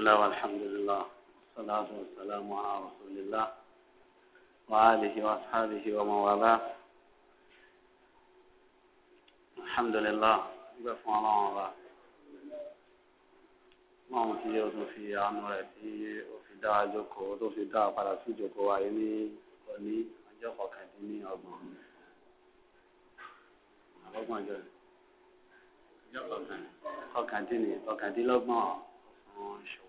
الله والحمد لله والصلاة والسلام على رسول الله وآله وأصحابه ومن والاه الحمد لله gbẹ̀fún ọlọ́run ọba lọ́run tí ó tún fi àánú rẹ̀ tí ó fi dá àjókòó tó fi dá padà sí ìjókòó wáyé ní òní ọjọ́ kọkàndínní ọgbọ̀n ọgbọ̀n ọjọ́ kọkàndínní kọkàndínlọ́gbọ̀n ọ̀sán ṣòwò.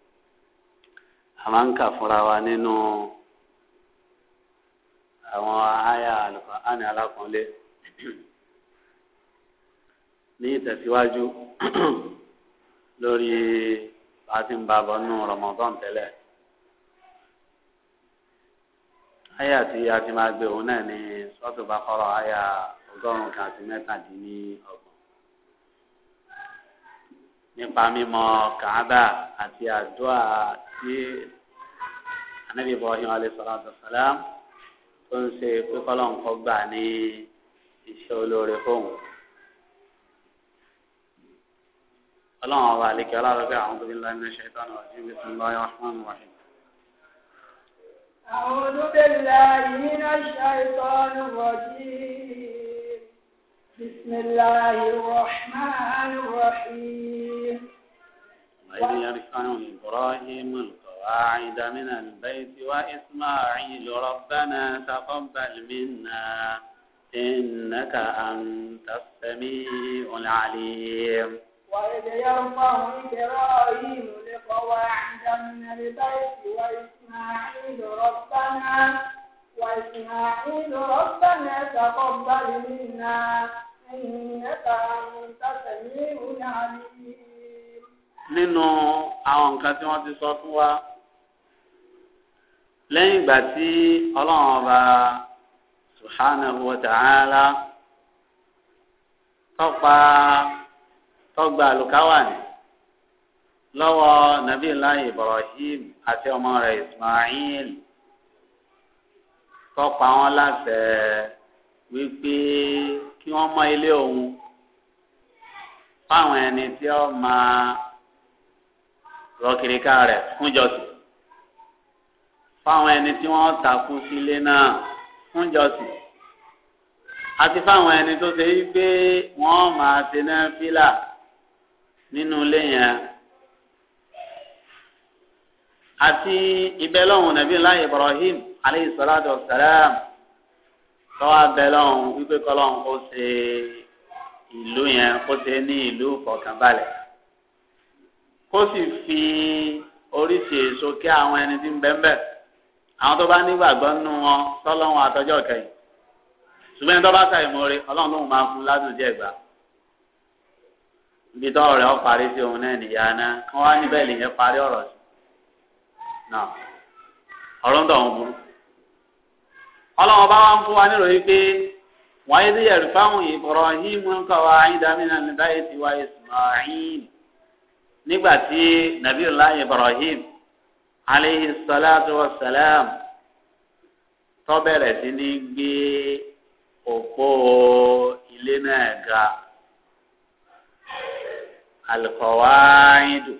a máa ń kà fúnra wa nínú àwọn àyà àlùfáàní alákùnlé ní ìtẹ̀síwájú lórí àti nù Ramadan tẹ́lẹ̀ àyà tí a ti máa gbé òun náà ní sọ́tò bá kọ́rọ̀ àyà ọgọ́rùn-ún kan àti mẹ́tàdínní ọgbọ̀n nípa mímọ̀ Kàábà àti àdúrà tí anabi ibrahim alayhi salatu wa salam tó ń ṣe pípọ́lọ́ nǹkan gbà ní iṣẹ́ olóore fóun. ọlọ́run ọba àlekè ọlọ́run pé àwọn tóbi ńlá ní ṣẹ́tàn ọ̀jìn bí sùn lọ́yọ̀ ọ̀hún wáyé. أعوذ بالله من الشيطان الرجيم بسم الله الرحمن الرحيم وإذ يرفع إبراهيم القواعد من البيت وإسماعيل ربنا تقبل منا إنك أنت السميع العليم وإذ يرفع إبراهيم القواعد من البيت وإسماعيل ربنا وإسماعيل ربنا تقبل منا إنك أنت السميع العليم nínú àwọn nǹkan tí wọ́n ti sọ fún wa lẹ́yìn ìgbà tí ọlọ́run ọba subhanahu wa ta'ala tọ́pa tọ́gba àlùkáwà ní lọ́wọ́ nàbí láyé Ibrahim àti ọmọ rẹ̀ Ismail tọ́pa wọn láṣẹ wípé kí wọ́n mọ ilé òun fáwọn ẹni tí ó máa rọkiri ká rẹ̀ fúnjọsìn fáwọn ẹni tí wọ́n takú sílé náà fúnjọsìn àti fáwọn ẹni tó ṣe yí pé wọ́n máa ṣe náà fílà nínú ilé yẹn àti ìbẹ́lọ́hùn nàbí láyé Ibrahim aleyhi salatu wa salam tọ́wọ́ abẹ́lọ́hùn wípé kọ́lọ́hùn kó ṣe ìlú yẹn kó ṣe ní ìlú fọkànbalẹ̀. kó sì fi oríṣi èso kí àwọn ẹni tí ń bẹ́ńbẹ́ àwọn tó bá nígbàgbọ́ nínú wọn tọ́lọ́run àtọ́jọ́ kẹyìn ṣùgbọ́n ẹni tó bá sàyẹ̀ ọlọ́run lóun máa fún ládùn díẹ̀ gbà ibi tó ọ̀rẹ́ ọ parí sí òun náà nìyá náà wọ́n wá níbẹ̀ lè yẹn parí ọ̀rọ̀ sí náà ọ̀rọ̀ ń dọ̀hún burú ọlọ́run bá wá ń fún wa pé díẹ̀ rí fáwọn kọ́ wa nígbà tí Nabiyullah Ibrahim aleyhi salatu wa salam tó bẹ̀rẹ̀ sí ní gbé òpó ilé náà ga alikọwaayidu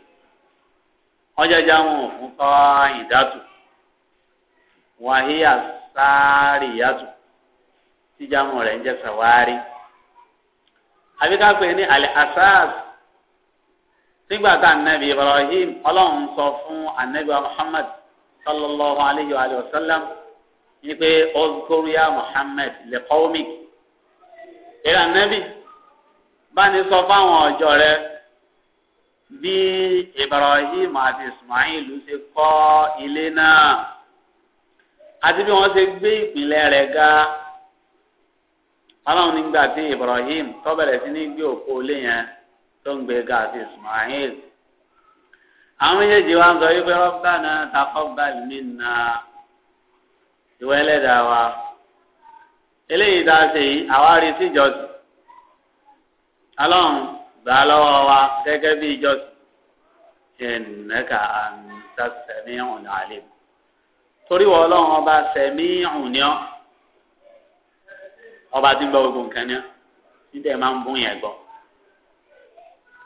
ọjọjà wọn fún kọwáyidatu wàhíyà sááriyatu tíjà wọn rẹ ń jẹ sàwárí àbíká pé ní alẹ asaasi nígbà tá anabi ibrahim ọlọ́run sọ fún anabi muhammad sallallahu alayhi wa sallam ní pé ọzọkọrìyà muhammad lè kọ́wọ́mì ìrà anabi báni sọ fáwọn ọjọ́ rẹ bí ibrahim àti ismail ṣe kọ́ ilé náà àti bí wọ́n ṣe gbé ìpìlẹ̀ rẹ̀ ga ọlọ́run nígbà tí ibrahim tó sí ní gbé òkú ilé yẹn tó ń gbé ga àti Ismail àwọn méjèèjì wa ń sọ wípé Rabbana taqabbal minna ìwọ ẹlẹ́dàá wa eléyìí tá a ṣe yìí àwárí sí ìjọsìn alọ́run gbà á lọ́wọ́ wa gẹ́gẹ́ bí ìjọsìn ìnẹ́ka àǹtà sẹ́mi ọ̀nà àlè torí wọ́n ọlọ́run ọba sẹ́mi ọ̀nà ọba tí ń gbọ́ gbogbo nǹkan ní ọ́ níta ẹ̀ máa ń bún yẹn gbọ́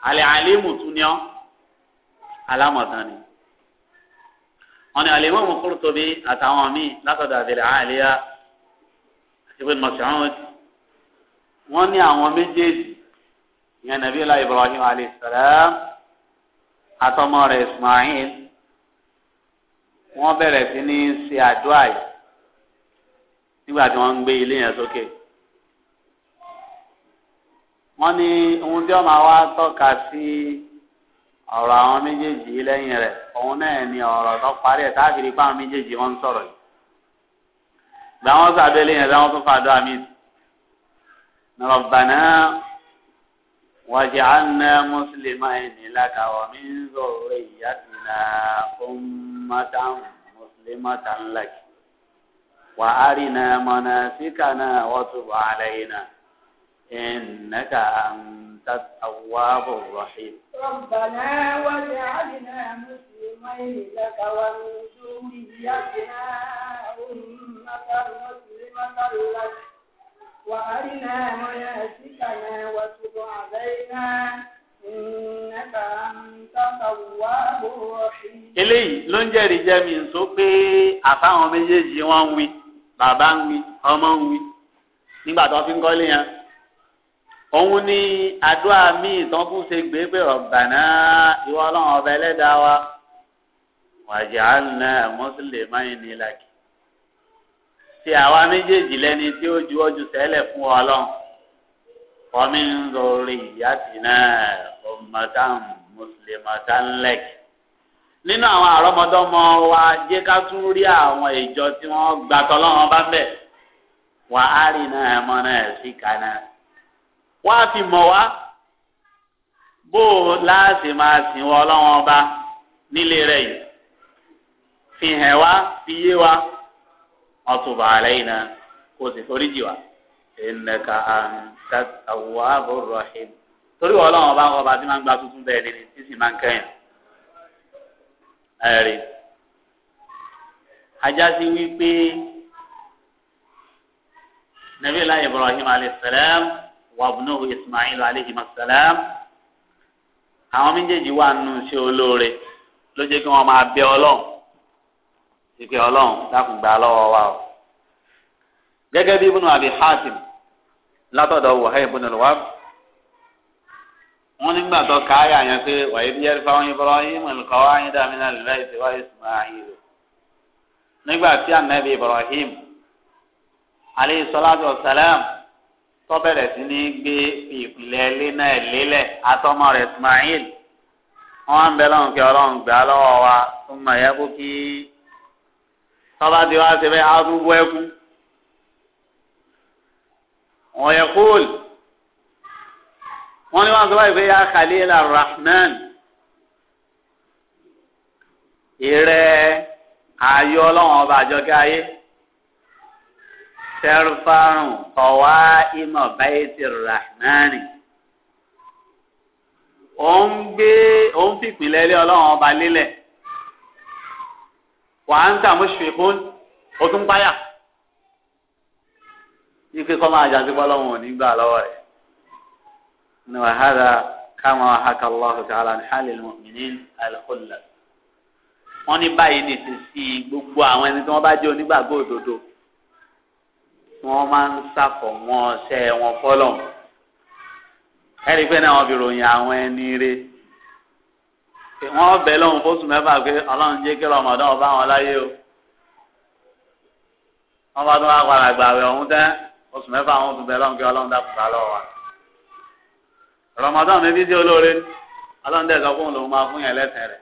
alẹ́ alimu tún ni ọ́ alámọ̀tán ni wọ́n ní alẹ́ ìmọ̀ọ́mù Qurtubi àtàwọn míì látọ̀dọ̀ àbẹ̀lẹ̀ àlẹ́yà ibn Mas'ud wọ́n ní àwọn méjèèjì ìyẹn nàbí ilá Ibrahim alayhi salam àtọmọ rẹ̀ Ismail wọ́n bẹ̀rẹ̀ sí ní ṣe àdúrà yìí nígbà tí wọ́n gbé ilé yẹn sókè. Okay wọ́n ní ohun tí ọmọ wa tọ́ka sí ọ̀rọ̀ àwọn méjèèjì yìí lẹ́yìn rẹ̀ òun náà ni ọ̀rọ̀ tó parí ẹ̀ táàkiri pa àwọn méjèèjì wọ́n ń sọ̀rọ̀ yìí gba wọn sábẹ́ lẹ́yìn ẹ̀dá wọn tó fàdó àmì rabbana waj'alna muslimayni laka wa min dhurriyyatina ummatan muslimatan lak wa arina manasikana wa tub alayna. إنك أنت التواب الرحيم ربنا واجعلنا مسلمين لك ومن ذريتنا أمة مسلمة لك وأرنا مناسكنا وتب علينا إنك أنت التواب الرحيم eléyìí ló ń jẹ́rìí jẹ́ mi sọ pé àfáwọn ọmọ ń nígbà tó fi ń kọ́lé yẹn òun ni àdúrà míì tán tún ṣe gbé pé ọ̀gbàná ìwọ ọlọ́run ọba ẹlẹ́dàá wa wàjàánà mùsùlùmáì nílàkì ti àwa méjèèjì lẹ́ni tí ó ju ọjọ́ sẹ́lẹ̀ fún ọlọ́run kọ́mí ń lórí ìyáàtìná ummatan muslimatan lak nínú àwọn àrọ́mọdọ́mọ wa jẹ́ ká tún rí àwọn ìjọ tí wọ́n gbàtọ́ lọ́wọ́ bá ń bẹ̀ wà á rìn náà mọ́ náà sí kanáà wọ́n á fi mọ̀ wá bó o láti máa sìn wọ ọlọ́wọ́n ọba nílé rẹ̀ yìí fi hàn wá fi yé wa ọtún bàálẹ̀ yìí náà kó o sì forí jì wá ẹnẹka àǹtà àwọ̀ àbọ̀ rọ̀hìn torí ọlọ́wọ́n ọba ọba tí máa ń gba tuntun bẹ́ẹ̀ ni tí sì máa ń kẹ́yìn ẹ̀rí ajásí wípé nàbí ilá Ibrahim alayhi salam wàbùnáwó ismail aleyhima salam àwọn méjèèjì wà nù sí olóore ló jẹ́ kí wọ́n máa bẹ ọlọ́run ìpè ọlọ́run dákun gbà lọ́wọ́ wa o gẹ́gẹ́ bí ibùnú àbí hasim látọ̀dọ̀ wọ̀hẹ́ ibùnú lọ́wọ́ wọn nígbà tó káyà yẹn pé wàyí bí yẹn fáwọn ibrahim olùkọ́wá yín dàmínà lè láì ṣe wáyé ismail nígbà tí anabi ibrahim aleyhi salatu wa salam tọ́bẹ̀rẹ̀ sí ní gbé ìpìlẹ̀ ilé náà lélẹ̀ atọ́mọ rẹ̀ Ismail wọ́n ń bẹ lọ́run kí ọlọ́run gbà lọ́wọ́ wa tó mọ̀ yẹ kó kí tọ́ba ti wá síbẹ̀ á tún ẹkú. wọ́n yẹ kóòlù wọ́n ní wọ́n sọ báyìí pé ya Khalil Ar-Rahman ìrẹ́ ọlọ́run ọba àjọkẹ́ ayé. ترفع قوائم بيت الرحمن ó ń gbé ó ń fi ìpìlẹ̀ ilé ọlọ́run ọba lélẹ̀ wà á ń tà mushfiqun ó tún páyà ike kọ́ máa jà sí bọ́lọ́run ò ní gbà lọ́wọ́ rẹ̀ ní wàhálà káwọn ahakallahu ta'ala ní halil mu'minin al-khulla wọ́n ní báyìí ní sí gbogbo àwọn ẹni tí wọ́n bá jẹ́ onígbàgbọ́ òdodo wọ́n máa ń sàfọ̀ wọn ọṣẹ́ wọn fọ́lọ̀ ẹ̀rí pé náà wọ́n fi ròyìn àwọn ẹni rè wọ́n bẹ̀ lọ́hùn fóṣù mẹ́fà pé ọlọ́run jẹ́ kí ọmọdún ọba wọn láyé o wọ́n bá tún wá padà gbàwẹ̀ ọ̀hún tẹ́ oṣù mẹ́fà wọn tún bẹ̀ lọ́hùn kí ọlọ́run dàpọ̀ bá lọ́wọ́ wa rọmọdún bí dé olóore ọlọ́run dẹ̀ sọ fún òun lòun máa fún yẹn lẹ́sẹ̀ rẹ̀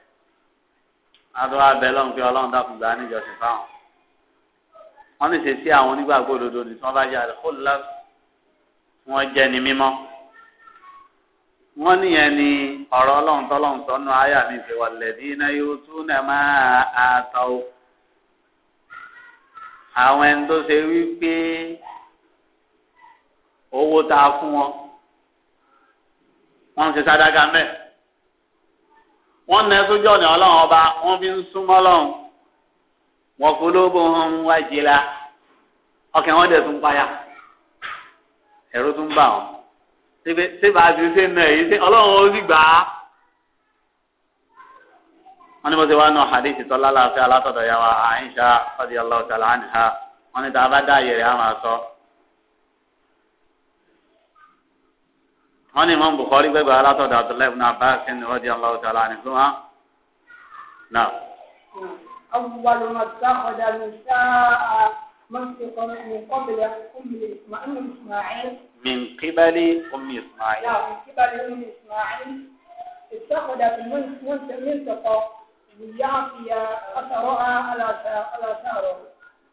adúlá bẹ̀ lọ́hùn kí ọlọ́run dàpọ̀ gbà níjọ́sìn fáwọn wọ́n lè ṣe sí àwọn onígbàgbọ́ òdodo ní tí wọ́n bá jẹ́ àdìkọ́lá wọ́n jẹ́ ni mímọ́ wọ́n nìyẹn ni ọ̀rọ̀ ọlọ́run tọ́lọ́run tọ́nu àyà mi fi wà lẹ́dí iná yóò tún náà máa àtọ̀ o àwọn ẹni tó ṣe wí pé owó tá a fún wọn wọ́n ń ṣe sádágà mẹ́ẹ̀ wọ́n nà ẹ́ sójú ọ̀nà ọlọ́run ọba wọ́n fi ń súnmọ́ ọlọ́run wọn polówó wọn wá jẹ la ọkàn wọn dẹ̀ tún payà ẹ̀rú tún bà wọn ṣé bá a ti ṣe nà èyí ṣe ọlọ́run ó sì gbà á. wọ́n ní mo ti wá nù hadithi tọ́lá láàfin alátọ̀dọ̀ ya wa Aisha radiyallahu ta'ala anha wọ́n ní tá a bá dá ayẹ̀rẹ̀ á máa sọ. wọ́n ní Imam Bukhari gbẹ̀gbẹ̀ alátọ̀dọ̀ Abdullahi ibn Abbas radiyallahu ta'ala anhu. náà. أول ما اتخذ النساء من من قبل أم إسماعيل من قبل أم إسماعيل نعم من قبل أم إسماعيل اتخذت منطقة ليعطي أثرها على على ثاره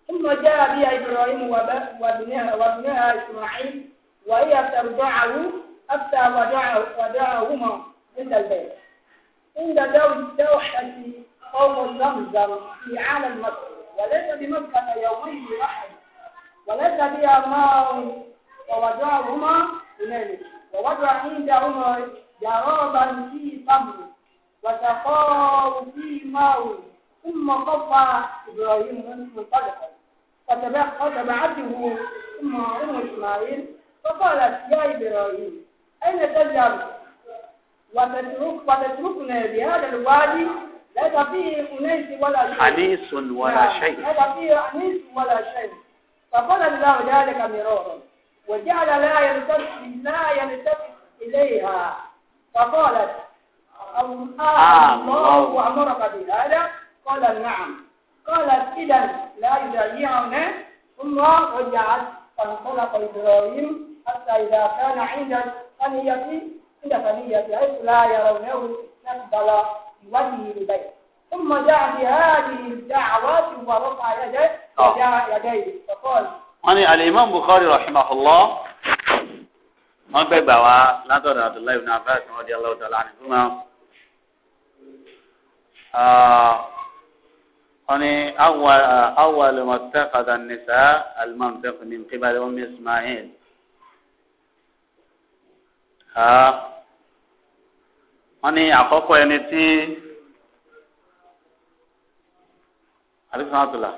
ثم جاء بها إبراهيم وابنها وابنها إسماعيل وهي ترضعه حتى ودعهما عند البيت عند دوحة قوم زمزم في عالم مكة وليس بمكة يومي واحد وليس بها ماء ووضعهما هنالك ووضع عندهما جرابا في تمر وتخاء في ماء ثم قطع إبراهيم منطلقا فتبعته ثم أم إسماعيل فقالت يا إبراهيم أين تذهب وتترك وتتركنا بهذا الوادي ليس فيه أنيس ولا شيء أنيس ولا نعم. شيء ليس فيه أنيس ولا شيء فقال الله ذلك مرارا وجعل لا يلتفت لا يلتفت إليها فقالت آه، آه، الله وأمرك بهذا قال نعم قالت إذا لا يجيعنا ثم رجعت فانطلق إبراهيم حتى إذا كان عند ثنية عند ثنية حيث لا يرونه نقبل وجهه البيت ثم جاء بهذه الدعوات ورفع يديه آه. فقال يعني الامام بخاري رحمه الله ما بي بوا لا ترى عبد الله بن عباس رضي الله تعالى عنهما ثم آه، يعني اول اول ما اتخذ النساء المنطق من قبل ام اسماعيل ها آه، wọ́n ní àkọ́kọ́ ẹni tí alisanatula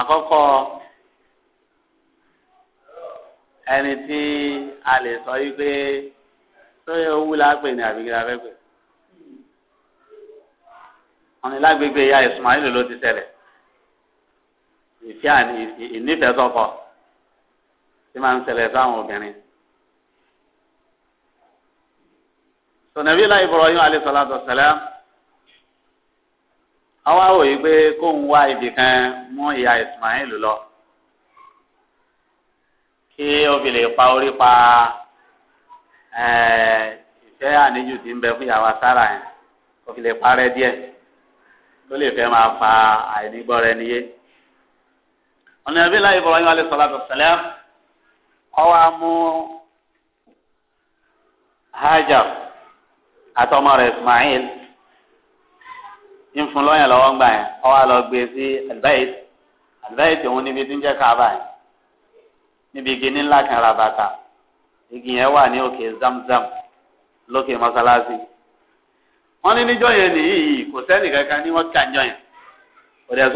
àkọ́kọ́ ẹni tí a lè sọ yìí pé sóyè owó la pè ní àbíkí la fẹ́ pè wọ́n ní lágbègbè ìyá Ismail ló ti ṣẹlẹ̀ ìfíà ìnífẹ̀ẹ́ sọ́kọ tí máa ń ṣẹlẹ̀ sáwọn obìnrin. sọ̀nàbí láì Ibrahim alayhi salatu wassalam àwọn àwòye pé kóun wá ibì kan mú ìyá Ismail lọ kí ó fi lè pa orí pa ìfẹ́ àníjù tí ń bẹ fún ìyàwó sára yẹn kó fi lè parẹ́ díẹ̀ tó lè fẹ́ máa fa àìnígbọ́ra ẹni yé. ọ̀nà ìbí láì Ibrahim alayhi salatu wassalam ọwọ́ á Hajar àtọmọ rẹ̀ Ismail ń fún lọ́yàn lọ́wọ́ ńgbà yẹn ó wá lọ gbé sí albayt albayt òun níbi tí ń jẹ́ káàbà yẹn níbi igi ńlá kan ra bàtà igi yẹn wà ní òkè zamzam lókè mọ́sálásí wọ́n ní níjọ́ yẹn nìyí kò sẹ́nì kankan ní wọ́n kà ń jọ yẹn kò dẹ̀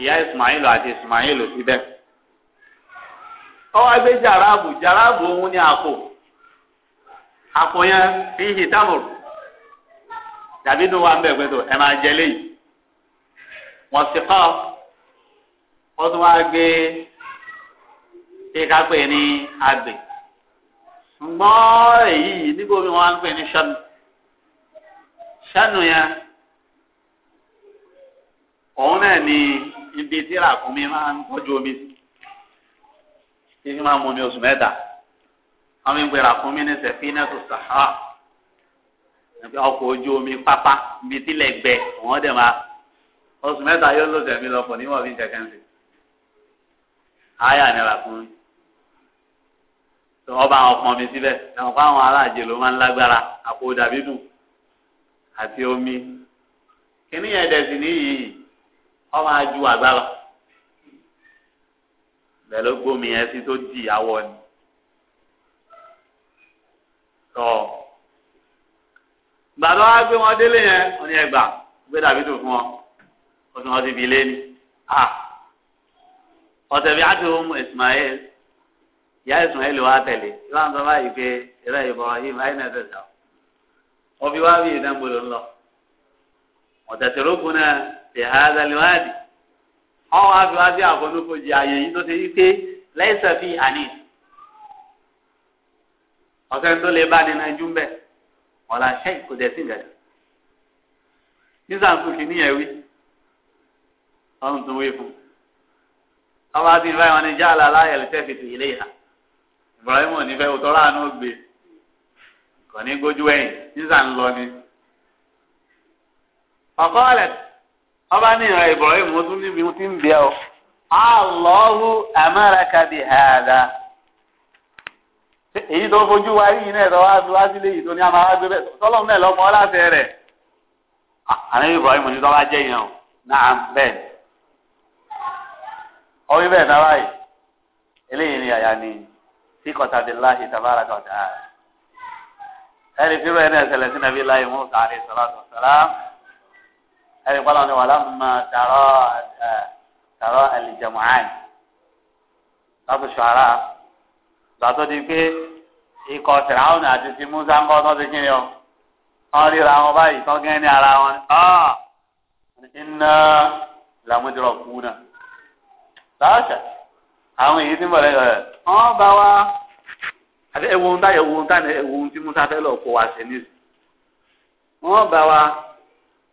ìyá Ismail àti Ismail síbẹ̀ ó wá gbé jàráàbù jàráàbù òun ní àpò àpò yẹn fi hì tábùr tàbí dùn wà ń bẹ̀ gbẹ́dọ̀ ẹ máa jẹ léyìí wọ́n sì kọ́ wọ́n tún wá gbé kíkà pé ní agbè ṣùgbọ́n èyí níbo mi wọ́n á ń pè ní ṣánu òun náà ni ibi tí ràkúnmí máa ń tọ́jú omi sí kí máa mú omi oṣù mẹ́ta àwọn ìgbéra fún mi ní sẹfínà tó sàhà ọkọ̀ ojú omi pápá ibi tílẹ̀ gbẹ wọ́n dẹ̀ máa oṣù mẹ́ta yóò lò sẹ̀mí lọ́pọ̀ níwọ̀n fi ń kẹ̀kẹ́ ń sè áyà nira fún mi tí wọ́n bá àwọn ọkàn mi síbẹ̀ ẹ̀wọ̀n fún àwọn aláàjẹ ló máa ń lágbára àpò dàbí dùn àti omi kíní yẹn dẹ̀ sì níyì wọ́n ju àgbà lọ bẹ́ẹ̀ ló gbómi yẹn sí tó di àwọ̀ ni tọ bàbá wa gbé wọn délé yẹn wọn ni ẹ gbà gbé dàbí tó fún ọ ó tún wọn ti fi lé ní a ọ̀sẹ̀ bí adùn Ismail ìyá Ismail wa tẹ̀lé ìwà ń sọ báyìí pé ìrẹ́ Ibrahim ayé náà tẹ̀sán wọn fi wá bí ìdánwò lọ ọ̀tẹ̀tẹ̀rókun náà ti ha zaliwadi wọn wá wá sí àfọlùkọjì ààyè yìí tó ti yí pé lẹ́sẹ̀ fi àní. ọ̀sẹ̀ tó lè bá nínú ẹjú mbẹ́ ọ̀la ṣẹ́ ìkòdẹ́sí gàdá nísàǹtò kìíní ẹ̀wí ọ̀hún tó wí fún ọba tí ìfẹ́ wọn ni já àlàlá ẹ̀lẹ́tẹ́ fìtì ilé ìhà Ibrahim ò ní fẹ́ gbé kò ní gbójú ẹ̀yìn lọ ni. ọ̀kọ́ ọ̀lẹ̀ ọba ní Ibrahim ó tún níbi tí ń bẹ amaraka èyí tó fojú wa yìí náà tó wá tó wá sílé yìí tó ní àmà wá gbé bẹ́ẹ̀ tọ́lọ́ mẹ́ẹ̀ lọ́mọ ọlásẹ̀ rẹ̀ àná Ibrahim ní tọ́wá jẹ́ yẹn o náà bẹ́ẹ̀ ọwọ́ bẹ́ẹ̀ náà báyìí eléyìí ni àyà ni sí kọ́tàdínláhi tàbára kọ́tà ẹni fírò ẹni ẹsẹ̀lẹ̀ sí nàbí láyé mú sàárè sọ́látọ̀ sọ́lá ẹni pálọ̀ ni wàlá mà tààrọ̀ àlìjẹ̀mọ̀ àìn látò ṣọ́ gbàtọ́ di pé ikọ̀ fìràwọn àti ti musa ńkọ́ tó ti kí ni o wọ́n ríra wọn báyìí tó gẹ́ ní ara wọn ah! iná làmúdìrọ̀ kú náà láṣà àwọn èyí tí mọ̀lẹ́ rẹ̀ wọ́n bá wa àti ewu ń táyà ewu ń táyà ewu tí musa fẹ́ lọ kó wa ṣe ní wọ́n bá wa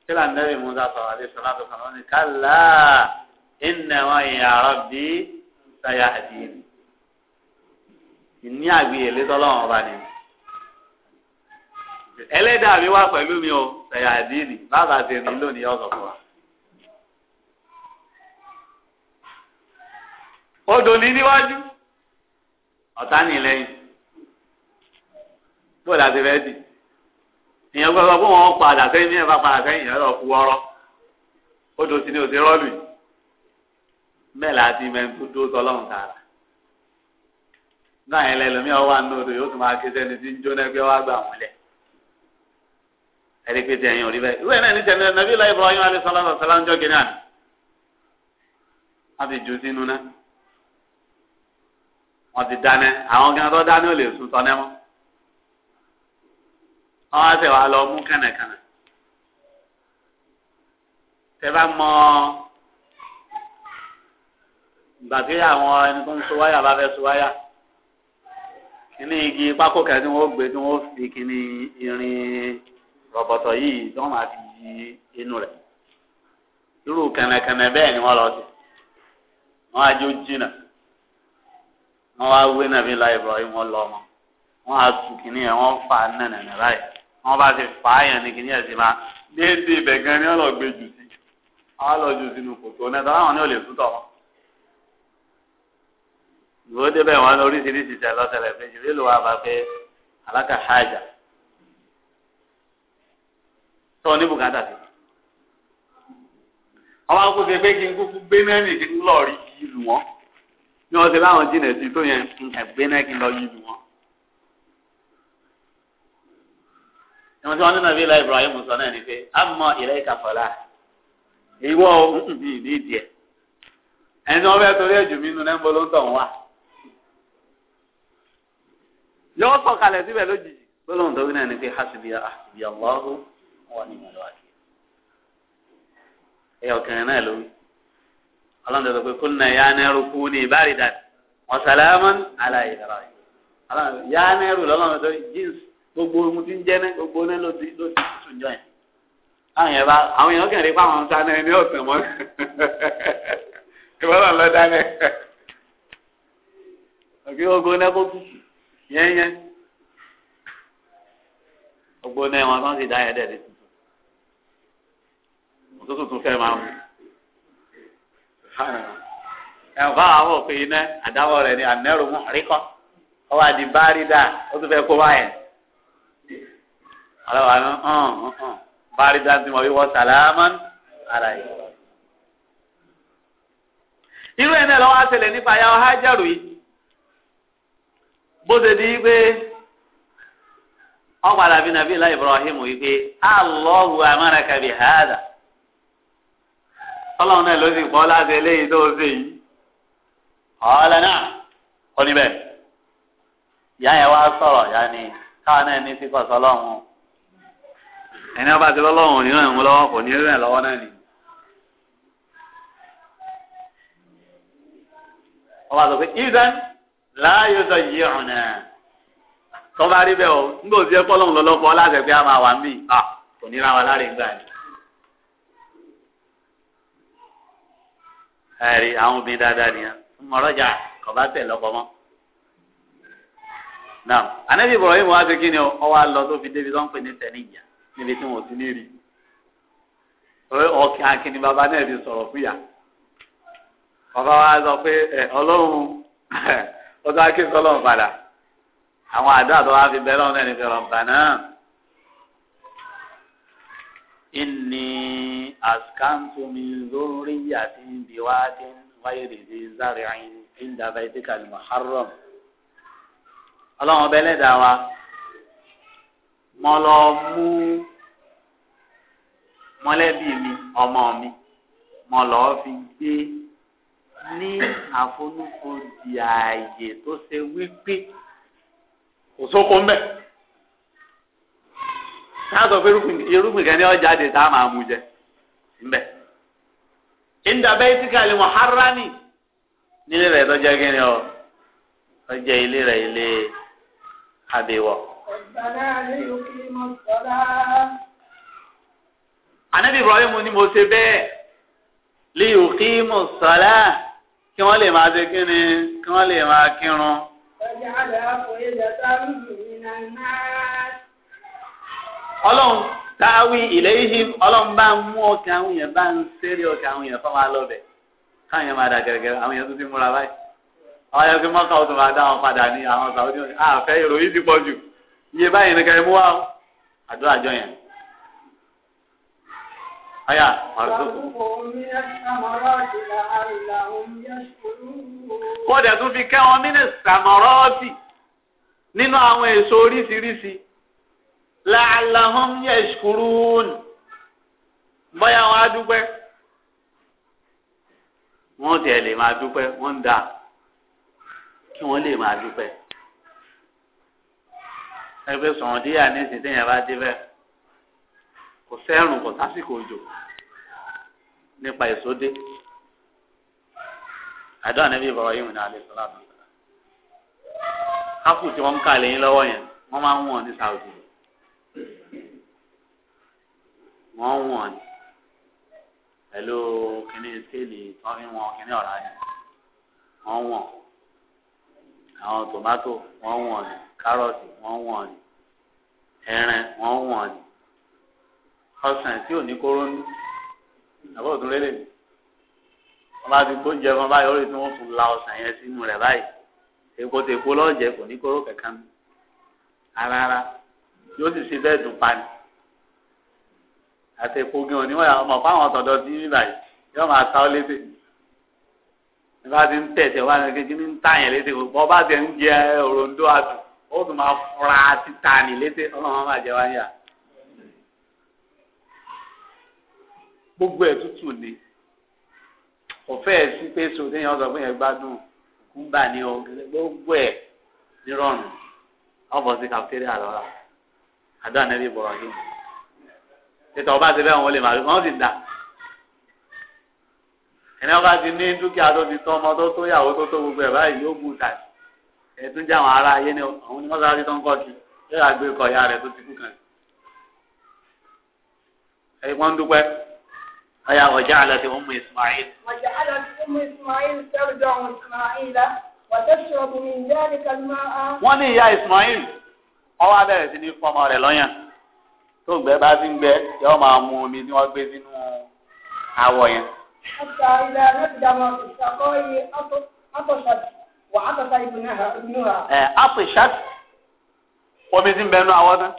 kí làǹdà rẹ̀ musa sọ̀rọ̀ àti sọ̀rọ̀ àti sọ̀rọ̀ ní kálá ìnáwó ìyàrá bí sáyà àdìyẹ ìní àgbéyẹlé tọ́lọ́wọ́n ọba ni ẹlẹ́dàá mi wà pẹ̀lú mi o ṣẹ̀yà àdínì bàbá ṣe ní lónìí ọ̀sán fún wa. odò ní níwájú ọ̀tá ní lẹ́yìn bó la ti fẹ́ dì ìyẹn gbọ́dọ̀ bó wọn padà sẹ́yìn ní ẹ̀fà padà sẹ́yìn ìyẹn lọ kú ọ̀rọ̀ odò sí ni òsè rọ́ọ̀lù yìí mẹ́ẹ̀lá ti mẹ́ńtú dó sọlọ́run tààrà náà yẹn lẹ́lọ́mí ọwọ́ àánú odò yóò tún máa ké sẹ́ni tí ń jóná pé wàá gbà wọ́n lẹ̀ ẹ̀rí pé tẹ̀yìn òrí bẹ́ẹ̀ ìwé náà ní tẹ̀lé nàbí ilá Ibrahim alayhi salatu wa salam jọ́ kìnìún àná wọ́n ti jù sínú náà wọ́n ti dáná àwọn gan tó dáná ò lè sun sọ́nẹ́ mọ́ wọ́n á sẹ̀ wá lọ mú kànàkànà tẹ bá mọ ìgbà àwọn ẹni tó ń so wáyà bá fẹ́ so wáyà kíní igi pákó tí wọ́n gbé tí wọ́n fi kíní irin rọ̀bọ̀tọ̀ yìí tí máa fi yí inú rẹ̀ irú kẹnẹkẹnẹ bẹ́ẹ̀ ni wọ́n lọ sí wọ́n á jó jìnnà wọ́n wá wé nàbí láì bọ̀ yìí wọ́n lọ ọmọ wọ́n á tù kíní yẹn wọ́n fà á nànànà láì wọ́n bá ti fà á yẹn ní kíní yẹn sì máa déédéé ibẹ̀ gan ni wọ́n lọ gbé jù sí wọ́n á lọ jù sínú kòtò náà tọ́lá wọn ni ò ìwé débẹ̀ wọn oríṣiríṣi ṣe lọ́sẹ̀lẹ̀ fún ìjìbìlì wa máa fẹ́ aláka hajà tọ́ ní bùkátà sí. ọmọ akókò ṣe pé kí n kúkú gbé náà nìkí ń lọ rí ìlú wọn ní wọn ṣe láwọn jìnnà sí tó yẹn nǹkan gbé náà kí n lọ yí ìlú wọn. ìwọ̀n tí wọ́n nínú ìlà Ibrahim sọ náà ni pé a mọ ìlà ìkàfọ́lá ìwọ ìdí ìdí ẹ̀ ẹni tí wọ́n fẹ́ torí ẹ̀jù mi nínú ẹ̀ ń bọ́ ló ń tọ̀ wọ́n wá yọ sọ̀kalẹ̀ síbẹ̀ lójijì gbólóhùn tó wí náà ni pé hasibi hasibi allahu wa ni malu aki ẹyọ kẹrin náà ló wí ọlọ́run tó sọ pé kúnnà ya nẹ́rù kú ní ìbárí dàdí wọn sàlámán aláì ìdára yìí ya nẹ́rù lọ́lọ́run tó jíǹs gbogbo ohun tí ń jẹ́ gbogbo ní ló ti ló ti sùn jọ yẹn àwọn yẹn bá àwọn yẹn kẹrin pa àwọn sáà náà ọ̀sẹ̀ mọ́ ìbọn náà lọ dáná ọ̀gbìn ogun náà kó tutù yẹ́nyẹ́ gbogbo náà wọn tán ti dá yẹn dẹ̀ òtútù tún fẹ́ máa mú ẹ̀fọ́ àwọn òfin iná àdáwọ̀ rẹ̀ ni ànẹ́rù mú àríkọ́ ọwọ́ àdì bárìdà ó tún fẹ́ kó báyẹn ọlọ́wà ní bárìdà ti mọ̀ wíwọ́ sàlámán ara yìí. irú ẹ̀ náà lọ́wọ́ àtẹlẹ̀ nípa ayáwó hájàrú yìí. bó ṣe di gbara ọ̀padà bíi Ibrahim wípé alọ́hu amáraka bíi hàdà ọlọ́run náà ló sì láti eléyìí tó ṣe yìí ọ̀ọ́lá náà ó níbẹ̀ ìyá yẹn wá sọrọ ìyá ni káwọn náà ní síkọ̀ sọlọ́run ẹni ọba ti kò ní náà ni. ọba sọ pé ìdán. láàyò sọ yìí ọ̀nà tọ́ba rí bẹ́ẹ̀ o nígbà òsì ẹ̀kọ́ lọ́hùn lọ́lọ́pọ̀ a wà à kò ní ra wa láre gbà ni. ẹ̀rí àwọn obìnrin dáadáa nìyẹn mọ̀rọ́jà kò bá tẹ̀ lọ́kọ mọ́. ọ lọ tó fi débi tó ń pè ní tẹ̀líjà níbi tí ní rí ọkàn akínní bàbá náà fi sọ̀rọ̀ wa sọ pé ọlọ́run. ó tó aké sọlọ́n padà àwọn àdó àtọ́ wa fi bẹ́ẹ̀ lọ́wọ́ náà ní fi rọ̀ǹpa náà. Inni askantu min zurriyatin biwadin ghayri zi zari'in inda baytika al-muharram. Ọlọ́run ọbẹ̀ lẹ́dàá wa mo lọ mú mọ́lẹ́bí mi ọmọ mi mo lọ fi gbé ní àfonúfojì ààyè tó ṣe wípé kò sóko ń bẹ̀. sáàtọ̀ pé irúgbìn kan ní ọjà àdè tá a máa mú jẹ ńbẹ̀. ìdàbẹ́ ìtìkàlẹ̀ muharrami nílé rẹ̀ tó jẹ́ kíni ọ tó ilé rẹ̀ ilé àbẹ̀wọ̀. ànábì Ibrahim ni mo ṣe bẹ́ẹ̀ lè yòókì mọ̀ sọ́lá kí wọ́n lè máa ṣe kí ni kí wọ́n lè máa kírun. ọlọ́run táwí ìléyìí ọlọ́run bá ń mú ọkàn àwọn èèyàn bá ń sẹ́rí ọkàn àwọn èèyàn fún wa lọ́bẹ̀ káwọn èèyàn máa dà gẹ̀rẹ́gẹ̀rẹ́ àwọn èèyàn tó ti múra báyìí àwọn yẹn fi mọ́kà ọ̀tún máa dá wọn padà ní àwọn sàwọ́dí àfẹ́ ìròyìn ti pọ̀ jù iye báyìí nìkan ẹ̀ mú wa àdúrà jọ yẹn. Aya Kó dẹ̀ tún fi kẹ́wọn mínísítà mọ̀rọ́ọ̀tì nínú àwọn èso oríṣiríṣi. Làálàhùn yẹ̀ṣkúrún. Bọ́yá wọn á dúpẹ́. Wọ́n tiẹ̀ lè máa dúpẹ́, wọ́n ń dà kí wọ́n lè máa dúpẹ́. Ẹgbẹ́ sọ̀rọ̀ díyà ní ìsìn téèyàn bá débẹ̀ kò sẹ́rùn kò sásìkò òjò nípa ìsódé àdó ànábì Ibrahim ní alẹ́ sọlá tó sọlá káfù tí wọ́n ń kà lẹ́yìn lọ́wọ́ yẹn wọ́n máa ń wọ̀n ní Saudi wọ́n ń wọ̀n ní pẹ̀lú kìnní skéèlì tí wọ́n fi wọ̀n kìnní ọ̀rá yẹn wọ́n wọ̀n àwọn tòmátò wọ́n wọ̀n ní kárọ̀tì wọ́n wọ̀n ní ẹran wọ́n wọ̀n ní ọsàn tí ò ní kóró ní àbọ̀ òtún lélẹ̀ mi wọ́n bá ti gbóúnjẹ wọn báyìí ó rí tí wọ́n tún la ọsàn yẹn sínú rẹ̀ báyìí èpo tó èpo lọ́ọ̀jẹ̀ kò ní kóró kankan ara ara yóò sì ṣe bẹ́ẹ̀ dùn pani àti èpo gan ni wọ́n yà ọmọ fáwọn ọ̀tọ̀dọ̀ sí ní báyìí yóò máa ta ọ́ létè ní bá ti ń tẹ̀sẹ̀ wá ní kékeré ń tà yẹn létè wọ́n bá ti ń jẹ òròǹdó àtù ó tún máa fura títa ní létè ọlọ́run máa jẹ wá gbogbo ẹ̀ tútù ni kò fẹ́ẹ̀ sí pé sòdè yẹn ọ̀sán fún yẹn gbádùn kúńbà ni o gbogbo ẹ̀ nírọ̀rùn ọ̀bọ̀ sí kàfẹ́rẹ́ àlọ́ra àdó ànẹ́bí bọ̀rọ̀ yìí tètè ọba ti bẹ́ẹ̀ wọn lè máa rí wọn sì dà ẹni ọba ti ní dúkìá tó ti tọ́ ọmọ tó tó yàwó tó tó gbogbo ẹ̀ báyìí yóò bù tàyè ẹtún jẹ àwọn ará ayé ni àwọn onímọ̀sára tó ń kọ́ sí yóò àgbé kọ̀ ya rẹ̀ tó ti kú kan. ẹ̀yin wọ́n ń أيا وجعلت أم إسماعيل وجعلت أم إسماعيل ترجع إسماعيل وتشرب من ذلك الماء wọ́n ní ìyá Ismail ọwọ́ abẹ́rẹ́ sí ní fọmọ rẹ̀ lọ́yàn tó ń gbẹ bá ti ń gbẹ yọ máa mu omi tí wọ́n gbé sínú awọ yẹn. ọ̀sà ilẹ̀ ẹ̀rẹ́dàmọ̀ ìṣàkọ́ yìí apọ̀ṣàt wà ápàtà ìbùnúhà. ẹ apọ̀ṣàt omi ti ń bẹnu awọ tán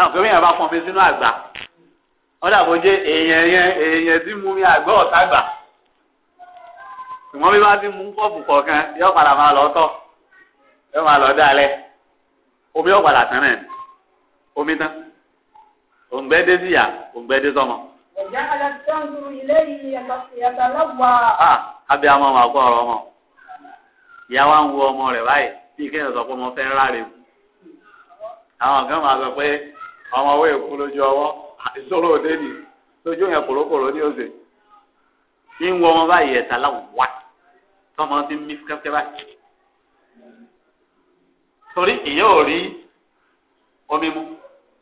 ẹ̀ ń pè mí yẹn bá fọ omi sínú àgbà ọ̀dà bó jẹ́ èèyàn yẹn èèyàn tí mú mi àgbọ̀ ọ̀tá gbà ìwọ́n bí wọ́n ti mú kọ́ọ̀bù kọ̀ọ̀kan yóò padà máa lọ tọ̀ yóò máa lọ dálẹ̀ omi yóò padà tán náà omi tán òǹgbẹ́ dé síyà òǹgbẹ́ dé sọmọ. ọ̀já alẹ́sàndù ilé yìí yàtọ̀ lọ́wọ́. àbí àwọn ọmọ àgọ́ ọ̀rọ̀ ọmọ ìyá wa ń wo ọmọ rẹ̀ báyìí bí kéèyàn sọ pé mo fẹ́ ráre àwọn kan máa sọ pé ọmọ owó èkú lójú ọwọ́ àìsọ̀rọ̀ òde ni lójú yẹn kòrókòró ní ọ̀sẹ̀ tí ń wọ wọn báyìí ẹ̀ta láwùwá tọmọ ti mí kẹ́kẹ́ báyìí torí o ò rí omi mu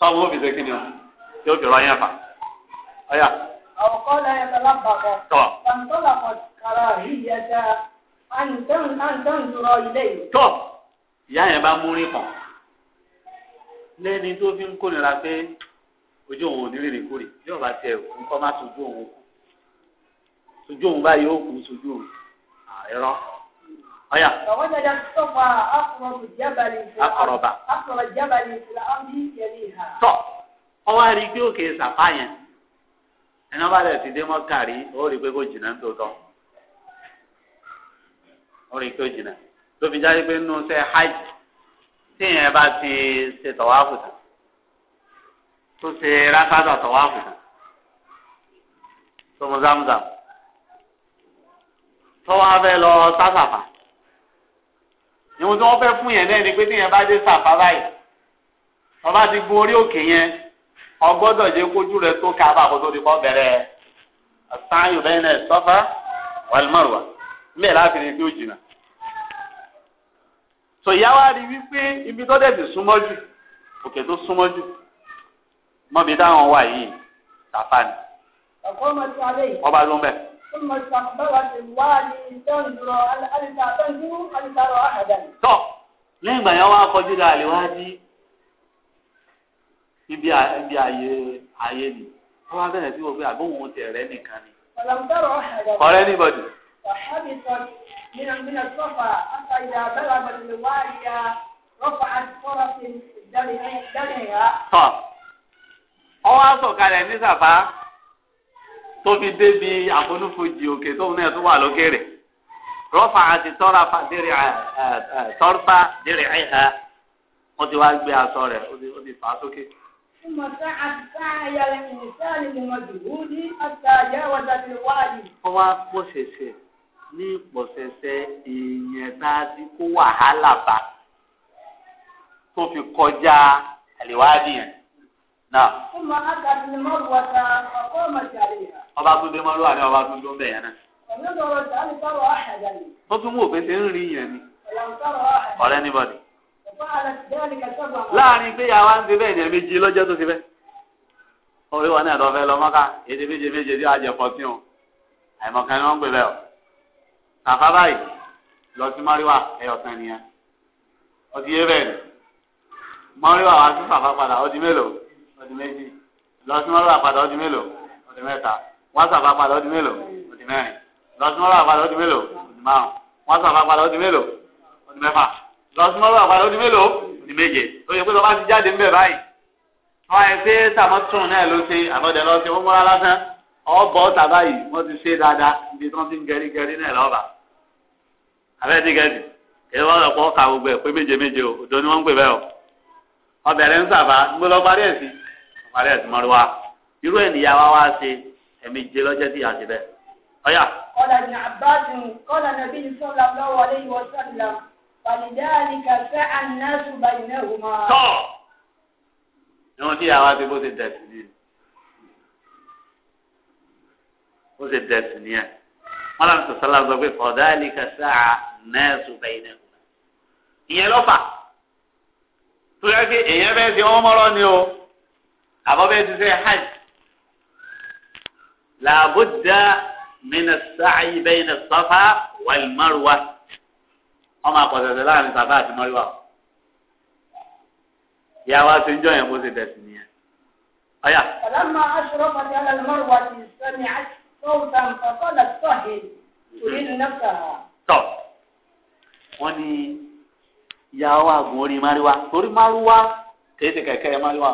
tọmọ òbí ṣe kí ni o tí ó fi rọ yẹn fà ọyà. àwòkọ́ la yẹn tọ́lá bàbọ̀ tọ́lá kọ̀ kàrà yìí yẹn dá àǹtọ́ǹtọ́ǹ lọ ilé yìí. tọ́ ìyá yẹn bá múrí kàn lẹ́ni tó fi ń kórìíra pé ojú òun ò ní rìnrìn kúrì yóò bá tiẹ̀ kú kọ́ má sojú òun kú sojú òun báyìí ó kú sojú òun ẹ̀rọ ọ̀yà. bàbá dada sọ́kà akọ̀rọ̀ jábàlì ìfúra akọ̀rọ̀bà akọ̀rọ̀ jábàlì ìfúra ọ̀bí yẹlẹ ìhà. tọ́ ọwọ́ àrí pé òkè sàpá yẹn ẹni wọ́n bá lẹ̀ ti dé mọ́kàrí ó rí i pé kò jìnnà ń tòótọ́ ó rí i pé kò jìnnà tó jáde pé nínú sẹ́ hajj tíyẹn bá ti ṣe tọ̀wá fùtà tó ṣe rákàtà tọ̀wáàfù sọmọ zamzam tọ́wọ́ abẹ́ lọ sásàfà ìwọ̀n tí wọ́n fẹ́ fún yẹn náà ni pé tíyẹn bá dé sàfà báyìí wọ́n ti gun orí òkè yẹn ọgbọ́dọ̀ jẹ́ kójú rẹ tó ká bá àkótó ti kọ́ bẹ̀rẹ̀ sáyìn bẹ́ẹ̀ náà sọ́fà wàlúmọ̀rùwà mbẹ́ láti ní kí ó jìnnà. sọ rí wípé ibi tó dẹ̀ ti súnmọ́ jù òkè tó súnmọ́ jù mọ́bi táwọn wà yìí tàfà ni. wọ́n bá ló ń bẹ̀. tọ́ lẹ́yìn ìgbà yẹn wọ́n á kọjú ra àlè wá dí ibi ibi ààyè ààyè ni wọ́n wá bẹ̀rẹ̀ sí wo pé àbóhùn ohun tẹ̀ rẹ́ nìkan ni. ọ̀rẹ́ níbọ̀dì. من من الصفا حتى إذا بلغت الوالية رفعت فرس دمها wá sọ̀kalẹ̀ ní sàfá tó fi débi àfonúfojì òkè tóun náà tó wà lókèrè rọ́fà àti tọ́rafa dèrè tọ́rfà dèrè ẹ̀hà wọ́n ti wá gbé aṣọ rẹ̀ ó ti fà á sókè. Wọ́n wá pọ̀ṣẹ̀ṣẹ̀ ní pọ̀ṣẹ̀ṣẹ̀ èèyàn tá a ti kó wàhálà bá tó fi kọjá àlèwádìí yẹn náà. ọmọ akadé ni mọ́rù wa ta ọkọ ọmọ jàre yà. ọba tó dé mọ́rù wa ni ọba tó dún bẹ̀yẹn náà. ọ̀nà lọ́wọ́ sáré sọ̀rọ̀ àṣàjà ni. ó tún wò fẹsẹ̀ ń rí yẹn ni. ọ̀rẹ́ níbọ̀dì. láàrin ìgbéyàwó ń ṣe bẹ́ẹ̀ ni ẹ̀mejì lọ́jọ́ tó ṣe bẹ́ẹ̀. orí wọn náà lọ́fẹ́ lọ mọ́ká èdè méje méje ní àjẹ fọtí o àìmọ̀kan sí mọ́ríwá ẹ̀yọ̀kan ọdún méjì lọ́sùnmọ́lá àpàdé ọdún mélòó ọdún mẹ́ta wọ́sàpá àpàdé ọdún mélòó ọdún mẹ́rin lọ́sùnmọ́lá àpàdé ọdún mélòó ọdún márùn wọ́sàpá àpàdé ọdún mélòó ọdún mẹ́fà lọ́sùnmọ́lá àpàdé ọdún mélòó ọdún méje ó yẹ pé lọ́ba ti jáde ńbẹ̀ báyìí wọ́n ẹ pé sàmọ́tún náà ló ṣe àbọ̀dẹ̀ lọ sí wọ́nmọ́lá lásán ọ̀bọ̀ tàbá yìí wọ́n ti ṣe dáadáa ibi tí wọ́n ti ń gẹrí gẹrí náà lọ́ba abẹ́ ti gẹ̀ẹ́sì èyí wọ́n lọ́pọ̀ ọ̀ka gbogbo ẹ̀ pé méje méje o òjò ni wọ́n ń pè bẹ́ẹ̀ o ọbẹ̀rẹ̀ ń sàbá gbọ́dọ̀ parí ẹ̀ sí i parí ẹ̀ tí mo rí wa irú ẹ̀ nìyá wa wá ṣe ẹ̀mí jẹ lọ́jọ́ tí yà ṣe bẹ́ẹ̀. ọ̀yà. ọ̀là ní àbájú kọ́lá nàbí sọ́lá lọ́wọ́ alẹ́ ìwọ sọ́lá wàlídáàlì kàfẹ́ ànásù báyìí náà wò máa. tọ́ ìwọ̀n tí yà wá ṣe bó ṣe dẹ̀ ni bó ṣe dẹ̀ ni ẹ̀ wọ́n làwọn sọ̀sọ́ la sọ pé fọ̀dáàlì kàfẹ́ ànásù báyìí náà wò máa. ìyẹn lọ́fà tó yẹ kí èèyàn fẹ́ ṣe wọ́n mọ́rọ́ ni o àbọ̀bẹ́ ti sẹ́ hajj làbúdà mina sàáyí bẹ́yìn na sọ́fà wàlmárùwà ọmọ àkọsẹ̀sẹ̀ láàrin sàfà àti márùwà yà wá sí njọ́ yẹn bó ṣe bẹ̀ sí nìyẹn. ọ̀yà. ọ̀làmà aṣọ́rọ̀ pàtẹ́ alàlùmọ́rùwà ti sọ́ni àtọ́wùtàn fọ́tọ́lá sọ́hìn torí nàfà. tọ́ wọ́n ní ìyàwó àgùn orin márùwà torí márùwà kì kẹ̀kẹ́ márùwà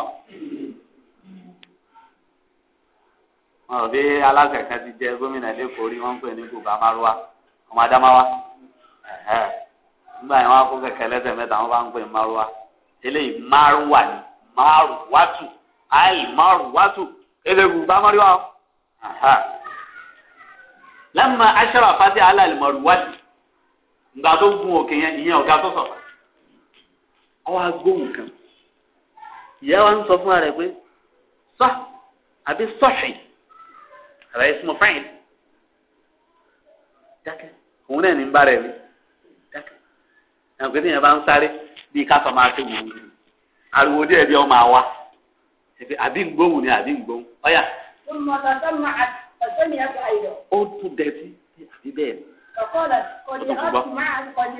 wọn ò e aláṣẹ kan ti jẹ gómìnà lẹ́kọ̀ọ́ rí wọ́n ń pè ní bùbá márúwá ọmọ adámáwá nígbà yẹn wọ́n kó kẹ̀kẹ́ lẹ́sẹ̀ mẹ́ta wọn bá ń pè márúwá eléyìí márúwá ni márùwátù àìlì márùwátù èdè bùbá márúwá o. lẹ́mọ̀ fásitì tó gun òkè yẹn ìyẹn ọ̀gá tó sọ̀rọ̀ ọwọ́ agbóhùn kan ìyá wa ń sọ fún àbẹ ismu fáìn dákẹ́ òun náà ní ń bára ẹ̀mí dákẹ́ ẹ̀hún pé tíyẹn bá ń sáré bíi káfà máa ṣe wùwù ariwo díẹ̀ díẹ̀ ọmọ àwa àbí ń gbóhùn ni àbí ń gbóhùn ọ̀yà. ó tún dẹ́tí àbí فقالت قد أسمعت قد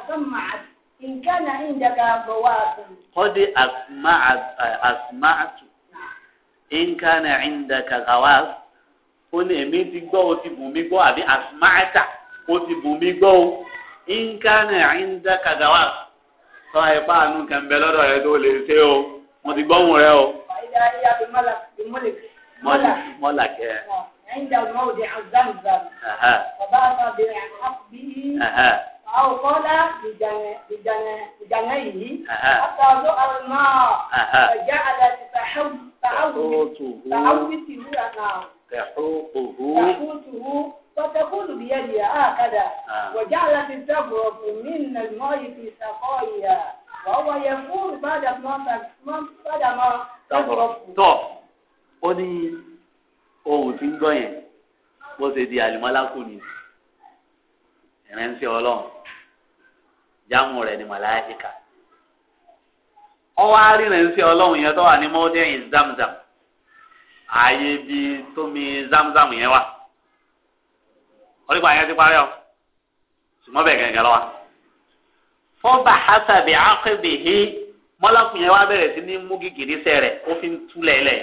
أسمعت إن كان عندك بواب قد أسمعت أسمعت إن كان عندك غواص ó ní èmi ti gbọ́ o ti bùn mí gbọ́ àbí àsùmáàtà o ti bùn mí gbọ́ o nǹkanà àyíǹda kàdáwà sọ àìpá àánú kẹ̀mbẹ́ lọ́dọ̀ rẹ tó lè ṣe o mo ti gbọ́ òun rẹ o. mọ́là kẹ́ ẹ̀. عند موضع زمزم فبعث بعقبه أو قال بجنيه حتى ظهر الماء فجعل تحوته تحوته النار تحوطه تحوطه وتكون بيدها هكذا آه. وجعلت الزبرة من الماء في سقائها وهو يفور بعد ما بعد ما تغرف. tọ́ ó ní ohun tí ń gbọ́ yẹn bó ṣe di àlùmọ́lákù ni ìrìnsẹ̀ ọlọ́run jáàmù rẹ̀ ni màláyíkà ọwọ́ á rí ìrìnsẹ̀ ọlọ́run yẹn tó wà ní mọ́ọ́dẹ́yìn zamzam ààyè ibi tómi zamzam yẹn wà onígbà yẹn ti parí ọ ṣùgbọ́n bẹ́ẹ̀ gẹ́gẹ́ lọ́wọ́ fọ́bà hasabi akébihi mọ́lákùn yẹn wá bẹ̀rẹ̀ sí ní mú gìgìrì sẹ́rẹ̀ ó fi ń túlẹ̀ lẹ̀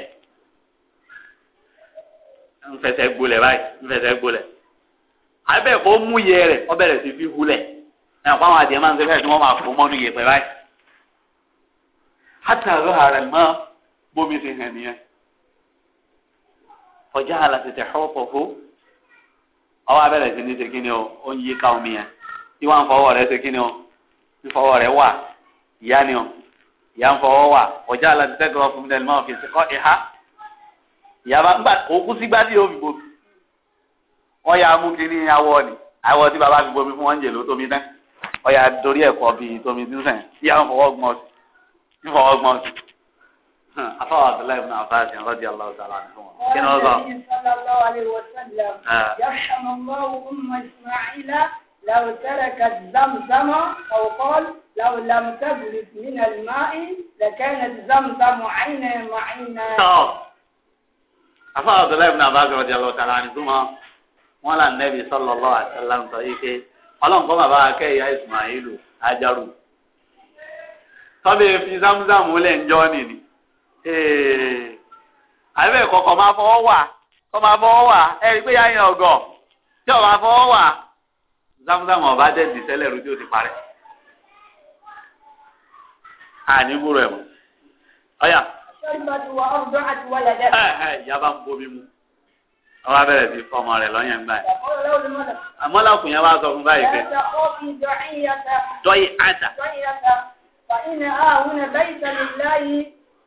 ń fẹsẹ̀ gbolẹ̀ báyìí ń fẹsẹ̀ gbolẹ̀ abẹ́ kó mú yẹ rẹ̀ ó bẹ̀rẹ̀ sí fi hulẹ̀ ẹ̀ fún àwọn àdìẹ máa ń sẹ́fẹ̀ tí wọ́n máa fò mọ́nú yẹ pẹ̀ báyìí hátà rẹ̀ mọ́ bómi ti hàn nìyẹn kọjá àlàtẹ̀tẹ̀ xọ́pọ̀fọ́ ọwọ́ abẹ́rẹ́ sí ní sekínì o ó ń yí ká omi yẹn tí wọ́n ń fọwọ́ rẹ̀ sekínì o ń fọwọ́ rẹ̀ wà ìyá ni o ìyá ń fọwọ́ wà kọjá àlàtẹ̀tẹ̀ gọ́ọ̀ fún mi lẹ́nu máa fi ṣe kọ́ ìhá ìyá bá gbà òkú sígbà tí yóò fi bomi wọ́n yà á mú kí ní awọ ni awọ tí baba fi bomi fún wọn jè ló tómi tán ọ̀yà dorí ẹ̀kọ́ bíi tómi tí ń Hmm. afọwọ́ abdullahi ibn abbas rọ́dí aláwọ̀ sàlá ní fún wọn. kí ni wọ́n sọ. لو تركت زمزم أو قال لو لم تبرد من الماء لكانت زمزم عينا معينا. afọwọ́ abdullahi ibn abbas rọ́dí aláwọ̀ sàlá ní fún wọn. wọ́n là nẹ́bi sallallahu alaihi wasallam sọ yìí pé ọlọ́run kọ́ bàbá akẹ́yà ismailu ajaru. tọ́bí fi zamzam lẹ́ ń jọ́ nìyí. Eh, àbẹ kọkọ máa fọwọ́ wà kọ máa fọwọ́ wà ẹ rí pé yáyan ọgọ tí ọba fọwọ́ wà zamzam ọba dẹ dìsẹlẹ rú tí ó ti parẹ́ àníbúrò ẹ mọ ẹ yaba eh, eh, ń bomi mu wọ́n bá bẹ̀rẹ̀ sí fọmọ rẹ̀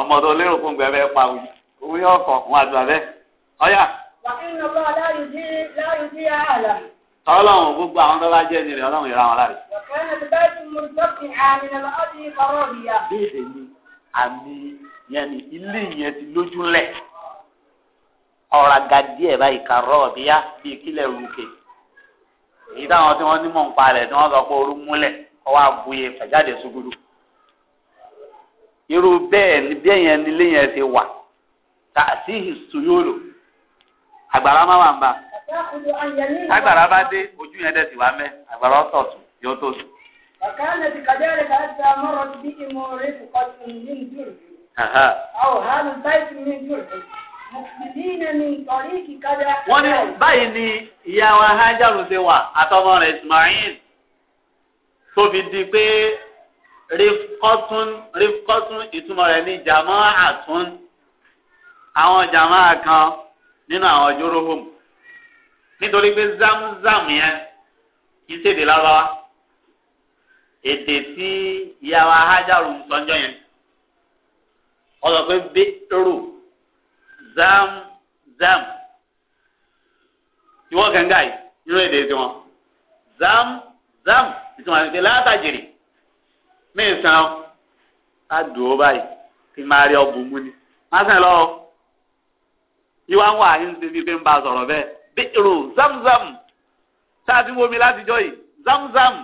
ọmọ tó lérò fún gbẹ̀rẹ̀ pa òun òun yóò kọ̀ wọn àdúrà bẹ́ẹ̀ ọ̀yà. ọlọ́run gbogbo àwọn tó bá jẹ́ ní ọlọ́run ìra wọn láre. béèrè ni àmì yẹn ni ilé yẹn ti lójú ọ̀rọ̀ àgàdí ẹ̀ báyìí kàrọ̀ ọ̀bíyá bíi kílẹ̀ rúkè èyí táwọn tí wọ́n ní mọ̀ ń parẹ̀ tí wọ́n sọ pé orú múlẹ̀ ọwọ́ àbúyẹ fẹ̀jáde sógúdù. irú bẹ́ẹ̀ ni bẹ́ẹ̀ yẹn nílé yẹn ti wà tààtì ìsúyòrò àgbàrá má wà ń bá àgbàrá bá dé ojú yẹn dẹ̀ sì wá mẹ́ àgbàrá ọ̀tọ̀ọ̀tù yóò tó sùn. وكانت كذلك حتى مرت بهم رفقة من جرد أو هذا البيت من جرد wọ́n ní báyìí ni ìyá wa hajaru ṣe wà àtọmọ rẹ̀ Ismail tó di pé rifkọ́tún rifkọ́tún ìtumọ̀ rẹ̀ ní jàmọ́ àtún àwọn jàmọ́ kan nínú àwọn jorohom nítorí pé zamzam yẹn kì í ṣèdè lárúbáwá èdè tí ìyàwó ahájàrú ń sọjọ yẹn pé bẹ́ẹ̀rù zamzam ìwọ gàngà yìí nínú èdè tiwọn zamzam ìtumọ̀ rẹ̀ ní jiri. ní ìsàn á dùn ó báyìí kí n máa rí ọ̀bùn mú ni má sàn lọ yíwá ń wà á ṣe bíi ń bá sọ̀rọ̀ bẹ́ẹ̀ bẹ́ẹ̀rù zamzam tá a ti ń womi látijọ́ yìí zamzam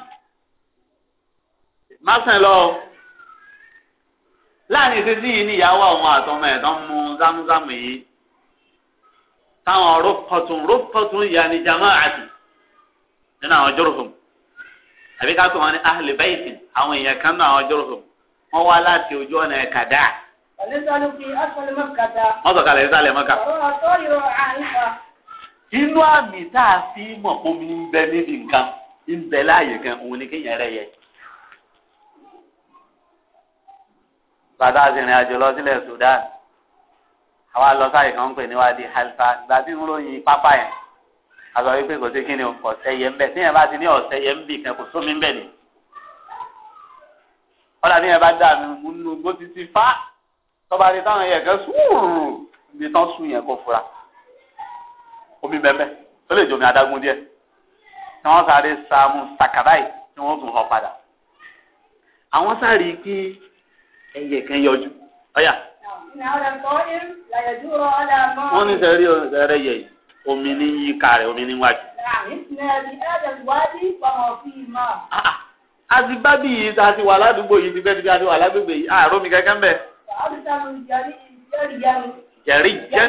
má sàn lọ láàrin ìṣesí yìí ni ìyàwó àwọn àtọmọ ẹ̀ tán mú zamzam yìí táwọn rúpọ̀tún rúpọ̀tún yà àti nínú àwọn jọ́rùfọ̀mù àbí ká pè wọn ní ahlẹ bẹyìtì àwọn èèyàn kan náà àwọn jọrọ wọn wá láti ojú ọ̀nà ẹ̀ka dáa. wọ́n sọ kalẹ̀ nísàlẹ̀ mọ́kà. inú àmì tá a fi mọ̀ fún mi ń bẹ níbi nǹkan ń bẹ láàyè kan òun ni kéèyàn rẹ yẹ. bàtà àṣìrìn àjò lọ sílẹ̀ Sudan àwa lọ sáyè kan ń pè níwájú halifa gbàdúrà ń pápá yẹn azọ yìí pé kò sí kíni ọ̀sẹ̀ yẹn bẹ́ẹ̀ tíyẹn bá ti ní ọ̀sẹ̀ yẹn bì kan kò sómi bẹ́ẹ̀ ni kọ́dà tíyẹn bá dà mí nínú gbó títí fá tọ́ba ti táwọn yẹn kẹ́ sùúrù ibi tán sùn yẹn kò fura omi bẹ́ẹ̀ tó lè jomi adágún díẹ̀ tí wọ́n sáré sàmù sàkàbáyì tí wọ́n tún họ padà àwọn sáré kí ẹyẹ kan yọjú ọ̀yà. wọ́n ní sẹ́rí ọ̀rẹ́ yẹ̀ yìí omi ní yíká rẹ̀ omi níwájú. àti ah, bábí yìí tá a ti wà ládùúgbò yìí ti ah, bẹ́ẹ̀ ti wà ládùúgbò yìí àárọ̀ mi kẹ́kẹ́ mbẹ́. jẹ̀rí jẹ́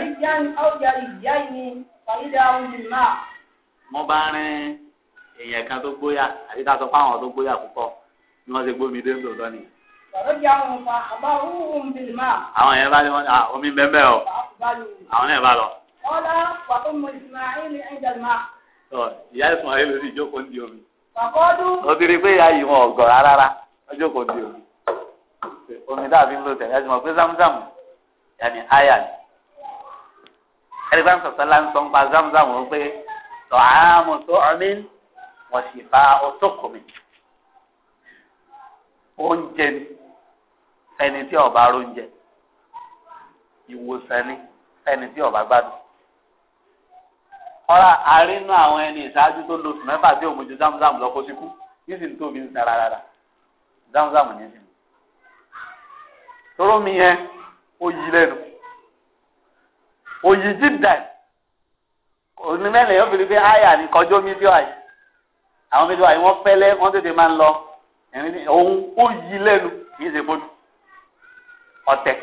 mo bá rin èèyàn kan tó gbóyà àti ká sọ fún àwọn tó gbóyà púpọ̀ ni wọ́n ṣe gbómi dé ńlò lọ́nìí. àwọn yẹn bá ní wọn ah, omi bẹ́ẹ̀ bẹ́ẹ̀ o àwọn náà bá lọ. Ọlá wàkún mu Ismail Ẹ̀jẹ̀lmá. Ìyá Ismail ló ti jókòó ní omi. Bàbọ́dún. Mo ti rí pé ìyá yìí wọn ọ̀gọ̀ rárá wọ́n jókòó ní omi. Omi dàbí ń lò tẹ̀lé ẹ̀jẹ̀ mọ̀ pé Zamzam yàní àyà ni. Ẹni bá ń sọ̀tọ́ lá ń pa Zamzam wọn pé tọ̀hámù tó ọ̀mí wọ́n sì fa ọtọ́kùnmi. Oúnjẹ ni ẹni tí ọba róúnjẹ ìwòsàn ni ẹni tí ọba gbádùn kọ́ra àárínú àwọn ẹni ìṣáájú tó lóṣù mẹ́fà tí òun ju zamzam lọ kó sí kú yìí sì ń tóbi ń sara rárá zamzam ní sí. toró mi yẹn ó yí lẹ́nu òyì jìdá òní mẹ́rin yóò fi rí pé àyà ní kọjọ́ mídíọ̀ àyè àwọn mídíọ̀ àyè wọ́n pẹ́lẹ́ wọ́n tètè máa ń lọ òun ó yí lẹ́nu kì í ṣe gbódù ọ̀tẹ̀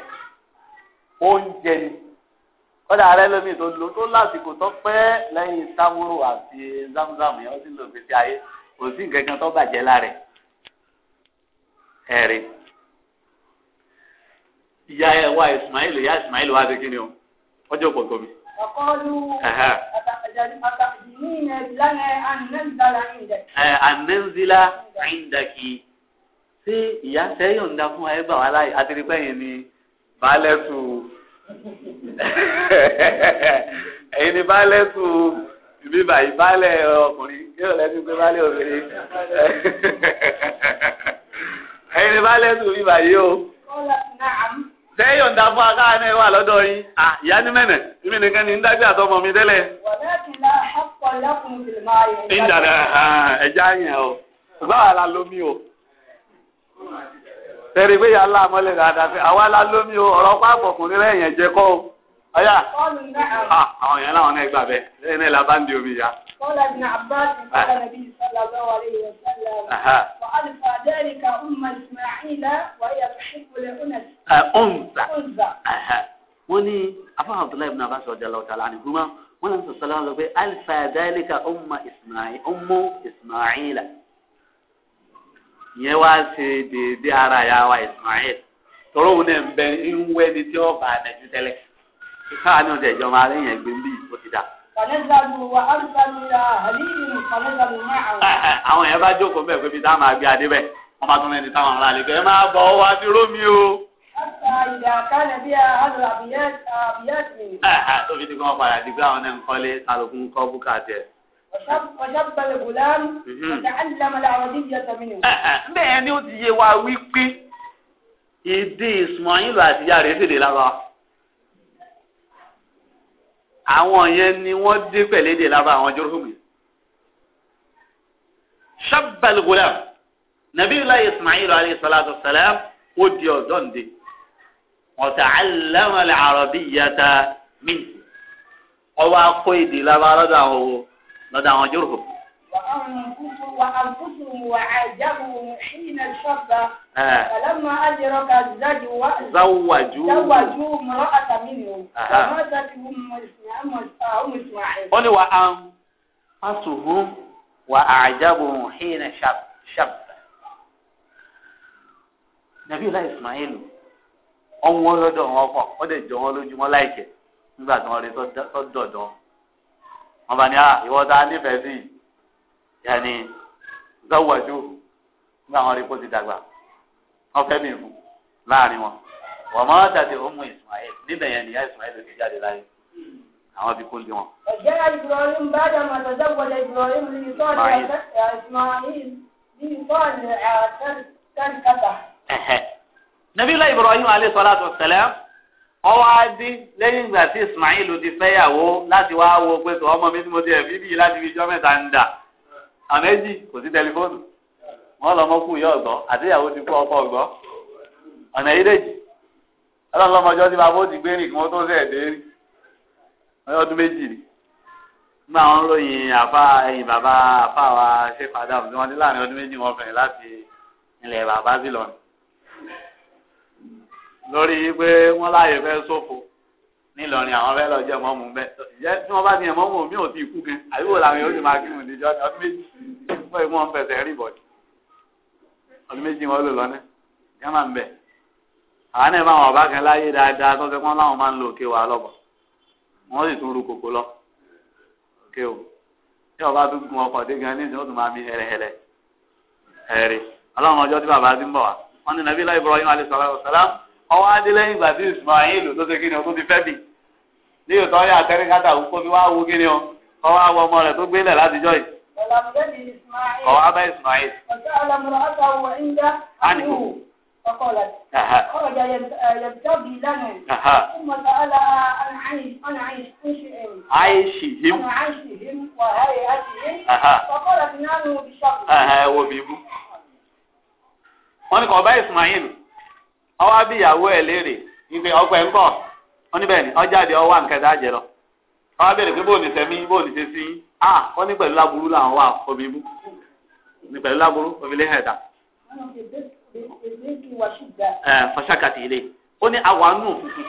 oúnjẹ ni kọ́dà ààrẹ lómi tó lò tó lásìkò tó pẹ́ lẹ́yìn sáwúrò àti zamzam yẹn ó sì lò fi fi ayé kò sí nǹkan kan tó bàjẹ́ lára ẹ̀ rí ìyá ẹ wa Ismail ìyá Ismail wa ti kí ni o ọjọ́ pọ̀ tóbi. ọkọọlù àtàkùnrin ẹ ànẹ́nzílá ìndàkì sí ìyá sẹ́yìn ń da fún ẹ bá wa láyé àti rí ni baálẹ̀ tù ẹ̀yin ni baálé tù ibi báyìí baálé ọkùnrin yóò lẹ́nu pé baálé obìnrin ẹ̀yin ni baálé tù ibi báyìí o. sẹ́yìn ọ̀dà fún akáwọn ẹ̀ wà lọ́dọ̀ yín ìyá ní mẹ́nẹ̀ ìmí nìkan ní ń dájú àtọmọ mi tẹ́lẹ̀. ìjà ẹja yẹn o báwa la lómi o tẹ̀rí pé yà á là mọ́lẹ̀ dáadáa pé àwa la lómi o ọ̀rọ̀ pápọ̀ kùnrin rẹ̀ yẹn jẹ kọ́ o. ọ̀yà àwọn yẹn láwọn náà gbà bẹ́ẹ̀ lẹ́yìn náà la bá ń di omi ya. قال ابن عباس قال النبي صلى الله عليه وسلم وألف ذلك أم إسماعيل وهي تحب لأنس أنثى wọ́n ní afáwọn abdullahi ibn abbas ọjà lọ́wọ́ tààlà àníkúmá wọ́n lọ́n sọ sọ́lá lọ́wọ́ pé alifa dálíkà ìyẹn wá ṣe déédéé ara ìyá wa Ismail tọrọ òun náà ń bẹ ń wẹ ni tí ó bá ẹnẹjú tẹ́lẹ̀ káà ní ọjà ìjọba alẹ́ yẹn gbé bí ó ti dà. àwọn yẹn bá jókòó mẹ́ẹ̀ pé bí táwọn máa gbé adé bẹ́ẹ̀ wọ́n bá tún lẹ́ni táwọn ará àlejò ẹ máa bọ̀ wá sí rómi o. tó fi ti kọ́ padà dìgbà àwọn náà ń kọ́lé sálùkù kọ́ búkà tiẹ̀. Eh, eh. bẹ́ẹ̀ ni ó ti yé wa wípé èdè Ismail àti ìyá rẹ̀ ṣèlè lára àwọn yẹn ni wọ́n dé pẹ̀lẹ́dẹ̀ lára àwọn jọ́rọ́mù shabbal gulam nabiyullah Ismail alayhi salatu salam ó di ọ̀dọ́ ǹde ọ̀tà alámàlà àrọ̀bíyàtà mí ọwọ́ akó èdè lára lọ́dọ̀ àwọn owó lọ́dọ̀ àwọn jòrò. Zawaju mura'ata minhu. Wọ́n um, um, um, ní wa an fasuhu wa àjábò hìnà ṣàb. Nàbíyìlá Ismail ọ̀wọ́n lọ́dọ̀ wọn pọ̀, ó dẹ̀ jọ wọn lójúmọ́ láìkẹ̀ nígbà tí wọ́n rí tọ́dọ̀ dán wọn bá ní à ah, ìwọ ta nífẹ̀ẹ́ sí yẹni zawaju nígbà wọn rí kó ti dàgbà wọn fẹ́ mi fún láàrin wọn wọn máa tàbí ọmọ Ismail níbẹ̀ yẹn nìyá Ismail ló ti jáde láyé àwọn bí kò lé wọn. ẹ̀jẹ̀ Ibrahim bá dà máa tọ́jà wọlé Ibrahim ní sọ́ọ̀lì Ismail ní sọ́ọ̀lì àtàrí kàtà. Nabiyullah Ibrahim alayhi salatu wa salam ọwọ́ á dín lẹ́yìn ìgbà tí Ismail ti fẹ́yàwó láti wá wo pé tó ọmọ mi tí mo ti ẹ̀ bíbí láti fi jọ́ mẹ́ta ń dà àmẹ́jì kò sí tẹlifóònù wọ́n lọ́mọ kú ìyá ọ̀gbọ́ àtìyàwó ti kú ọkọ ọ̀gbọ́ ọ̀nà ìdèjì ọlọ́run lọ́mọjọ́ ti máa bó ti gbé rìn kí wọ́n tó sẹ̀ dé rí ọdún méjì rí nígbà wọn ròyìn àfa ẹ̀yìn bàbá àfa wa ṣe padà tí wọ́n ti láàrin ọdún méjì wọn fẹ̀rẹ̀ láti ilẹ̀ bàbá sí lọ́nà. lórí pé wọn láàyè fẹ́ ṣòfò nílọrin àwọn fẹ́ lọ jẹ mọmú bẹ ìjẹ tí wọn bá ti yẹ mọmú mi ò ti kú gan àbíwò làwọn yóò ti máa kírun níjọ ọdún méjì wọn ìwọ ń fẹsẹ̀ rìn bọdì ọdún méjì wọn lò lọnà yẹn máa ń bẹ àwọn máa bá kan láyé dáadáa tó fẹ́ láwọn máa ń lo òkè wa wọn sì tún ru kòkó lọ òkè o tí gun dé gan máa mi ọwọ́ adélẹ́yìn ìgbà tí Ismail tó ṣe kíni o tó ti fẹ́ bì ní ìtọ́ yà tẹ́ríkátà wù kó fi wá wo kíni o kọ́ wá wọ ọmọ rẹ̀ tó gbélẹ̀ látijọ́ yìí. ọwọ́ abẹ́ Ismail. ọ̀sẹ̀ alamọ̀rọ̀ ọ̀sẹ̀ àwọn ìyá. ánìkò. فقالت خرج يبتغي لنا ثم سألها عن عيشهم عن عيشهم وهيئتهم فقالت wọ́n ní kọ́ Ismail ọwọ́ bí ìyàwó ẹ̀ léèrè ìgbẹ́ ọgbẹ́ ńkọ́ wọn níbẹ̀ ni ọjàde ọwọ́ àǹkẹ́dá jẹ lọ ọwọ́ bẹ̀rẹ̀ pé bóòlù sẹ́mi bóòlù ṣe sí à wọ́n ní pẹ̀lú lágbúrú làwọn wà omi mú ní pẹ̀lú láburú omi lé fọṣákàtì ilé ó ní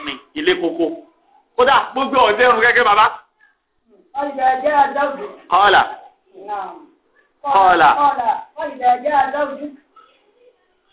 ni ilé koko kódà gbogbo bàbá. kọ́ọ̀là kọ́ọ̀là kọ́ọ̀là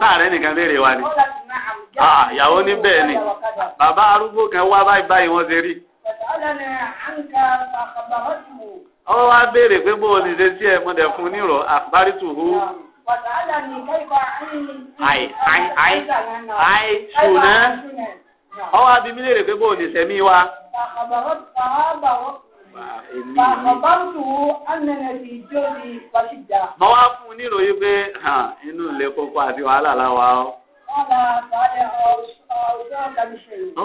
Láàrin nìkan léèrè wa ni. Ìyàwó ní bẹ́ẹ̀ ni. Bàbá arúgbó kan wá báyìí báyìí wọ́n ṣe rí. Ọwọ́ wa béèrè pé bó o lè ṣe sí ẹ̀ mo dẹ̀ fún un nírọ̀ àbárí tù hú. Àì àì àì àì ṣùnà. Ọwọ́ abimí léèrè pé bó o lè ṣẹ̀mí wa. Bàbáńtù Anẹ́nẹ́ ti jó di Fáṣíjà. Mọ wá fún un níròyìn pé inú ilé kókó àti wàhálà láwa o. Wọ́n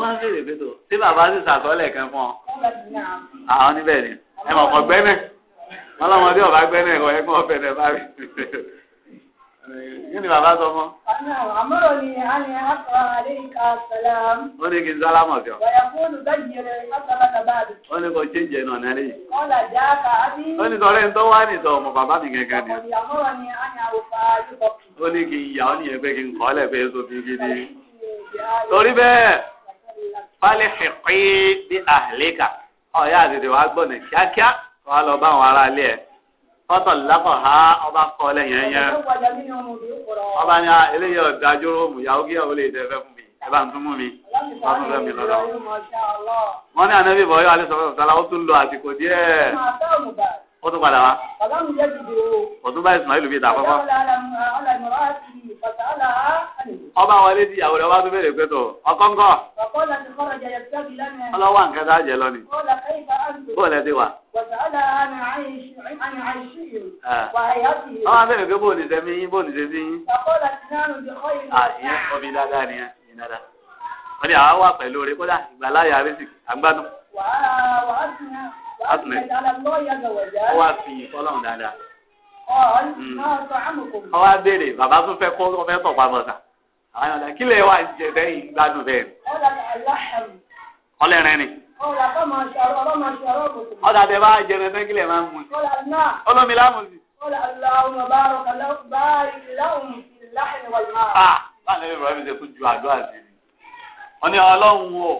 máa ń bèrè pé tó tí bàbá sì ṣàkọọ́lẹ̀ kan fún ọ. Àwọn níbẹ̀ ni ẹ mọ̀ kọ́ gbẹ́nẹ̀. Wọ́n lọ́mọdé ọ̀bá gbẹ́nẹ̀ kọ́ ẹ̀gbọ́n ọ̀fẹ́ rẹ̀ bá rí kí ni bàbá sọ fún. àmọ́rò ni a ní àpá àríkà sàlám. ó ní kí n sálámọ̀ sí ọ. wàyà fóònù bá jẹrẹ àtàlà tàbáàdì. ó ní kò ṣe ń jẹ náà náà léyìí. kọ́lá já ká á bí. ó ní sọ̀rọ̀ ẹni tó wá ní ìtọ̀ ọmọ bàbá mi gẹ́gẹ́ ni. àmọ́rò ni a ní àwòfà yúkọ̀. ó ní kí n yà ọ́ nìyẹn pé kí n kọ́ lẹ̀ pé èso fi gidi. torí bẹ́ẹ̀ falẹ̀ ṣèpín bí àhìlẹ́kà ọ̀ kọ́tọ̀ lápọ̀ ha ọba kọ́ lẹ́yìn ẹ̀yẹ. ọba ní ah, eléyìí ọ̀dájú rọ́ọ̀mù yàwó kí ọ̀hún lè dẹ́fẹ́ fún mi ẹ bá ń tún mú mi wọ́n tún fẹ́ mi lọ́dọ̀. wọ́n ní ànábì bọ̀ yọ alẹ́ sọ̀rọ̀ sọ̀tàlá ó tún lo àsìkò díẹ̀ ó tún padà wá. bàbá mi jẹ́ dìde o. ọ̀tún bá ìsìnmáìlú bíi ìdàkọ́kọ́. ọba wọlé di ìyàwó rẹ̀ wá tó bẹ̀rẹ̀ pẹ́tọ̀ ọkọ́ńkọ́. ọlọ́wọ́ nǹkan tá a jẹ lọ ni. bóòlù ẹ ti wà. ọba bẹ̀rẹ̀ pé bóòlù ṣe mí yín bóòlù ṣe sí yín. ìyẹn ọbí dáadáa nìyẹn ìyẹn dáadáa. wọ́n ní àwa wà pẹ̀lú orí kódà ìgbàláyà àrísì àgbádùn. wàá wàá dùn náà asmẹ ó wá fi yìn fọlọ́run dáadáa. ọ hmm. wá béèrè bàbá tún fẹ́ kó fẹ́ tọ̀ pamọ́ sa àwọn ọ̀dà kí lè wá jẹ sẹ́yìn gbádùn bẹ́ẹ̀ ni. ọlẹ́rìn ni. ọ̀dà tẹ bá jẹrẹ sẹ́yìn kí lè máa ń mu. olómi láàmú sí. ah báwo ni ibrahim ṣe kú ju àdúrà sí wọ́n ní ọlọ́run wò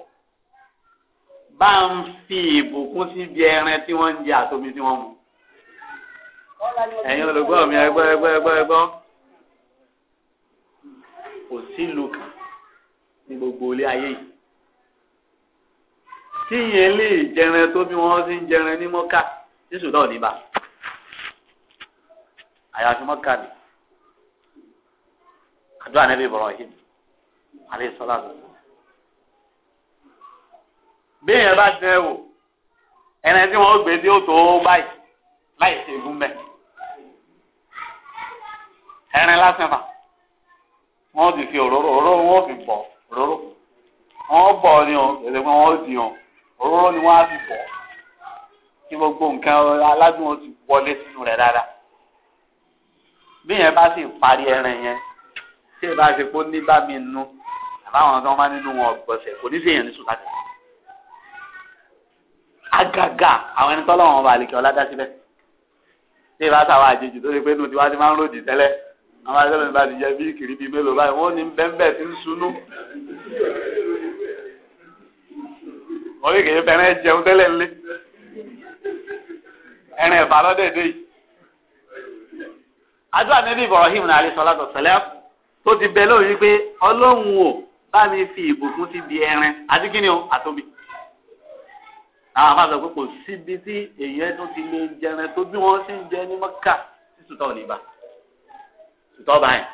bá ń fi ìbùkún síbi ẹran tí wọ́n ń jẹ àtomi tí wọ́n mu. ẹ̀yin olùgbọ́ mi ẹgbọ́ ẹgbọ́ ẹgbọ́ ẹgbọ́ kò sílùú kan ní gbogbo ilé ayé yìí tí yẹn lè jẹran tó bí wọ́n ti ń jẹran ní mọ́kà tí sùdán ò ní bá àyàfi mọ́kà ni àdúrà nẹ́bí Ibrahim alayhi salatu bí èèyàn bá dẹ wò ẹni tí wọn gbé tí ó tó báyìí láì ṣe egun bẹ ẹrin lásán fà wọn ti fi òróró òróró wọn fi bọ òróró wọn bọ ni o èdè pé wọn di o òróró ni wọn á fi bọ kí gbogbo nǹkan aládùn ó ti wọlé sínú rẹ dáadáa bí yẹn bá sì parí ẹrin yẹn tí ì bá ṣe pé ní bá mi nú àbáwọn tó ń bá nínú wọn ọgbọ̀nsẹ̀ kò ní sí èèyàn ní sùn láti sùn àgàgà àwọn ẹni tọ́lọ́ wọn bá àlekè ọ̀làdá síbẹ̀ tí ìbá sáwọn àjèjì tó ṣe pé nùtí wá ti máa ń ròdì tẹ́lẹ̀ àwọn àjẹjì lónìí bá ti jẹ bíi kiri bíi mélòó báyìí wọ́n ní bẹ́ńbẹ́ ti ń sunú. wọ́n kì í fẹ́rẹ́ jẹun tẹ́lẹ̀ ńlẹ̀ ẹ̀rìn ẹ̀bà lọ́dẹ̀dẹ̀ yìí. àdúrà níbi Ibrahim náà alẹ́ sọlá tọ̀sẹ̀lẹ̀ tó ti bẹ lóyún pé ọlọ́run ò bá mi fi ìbùkún ti di ẹran àti kíni o àtòmí àwọn afa sọ pé kò síbi tí èèyàn tó ti lè jẹrẹ tó bí wọn ṣe ń jẹ ní mọ́kà tí sùtọ́ ò ní bá sùtọ́ bá yẹn.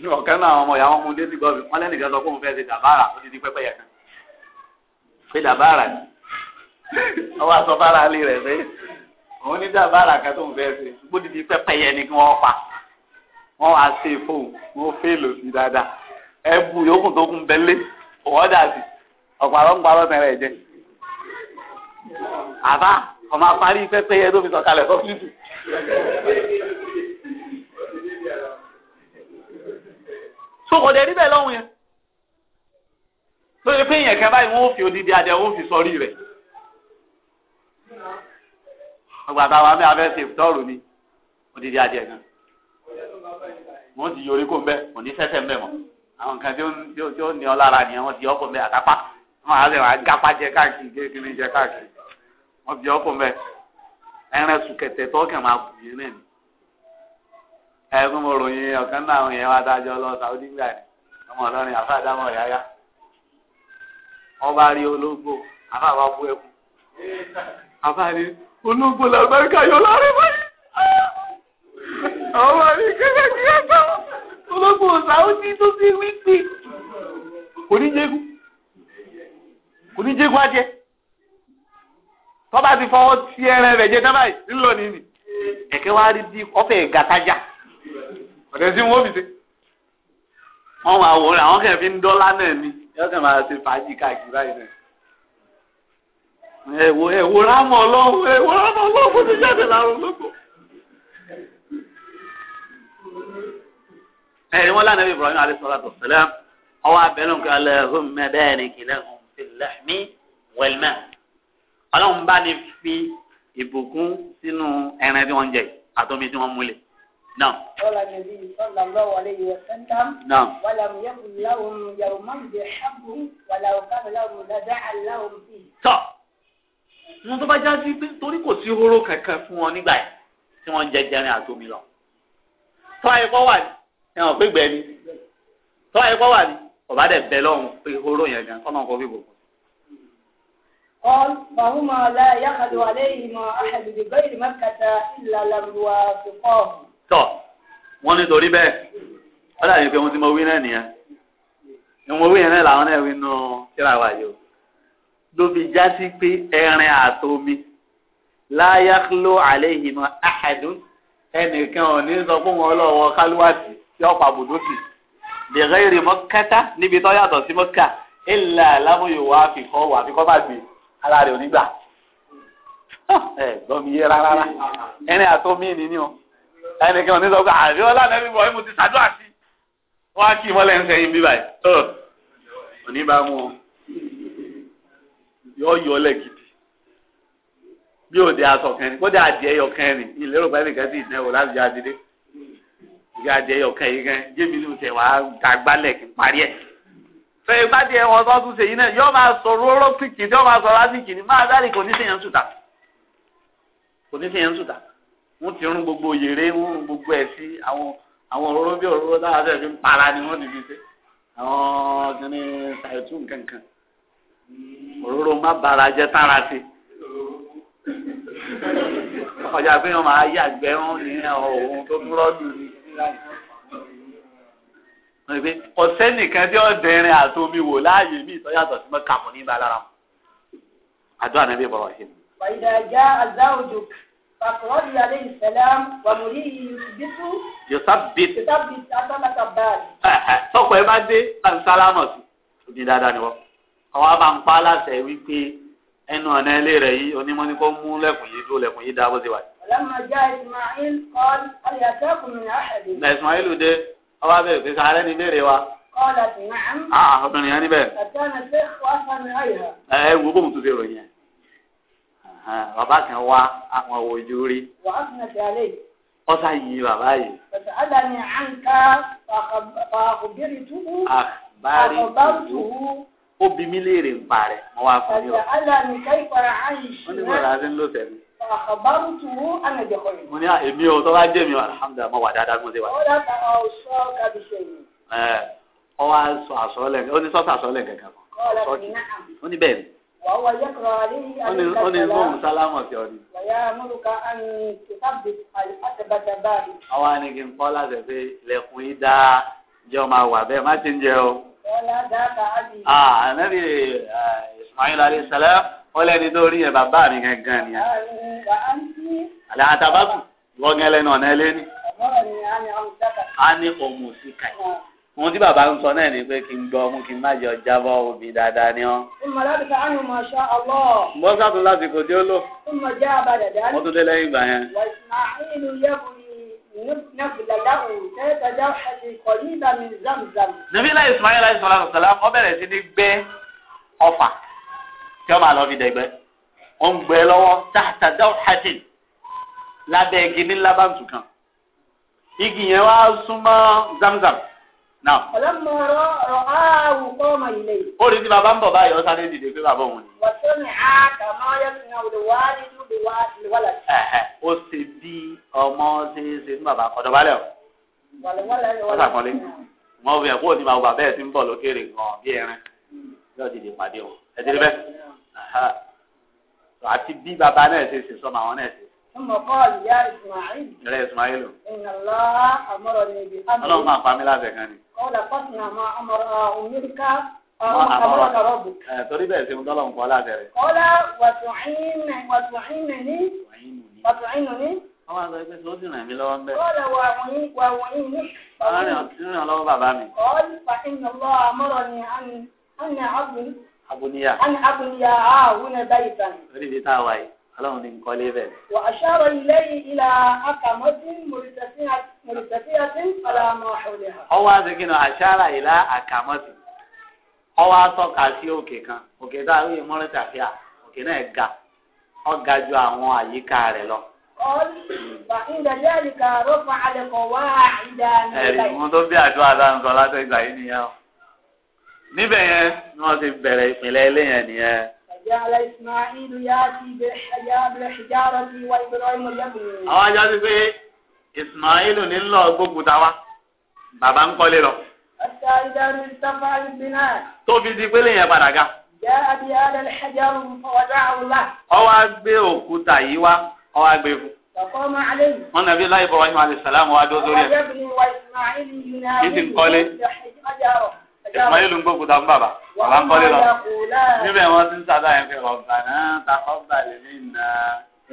ní ọ̀kẹ́ náà àwọn ọmọ ìyá wọn mú dédì gbọ́ mi wọ́n lẹ́nìkan sọ pé òun fẹ́ ṣe dàbára ó ti di pẹ́pẹ́ yẹn kan pé dàbára ni ọwọ́ aṣọ bára alẹ́ rẹ̀ pé òun ní dàbára kan tóun fẹ́ ṣe bó ti di pẹ́pẹ́ yẹn ni kí wọ́n pa wọ́n wá ṣe fóun wọ́n fèèlò sí dáadáa ẹ bu yòókù tó kún bẹ́lẹ́ ọ̀ọ́dà ọ̀pàrọ̀ ń parọ́ tẹ̀rẹ̀ jẹ. àbá ọmọ apárí pẹ́pẹ́ yẹn tó fi sọ̀kalẹ̀ fọ́fíìsì. sókò dẹ̀ níbẹ̀ lọ́hùn yẹn. lórí pé èèyàn kan báyìí wọ́n fi odidi adé wọ́n fi sọrí rẹ̀. ọgbà táwa mi abẹ́ ṣe tọ́ọ̀rù ni odidi adé kan. wọ́n ti yorí kó ń bẹ́ òní sẹ́sẹ̀ ń bẹ̀ mọ́ àwọn nǹkan tí ó ní ọ lára nìyẹn wọ́n ti yọ́ kó ń bẹ́ àtàpá. wọn á lè wá gápá jẹ káàkiri kékeré jẹ káàkiri wọn bí ọkọ mẹ ẹran sùkẹtẹ tọkàn máa kù yín náà ni ẹgbẹ́ mo ròyìn ọ̀kan náà àwọn èèyàn lọ rí ológbò ológbò yọ báyìí ẹ tó kò ní jégún ajẹ́ tọ́ba ti fọwọ́ sí ẹran rẹ̀ jẹ dábàá ńlọ nìyí kẹ̀kẹ́ wa rí bí ọ̀fẹ́ gàtájà ọ̀dẹ̀ sí wọ́n mi ṣe wọ́n máa wò rẹ̀ àwọn kẹ̀ fi ń dọ́là náà ni yóò kẹ̀ máa ṣe fàájì káàkiri báyìí náà ẹ̀wò ẹ̀wò rámọ̀ ọlọ́run ẹ̀wò rámọ̀ ọlọ́run fún ti jáde láàrún lóko. ẹ̀rí wọn lánàá bí Ibrahim alayhi salatu wassalam ọwọ́ abẹ́lẹ́ nǹkan lẹ́hùn mẹ́bẹ́ẹ̀ ni kìlẹ̀ hùn fi lẹ́hìnmí wẹ̀lmẹ́ ọlọ́run bá ní fi ìbùkún sínú ẹran tí wọ́n jẹ àtọ́mi tí wọ́n múlẹ̀ náà. ọ̀la nàbí sọ́lá lọ́wọ́ aleyhi wa sẹ́ńtàm. náà. wàlà yẹ́kùn láwùn yàrá máa ń bẹ ṣàbùn wàlà òkàlà láwùn dáadáa aláwùn bì. tọ́ wọn tó bá já sí pé torí kò sí horo kankan fún wọn nígbà yìí tí wọ́n ń jẹ jẹrin àtọ́mi lọ. tọ́ ẹ̀kọ́ wà ní ẹ̀wọ̀n pé gbẹ̀mí tọ́ ẹ̀kọ́ wà ní ọ̀bá dẹ̀ bẹ̀ lọ́hùn pé horo yẹn gan kọ́ náà kọ́ fífò. قال فهما لا يخذ عليهما أحد بغير مكة إلا لم يوافقاه tọ́ wọ́n ní torí bẹ́ẹ̀ wọ́n dàbí pé wọ́n ti mọ wí náà nìyẹn ìwọ̀n wí yẹn náà làwọn náà wí nù kíra wa yìí o ló fi já sí pé ẹrin àtomi la yakhlu àléhìmọ̀ àhàdùn ẹnìkan ò ní sọ fún wọn lọ́wọ́ kálúwàtì tí ọ̀pọ̀ àbùdókì bi ghairi Makkata níbi tó yàtọ̀ sí Makkah illa lamu yuwafiqo wà fi kọ́ bá gbé. ara rẹ̀ ò ẹ mi rárá ẹni àtọ́ mí ni ni o ẹni kan ní sọ pé àbí ọlá nẹ́bí ti ṣàdúrà wọ́n á kí ìmọ̀lẹ́ ń sẹ́yìn bí báyìí òní bá yọ yọ bí òde aṣọ kẹrin kódà yọ kẹrin ìlérò láti ìgbà yọ kẹrin kí n parí pé ìbádìí ẹ̀wọ̀n tó tún ṣe yìí náà yóò máa sọ róró pìkì tí yóò máa sọ lásìkì ní máa dárì kò ní sí yẹn sùtà kò ní sí yẹn sùtà wọ́n ti rún gbogbo yèrè wọ́n rún gbogbo ẹ̀ sí àwọn àwọn òróró bí òróró dáhà sẹ́ẹ̀ fi ń para ni wọ́n ti fi ṣe àwọn kìnnì ṣàìtú nkankan òróró má bara jẹ tára sí ọjà pé wọn máa yàgbẹ́ wọn ní ohun tó dúró dùn ní pé ọ̀sẹ́ nìkan tí ọ̀dẹ̀rin àti omi wò láàyè mí ìtọ́yàtọ̀ sí mọ́ kàmú ní ìbára mu. àdúrà nàbí ìbọ̀wọ̀ ṣe. wàyídà já àzá òjò fàkọ̀rọ̀lì alẹ́ ìsẹ̀lám wàmúrí ìbísú. yòtá bit. yòtá bit atọ́lákà báàlì. tọkọ ẹ bá dé àǹsálámọ̀ sí omi dáadáa ni wọ́n. àwọn àbá ń pa aláṣẹ wípé ẹnu ọ̀nà ilé rẹ̀ yìí onímọ̀ ni kò mú lẹ́kùn yìí dúró lẹ́kùn yìí dáàbò sí wa. ọ̀làmàjá ìsmáìl kọ́ ọba bẹ̀rẹ̀ pé sàárẹ̀ ni béèrè wa. ọ̀la ti nàá. a ọkùnrin yẹn níbẹ̀. àtàwọn ṣe wá sani ayà. ẹ wo bóun tún fi ròyìn yẹn. bàbá kan wá àwọn ojú rí. wàá fi hàn sí alẹ́ yìí. ọ̀sà yìí bàbá yìí. bàtà àlàní àǹkà fàkùbírì túwú. àbárí túwú. ó bi mí léèrè ń parẹ́ mo wá fún yín o. bàtà àlàní kẹ́ ìpàrà àyè ṣe. wọ́n ní bọ̀dà á ń lò tẹ̀lé àkàbárùtù ànàjẹkọ yìí. mo ní ah, èmi o tó bá jẹ́ mi alhamdulilayi mo wà dáadáa mo ti wà. ó dàgbà ọ̀ṣọ́ kábíyèsí. ẹ ọ wá sọ àsọlẹ ó ní sọ́ọ̀tà àsọlẹ kankan kan sọ́ọ̀tì ó ní bẹ́ẹ̀ ni. wàá yẹ́kọ̀ọ́ àlẹ́ àlẹ́ ó ní mọ̀mú sálámọ̀ sí ọdún. wàyà múlùkà àmì tìtàbí àtẹ̀bàtà báyìí. àwa ni kí n kọ́ láti ṣe ilẹ̀kùn yìí dáa jẹ́ ọmọ àwà bẹ́ẹ̀ má ti ń jẹ o. ọ̀la dáa ká á di. ah anabi eh, ismail alayhi salam wọ́n lẹ́ni tó rí yẹn bàbá mi gangan nìyẹn. àlẹ́ àtàbàkù wọ́gán lẹ́nu ọ̀nà ẹlẹ́ni. a ní òmù sí kàì. ohun tí bàbá ń sọ náà ni pé kí n gbọ́ ọmú kí n má jọ jábọ́ obì dáadáa ni ọ́. mo sàtún láti kò tí ó lò. mo tún dé lẹ́yìn ìgbà yẹn. nàbílà Ismail alayhi salaam ọbẹ̀rẹ̀ sí ní gbé ọfà tí wọ́n máa lọ fi dẹ̀gbẹ́ wọ́n ń gbẹ lọ́wọ́ tààtàdá ọ̀hátì lábẹ́ igi ní lábàǹtù kan igi yẹn wá súnmọ́ zamzam náà. ọlọ́mọ ọ̀rọ̀ ààrù kọ́ ọmọ ilé yìí. ó rí tí bàbá ń bọ̀ báyìí ó sáré dìde pé bàbá òun ni. wọ́n ní àkàmọ́ yẹ́sìn olùwárí lùwàlà. ó ṣe bí ọmọ ṣe é ṣe fún bàbá ọ̀dọ̀bálẹ̀ wọ́n sàkọ́lé wọn ò fi ẹ̀kọ́ bàbá bẹ́ẹ̀ ti ń bọ̀ lókèrè gan-an bí ẹran hmm. yóò dìde pàdé o ẹ àti bí bàbá náà ṣe ṣe sọmọ àwọn náà ṣe. ọmọkọ ìyá Ismail. ìrẹ Ismail. ìnàlá àmọ́rọ̀ ni ibi. ọlọ́run máa pa mí lábẹ́ kan ni. ọ̀la pàṣẹ àmọ́ àmọ́rọ̀ òmìnirika àmọ́rọ̀ kàrọ́bù. torí bẹ́ẹ̀ ṣe ń ń kọ́ rẹ̀. wàtúwìn wàtúwìn ní. ní. abuniya. an abuniya aa wúni báyìí tán. lórí ibi tá a wáyé ọlọ́run ní nkọ́lé bẹ́ẹ̀. wà á ṣàrọ̀ ilé ìlà àkàmọ́tì mùrìtẹ́síyàtì ọ̀làmọ̀ ọ̀lẹ̀. ọwọ́ àdìgínà àṣàrà ìlà àkàmọ́tì ọwọ́ àtọ́ka sí òkè kan òkè tá a rí mọ́rìtàfíà òkè náà ga ó ga ju àwọn àyíká rẹ̀ lọ. ẹ̀rí wọn tó bí àdúrà dáńsọ látẹ̀gbà yìí nìyẹn o níbẹ̀ yẹn ni wọ́n ti bẹ̀rẹ̀ ìpìlẹ̀ ilé nìyẹn. إسماعيل يأتي بالحجارة وإبراهيم يبني. àwọn ajá ti pé Ismail nílò gbogbo táwa bàbá ń kọ́lé lọ. ọ̀sẹ̀ ìdánù sáfà ìgbìnà. tó fi di pélé yẹn padà ga. jẹ́ àbí adé ìhajáru ọ̀dà àwùlá. ọwọ́ á gbé òkúta yìí wá ọwọ́ á gbé e fún. Ọkọ máa lé. Wọ́n nàbí Ibrahim alayhi salam wá dó sórí ẹ̀. Ọ̀rẹ́ mi wa Ismail yìí náà. Kí ti ń kọ́lé? ìsìmáyìlú ń gbógun tán bàbá bàbá ń kọ́lé lọ níbẹ̀ wọ́n ti ń sàdá yẹn pé ọ̀bà náà ta ọ̀bà lè ní ìnà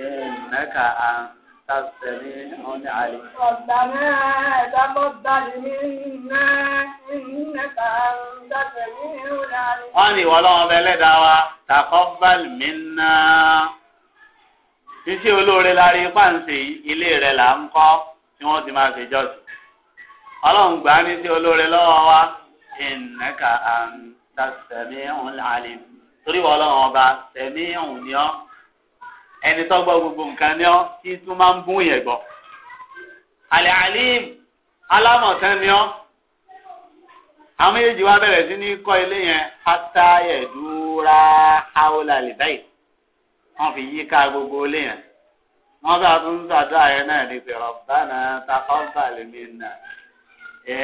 ìnàkà àtàsẹ̀mí ọ̀nà àlè. ọ̀bà náà ta ọ̀bà lè ní ìnà ìnàkà àtàsẹ̀mí ọ̀nà àlè. wọ́n ní ìwọ lọ́wọ́ bẹ́ẹ̀ lẹ́dàá wa ta ọ̀bà lè mí ná. títí olóore la rí pàǹsì ilé rẹ̀ là ń kọ́ tí wọ́n ti máa ṣèjọ́sìn. ọlọ́run gbà ìnàkà àǹtà sẹ̀mí ọ̀hún làálẹ̀ torí wọ́n lọ́wọ́ ọba sẹ̀mí ọ̀hún ni ọ́ ẹni tó gbọ́ gbogbo nǹkan ni ọ́ kí tún máa ń bún yẹn gbọ́. àlẹ́ àlìm alámọ̀tán ni ọ́ àwọn méjèèjì wá bẹ̀rẹ̀ sí ní kọ́ ilé yẹn pátá ẹ̀dúrà áwòlà lìbáyìí wọ́n fi yí ká gbogbo ilé yẹn wọ́n bá tún sàdúrà yẹn náà ní pẹ̀rọ̀ bá náà takọ́ bàlẹ́ mi nà ẹ̀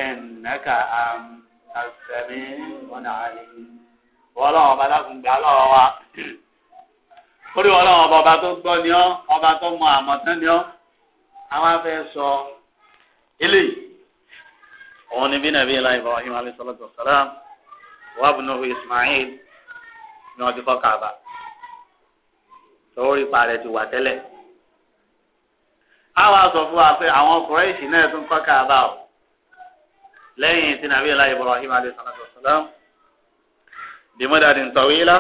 àmì àfẹ̀mí wọn náà lè wọ́n lọ́wọ́ ọba dákun gbà lọ́wọ́ wa orí wọn lọ́wọ́ ọba ọba tó gbọ́ ni ọ́ ọba tó mọ àmọ̀tán ni ọ́ àwọn afẹ́ sọ eléyìí òun ni bí nàbí ilá Ibrahim alayhi salatu wa salam wa abnuhu Ismail ni wọ́n ti kọ́ Kaaba sọ́wọ́rì parẹ́ ti wà tẹ́lẹ̀ àwọn sọ wa pé àwọn Kùráìṣì náà tún kọ́ Kaaba o lẹ́yìn tí nàbí ọlá Ibrahim alayhi salatu wasalam bimudadin tawila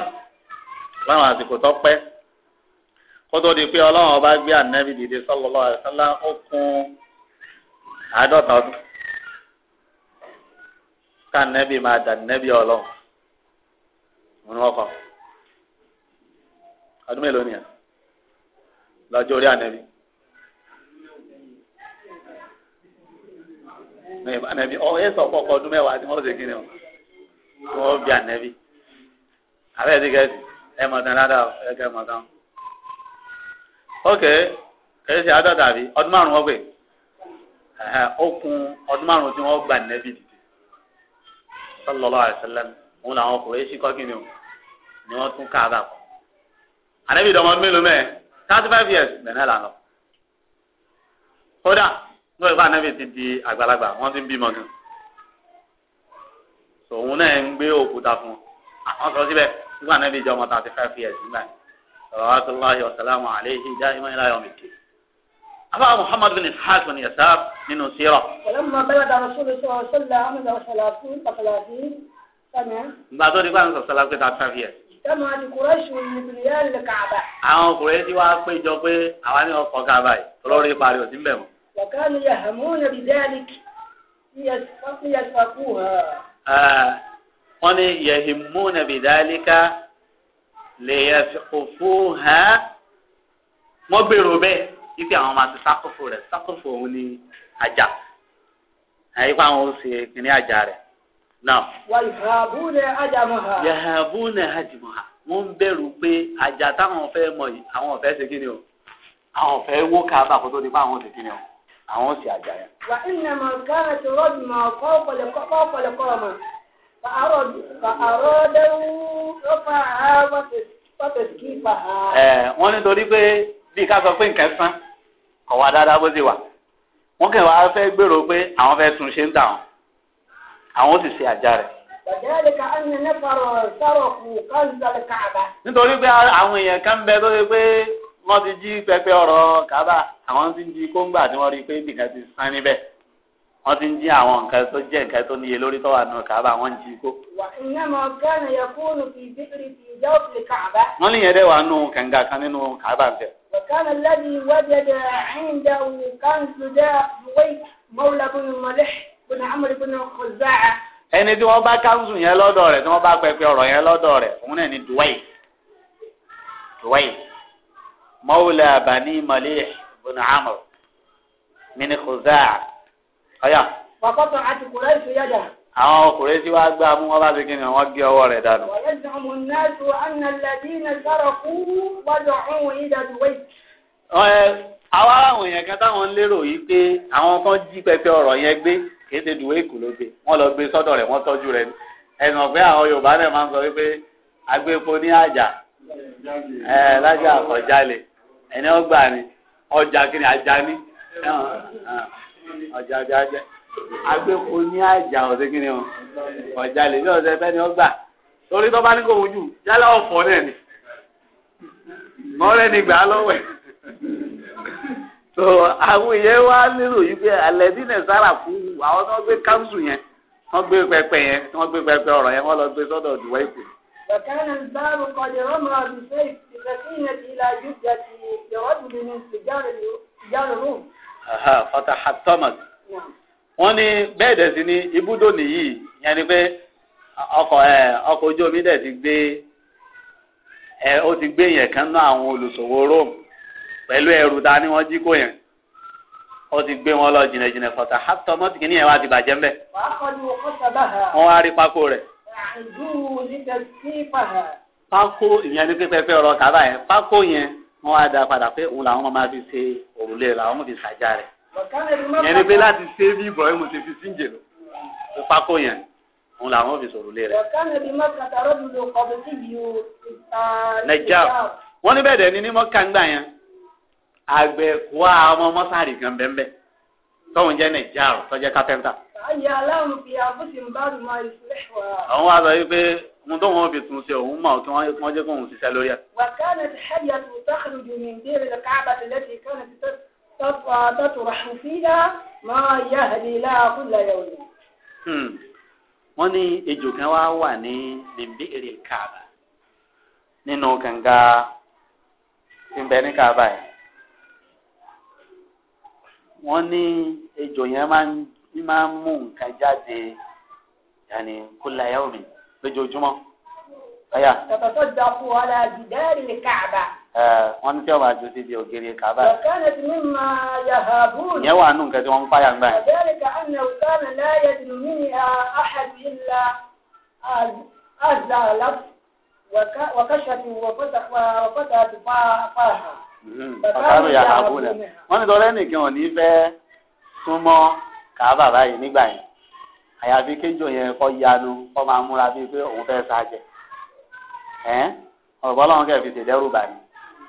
láwọn àsìkò tó pẹ́ kótó di pé ọlọ́run ọba gbé ànábì dìde sallallahu alaihi wasallam ó kún àádọ́ta ọdún ká nẹ́bì máa dà nẹ́bì ọlọ́run òun ni wọ́n kọ́ ọdún mélòó nìyẹn lọ́jọ́ orí ànẹ́bì. ànàbí ọ̀hún sọ pọ̀pọ̀ ọdún mẹ́wàá tí wọ́n ṣe kí ni o wọ́n bí ànàbí àbẹ́ ti kẹ́sì ẹ mọ̀ tán ládàá ẹ kẹ́ mọ̀ tán. ok kẹ́sì àádọ́ta àbí ọdún márùn okùn ọdún márùn tí gbà dìde lórí fún anabi ti di àgbàlagbà wọn ti ń bímọ gan so òun náà ń gbé òkúta fún wọn sọ síbẹ̀ fún anabi jẹ́ ọmọ thirty five years nígbà yìí salawatullahi wa salamu alayhi da'ima ila yawm al-din afa muhammad bin ishaq bin yasab nínú sira. falamma balagha rasulullah sallallahu alaihi wa sallam fasalatin sana. nígbà tó di kó àwọn sọ̀sọ́lá pé thirty five years. Tama ni Kuraiṣu ìbìlẹ̀ lè kàbà. Àwọn Kuraiṣi wá péjọ pé àwa ní ọkọ̀ kàbà yìí, olórí parí òsínbẹ̀ mọ́. وكانوا يهمون بذلك ليسفكوها آه wọ́n ní yahimuna bidalika lè yafiqufu ha wọ́n gbèrò bẹ́ẹ̀ ipe àwọn máa ti sákòfò rẹ̀ sákòfò òun ni ajá àyíkọ́ àwọn ó ṣe kìnní ajá rẹ̀ náà. wàhálàbùnà ajamuha. yahabuna ajamuha wọ́n ń pé ajá táwọn fẹ́ mọ̀ yìí àwọn ò fẹ́ ṣe kí ni o àwọn ò fẹ́ wó ká bàkótó nípa àwọn ò ṣe kí ni o àwọn sì àjà yẹn. wà ìnà màá kára ti rọ́ọ̀dù màá kọ́ ọ̀pọ̀lẹ̀ kọ́ ọmọ fàárọ̀dẹ́wù rọ́fà wọ́pẹ̀ kí fà á. ẹ wọ́n ní torí pé bí ká sọ pé nǹkan sán kọ̀ wá dáadáa bó ti wà wọ́n kàn wá fẹ́ gbèrò pé àwọn fẹ́ tún ṣe ń tà wọ́n àwọn sì ṣe àjà rẹ̀. Nítorí pé àwọn èèyàn kan bẹ tó ṣe pé wọ́n ti jí pẹpẹ ọ̀rọ̀ kábà àwọn ti ń jí kóńgbà tí wọ́n rí i pé ibìkan ti sán níbẹ̀ wọ́n ti ń jí àwọn nǹkan tó jẹ́ nǹkan tó níye lórí tọ́wà náà kábà wọ́n jí kó. wọ́n níyẹn dẹ́ wà nù kànga kan nínú kábà ń bẹ̀. وكان الذي وجد عنده كنز ذا بويك مولى بن ملح بن عمرو بن خزاعة ẹni tí wọ́n bá káńsù yẹn lọ́dọ̀ rẹ̀ tí wọ́n bá pẹpẹ ọ̀rọ̀ yẹn lọ́dọ̀ rẹ̀ òun náà ni duwai duwai مولى بني مليح بن عمرو من خزاعة ọyà. wàkọ́tọ̀ àti kùrẹ́sì yàjà. àwọn kùrẹ́sì wa gbá mú wọn bá fi kí ni wọn gé ọwọ́ rẹ̀ dànù. wọ́n yẹ ọmọ náà tó àná lẹ́bí náà sára kú wájú ọ̀hún yìí dàbí wẹ́ẹ̀. ẹ àwa àwọn èèyàn kan táwọn lérò yìí pé àwọn kan jí pẹpẹ ọ̀rọ̀ yẹn gbé kì í ṣe ló gbé wọn lọ gbé sọ́dọ̀ rẹ̀ wọ́n tọ́jú rẹ̀ ni ẹnu ọgbẹ àwọn Yorùbá náà máa ń sọ wípé agbépo ní àjà ẹ lájà àkọjálè ẹni ọgbà ni ọjà kìnìún ajá ni ọjà ọjà jẹ agbẹ́kọ̀ ní àjà ọ̀sẹ̀ kìnìún o ọjà lè ní ọ̀sẹ̀ fẹ́ ni ọgbà torí tó bá ní kò wojú yálà ọ̀fọ̀ náà ni mọ́rẹ́ ni gbà á lọ́wọ́ ẹ̀ so àwọn èèyàn wá nílò yìí pé alẹ́dí náà sára fún àwọn tó ń gbé káńsù yẹn wọ́n gbé pẹpẹ yẹn wọ́n gbé pẹpẹ ọ̀rọ̀ yẹn wọ́n lọ gbé sọ́dọ̀ ọ̀dùwẹ́ ìkùn فكان الباب قد رمى بسيف السفينة إلى جدة برجل من سجار الروم. أها فتحطمت. نعم. وني ní bẹ́ẹ̀ dẹ̀ sí ní ibùdó nìyí yẹn ni pé ọkọ̀ ẹ̀ ọkọ̀ ojú omi dẹ̀ ti gbé ẹ̀ ó ti gbé yẹn kan náà àwọn olùṣòwò Rome pẹ̀lú ẹrù ta ni jí kó yẹn ó ti gbé wọn lọ jìnnàjìnnà fọ̀tà hátọ́mọ́tì kìíní yẹn wá ti bàjẹ́ ńbẹ̀. wọ́n á rí pákó rẹ̀ pákó ìyẹn ní pípẹ́pẹ́ ọ̀rọ̀ kaba yẹn pákó yẹn wọ́n á da padà pé òun làwọn máa fi ṣe òrùlé làwọn mọ̀ fi ṣàjà rẹ̀ yẹn ni pé láti ṣe bí ìbọ̀wé mo ṣe fi síǹjè lò pé pákó yẹn òun làwọn fi ṣòrùlé rẹ̀. nàìjíríà wọ́n ní bẹ̀rẹ̀ ní ní mọ́kàngbà yẹn àgbẹ̀ wá ọmọ mọ́sàrì kan bẹ́ẹ̀ bẹ́ẹ̀ tọ́hún jẹ́ nàìjíríà tọ́jẹ́ kápẹ́ńtà àwọn àgbà yìí pé mo tó wọn fi tún ṣe òun mọ kí wọn jẹ kó òun ṣiṣẹ́ lórí ẹ. وكانت حية تخرج من دير الكعبة التي كانت تطرح فيها ما يهدي لها كل يوم. wọ́n ní ejò kan wá wà ní bíbélì kàbà nínú kànga tí ní kàbà yẹn wọ́n ní ejò yẹn máa ń ní máa ń mú nǹkan jáde yàní kulla yawmi lójoojúmọ́. Ọ̀yà. Tọ̀tọ̀tọ̀ dọ̀kú ọ̀la jùdẹ́rì lè kàbà. Wọ́n ní tí ọba àjò ti di ògiri kàbà. Ọ̀kan ti mú ma yàhà búùlù. Ìyẹn wà nù nǹkan tí wọ́n ń fàyà ń gbà. Ọ̀bẹ́rẹ̀ ká àná òkàna láyé dùnú mí ni àhàdù ìlà àzàlá wàkàṣàtì wàkọ́tà àti fáàhà. Ọ̀kàrò yàhà búùlù. Wọ́n ní tọ́lẹ́ nìkan ò ní fẹ́ súnmọ́ kàábà báyìí nígbà yẹn àyàfi kéjọ yẹn kọ́ yanu kọ́ máa múra bíi pé òun fẹ́ sáájẹ ẹ́ ọ̀rọ̀bọ́ lọ́wọ́ kẹ́ fi ṣèdẹ́rù báyìí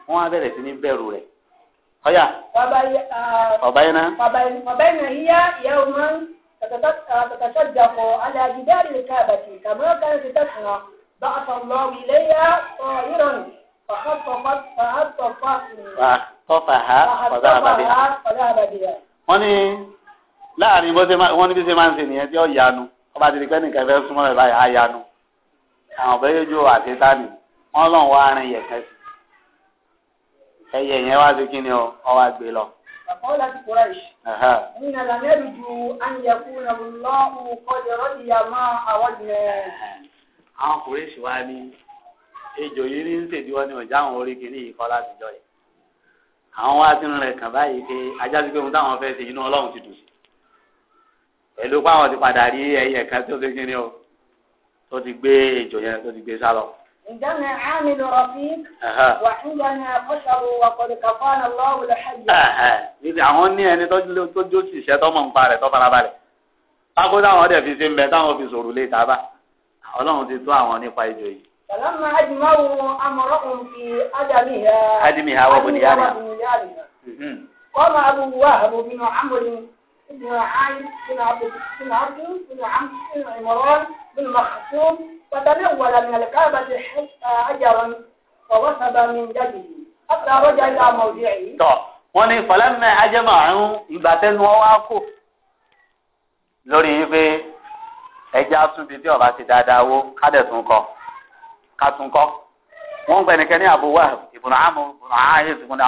wọ́n á bẹ̀rẹ̀ sí ní bẹ̀rù rẹ̀ ọ̀yà ọ̀báyìí náà. ọ̀báyìí náà yíyá ìyá o máa ń tàtàtà jàpọ̀ aláàjìdáàrí ní káàbàtì kàmú kan ti tẹ̀sán bá a sọ lọ ilé yá ọ ìrọ̀n fàhátọ̀fà ha ọ̀dà àbàdìyà. wọ́n ní láàrin bó ṣe máa wọ́n ní bí ṣe máa ń ṣe nìyẹn tí ó yanu ọba ti di pẹ́ nìkan fẹ́ súnmọ́ rẹ̀ báyìí á yanu àwọn ọ̀bẹ yóò jó àṣetánì wọ́n lọ́n wá arin yẹ̀kẹ́ sí ẹyẹ yẹn wá sí kíni o ọ wá gbé lọ. àkọọ́lá ti kúrẹ́ yìí. nínú ìlànà ẹ̀rù ju àyẹ̀kú lọ́wọ́ kọjọ́rọ́ ìyá máa àwọn jẹ́. àwọn kùrẹ́ sì wá ní ejò yìí ní ṣèdíwọ́ ni ọ̀já àwọn orí kìíní yìí kọ́ látijọ́ yìí àwọn wá sínú rẹ̀ kàn báyìí pé ajá sí pé ohun táwọn fẹ́ ṣe inú ọlọ́run ti dùn sí. pẹ̀lú pàwọn ti padà rí ẹyẹ kan tó ti kí o ti gbé ejò yẹn ti gbé sálọ. عندنا na رفيق وعندنا بشر وقد كفانا الله الحج. níbi àwọn ní ẹni tó jó sì ṣẹ́ tọ́mọ̀ ń parẹ́ tó fara pákó táwọn fi ṣe ń bẹ fi sòrò lé tábà ti tó àwọn nípa ejò yìí. sàlámà fi بن علي بن عبد بن عبد بن عمرو بن عمران بن مخزوم من الكعبة أجرا ووثب من جده حتى رجع إلى موضعه. wọ́n ní fọlẹ́mẹ́ ajẹ́mọ̀ọ́rún ìgbà tẹ́nu ọwọ́ á kò lórí wípé ẹja túnbi tí ọba ti dáadáa wo kádẹ̀tún kọ kátún kọ wọ́n ń pẹnikẹ́ ní àbúwá ìbùnà àmú ìbùnà ààyè ìbùnà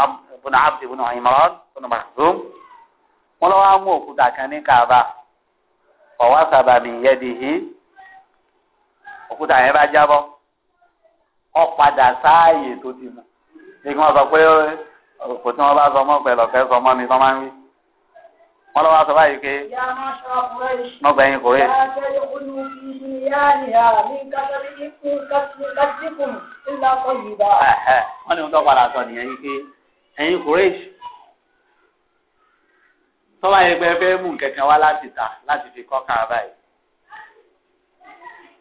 àbùdì ìbùnà ìmọ̀ràn ìbùnà màdùm wọn lọ á mú òkúta kan ní kaaba ọ̀wá sábàbí yẹ́dìhí òkúta yẹn bá jábọ ọ padà sáàyè tó ti mú bí wọ́n sọ pé kò tí wọ́n bá sọ mọ́ pẹ̀lú ọ̀fẹ́ sọ mọ́ ni máa ń wí wọ́n lọ́wọ́ sọ báyìí pé nọ́gbẹ̀yìn kò rè. wọ́n ní tọ́ padà sọ nìyẹn yìí pé tọ́wá yẹn pé fẹ́ mú kẹ̀kẹ́ wá láti tà láti fi kọ́ kàá báyìí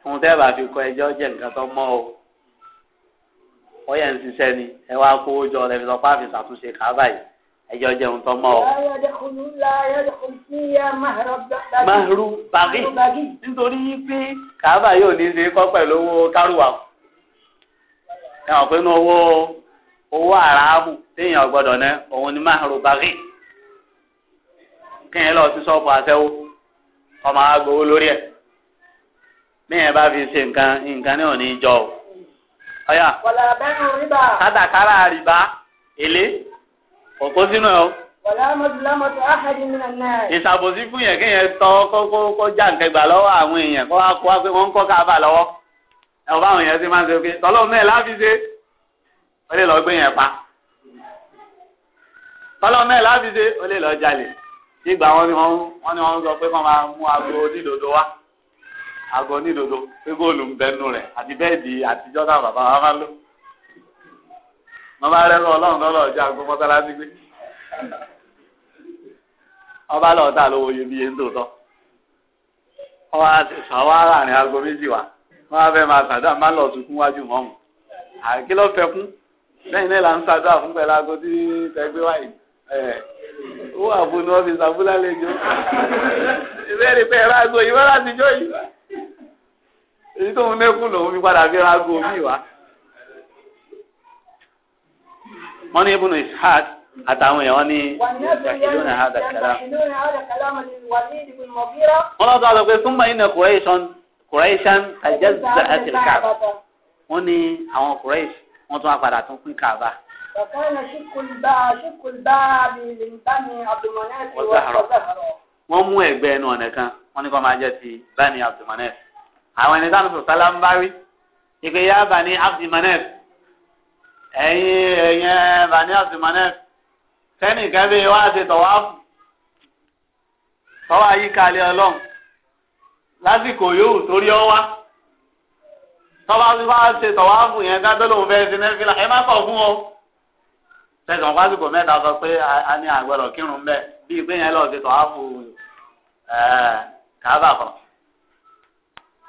ohun tẹ́ bá fi kọ ẹjọ́ jẹ́ nǹkan tó mọ́ o wọ́n yẹn ń ṣiṣẹ́ ni ẹ wá kó jọ rẹ̀ fi lọ́pàá fi ṣàtúnṣe kàá báyìí ẹjọ́ jẹ́ ohun tó mọ́ o. mahru bàgì nítorí pé kàá báyìí ò ní ṣe kọ́ pẹ̀lú owó kárùwà ẹ̀ hàn pé ní owó owó àràámù téèyàn gbọ́dọ̀ ná òun ni mahru bàgì kéèyàn lọ sí sọ́ọ̀bù àṣẹwó ọmọ agbowó lórí ẹ̀ bẹ́ẹ̀ bá fi ṣe nǹkan nǹkan náà ní í jọ o. ọ̀yà kátàkárà rìbá èlé òkó sínú ẹ̀ o. ìṣàbòsí fún yẹn kéèyàn tọ́ kókó já nǹkan gbà lọ́wọ́ àwọn èèyàn kó wá kó wá pé wọ́n ń kọ́ káàbà lọ́wọ́ ẹ̀ ọba àwọn èèyàn ti máa ń ṣe pé tọ́lọ́mù náà láfi ṣe ó lè lọ gbé yẹn pa tọ́lọ́mù náà láfi ṣe ó lè lọ jalè nígbà wọn ni wọn ni wọn sọ pé kọ́ máa mú aago onídodo wá aago onídodo pé góòlù ń bẹnu rẹ̀ àti bẹ́ẹ̀dì àtijọ́ náà bàbá wa máa ń lò wọn bá rẹ́rọ ọlọ́run lọ́lọ́ ọjọ́ àgbo mọ́sálásí gbé ọba lọ́ọ̀tà lówó iyebíye ń tòótọ́ ọba ti sọ wá láàrin aago méjì wá wọn á fẹ́ máa sàdá má lọ sunkún wájú mọ́mù àkílọ́ fẹ́ kún náà là ń sàdá fún pẹ̀lú aago tí tẹ́gbẹ́ wáyé ó wà fún ní ọ́fíìsì àbúlálẹ́jọ́ ìbéèrè pé ẹ̀rọ aago yìí wọ́n láti jọ yìí èyí tó ń nẹ́kùn lòun fi padà fi aago mi wá. wọ́n ní ibùdó ishaq àtàwọn èèyàn ní ìṣàkíyàn náà hàdà kẹlá. wọ́n lọ́dọ̀ àgbẹ̀ pé súnmọ́ iná kùrẹ́ṣán kùrẹ́ṣán àjẹsà àti káàbà wọ́n ní àwọn kùrẹ́ṣ wọ́n tún wá tún pín káàbà. فكان شك الباب شك الباب من بني عبد المناف وزهره wọ́n mú ẹ̀gbẹ́ ẹnu ọ̀nà kan wọ́n ní kó máa jẹ́ ti bani abdulmanef àwọn ẹni táwọn sọ̀tà la ń bá rí ìpè ya bani abdulmanef ẹ̀yin ẹ̀yẹn bani abdulmanef sẹ́nì kan bí wọ́n á ti tọ̀wá fún tọ́wọ́ ayíkalẹ̀ ọlọ́run lásìkò yóò torí ọ wá tọ́wọ́ bí tọ̀wá fún yẹn ká fẹ́ẹ́ sinẹ́fìlà ẹ má kọ̀ fún ọ tẹsán fásitì mẹ́ta sọ pé a ní àgbẹ̀rọ̀ kírun bẹ́ẹ̀ bí ìpín yẹn lọ́ọ́ ti tọ́ àfò kàábà kan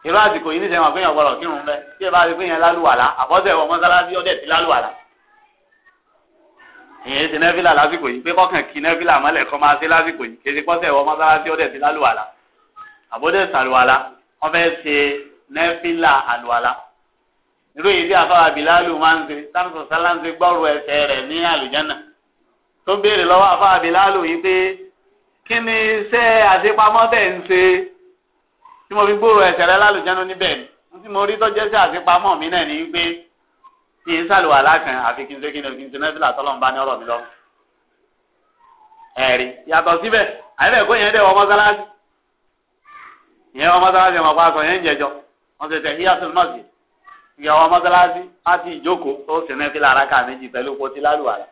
irú àsìkò yìí níṣẹ́ wọn pé yẹn gbọ́dọ̀ kírun bẹ́ẹ̀ tí ẹ bá rí pé yẹn lálùwàlá àbọ̀tẹ̀ wọ mọ́sálásí ọ̀dẹ̀ ti lálùwàlá èyí ti nẹ́fìlà lásìkò yìí pé kọ́kàn kí nẹ́fìlà mọ́lẹ̀ kọ́ máa ṣe lásìkò yìí kí pọ́sẹ̀ wọ mọ́sálásí ọ̀dẹ̀ ti lálùwàlá àbọ̀tẹ̀ sàlùwàlá wọ́n fẹ́ ṣe nẹ́fìlà àlùwàlá irú yìí tí afáwà Bilalu máa ń ṣe sáńsọ sáláńsẹ gbọ́rọ̀ ẹsẹ̀ rẹ̀ ní àlùjánà tó béèrè lọ́wọ́ afáwà Bilalu yìí pé kí ni iṣẹ́ àṣepamọ́ bẹ́ẹ̀ ń ṣe tí mo fi gbọ́rọ̀ ẹsẹ̀ rẹ̀ lálùjánà níbẹ̀ ní tí mo rí tọ́jẹ́ sí àṣepamọ́ mi náà ni wípé kí n sàlùwà lákàn àfi kí n ṣe kí n kí n ṣe nẹ́fìlà tọ́lọ́n bá ní ọ̀rọ̀ mi lọ. ẹ̀rí yàtọ̀ síbẹ̀ àyẹ̀bẹ̀ kó yẹn dẹ̀ wọ́n mọ́sálásí yẹn wọ́n mọ́sálásí ìyàwó mọ́sálásí á ti jókòó tó sì náà fi lára ká méjì pẹ̀lú pọtí lálùwàlà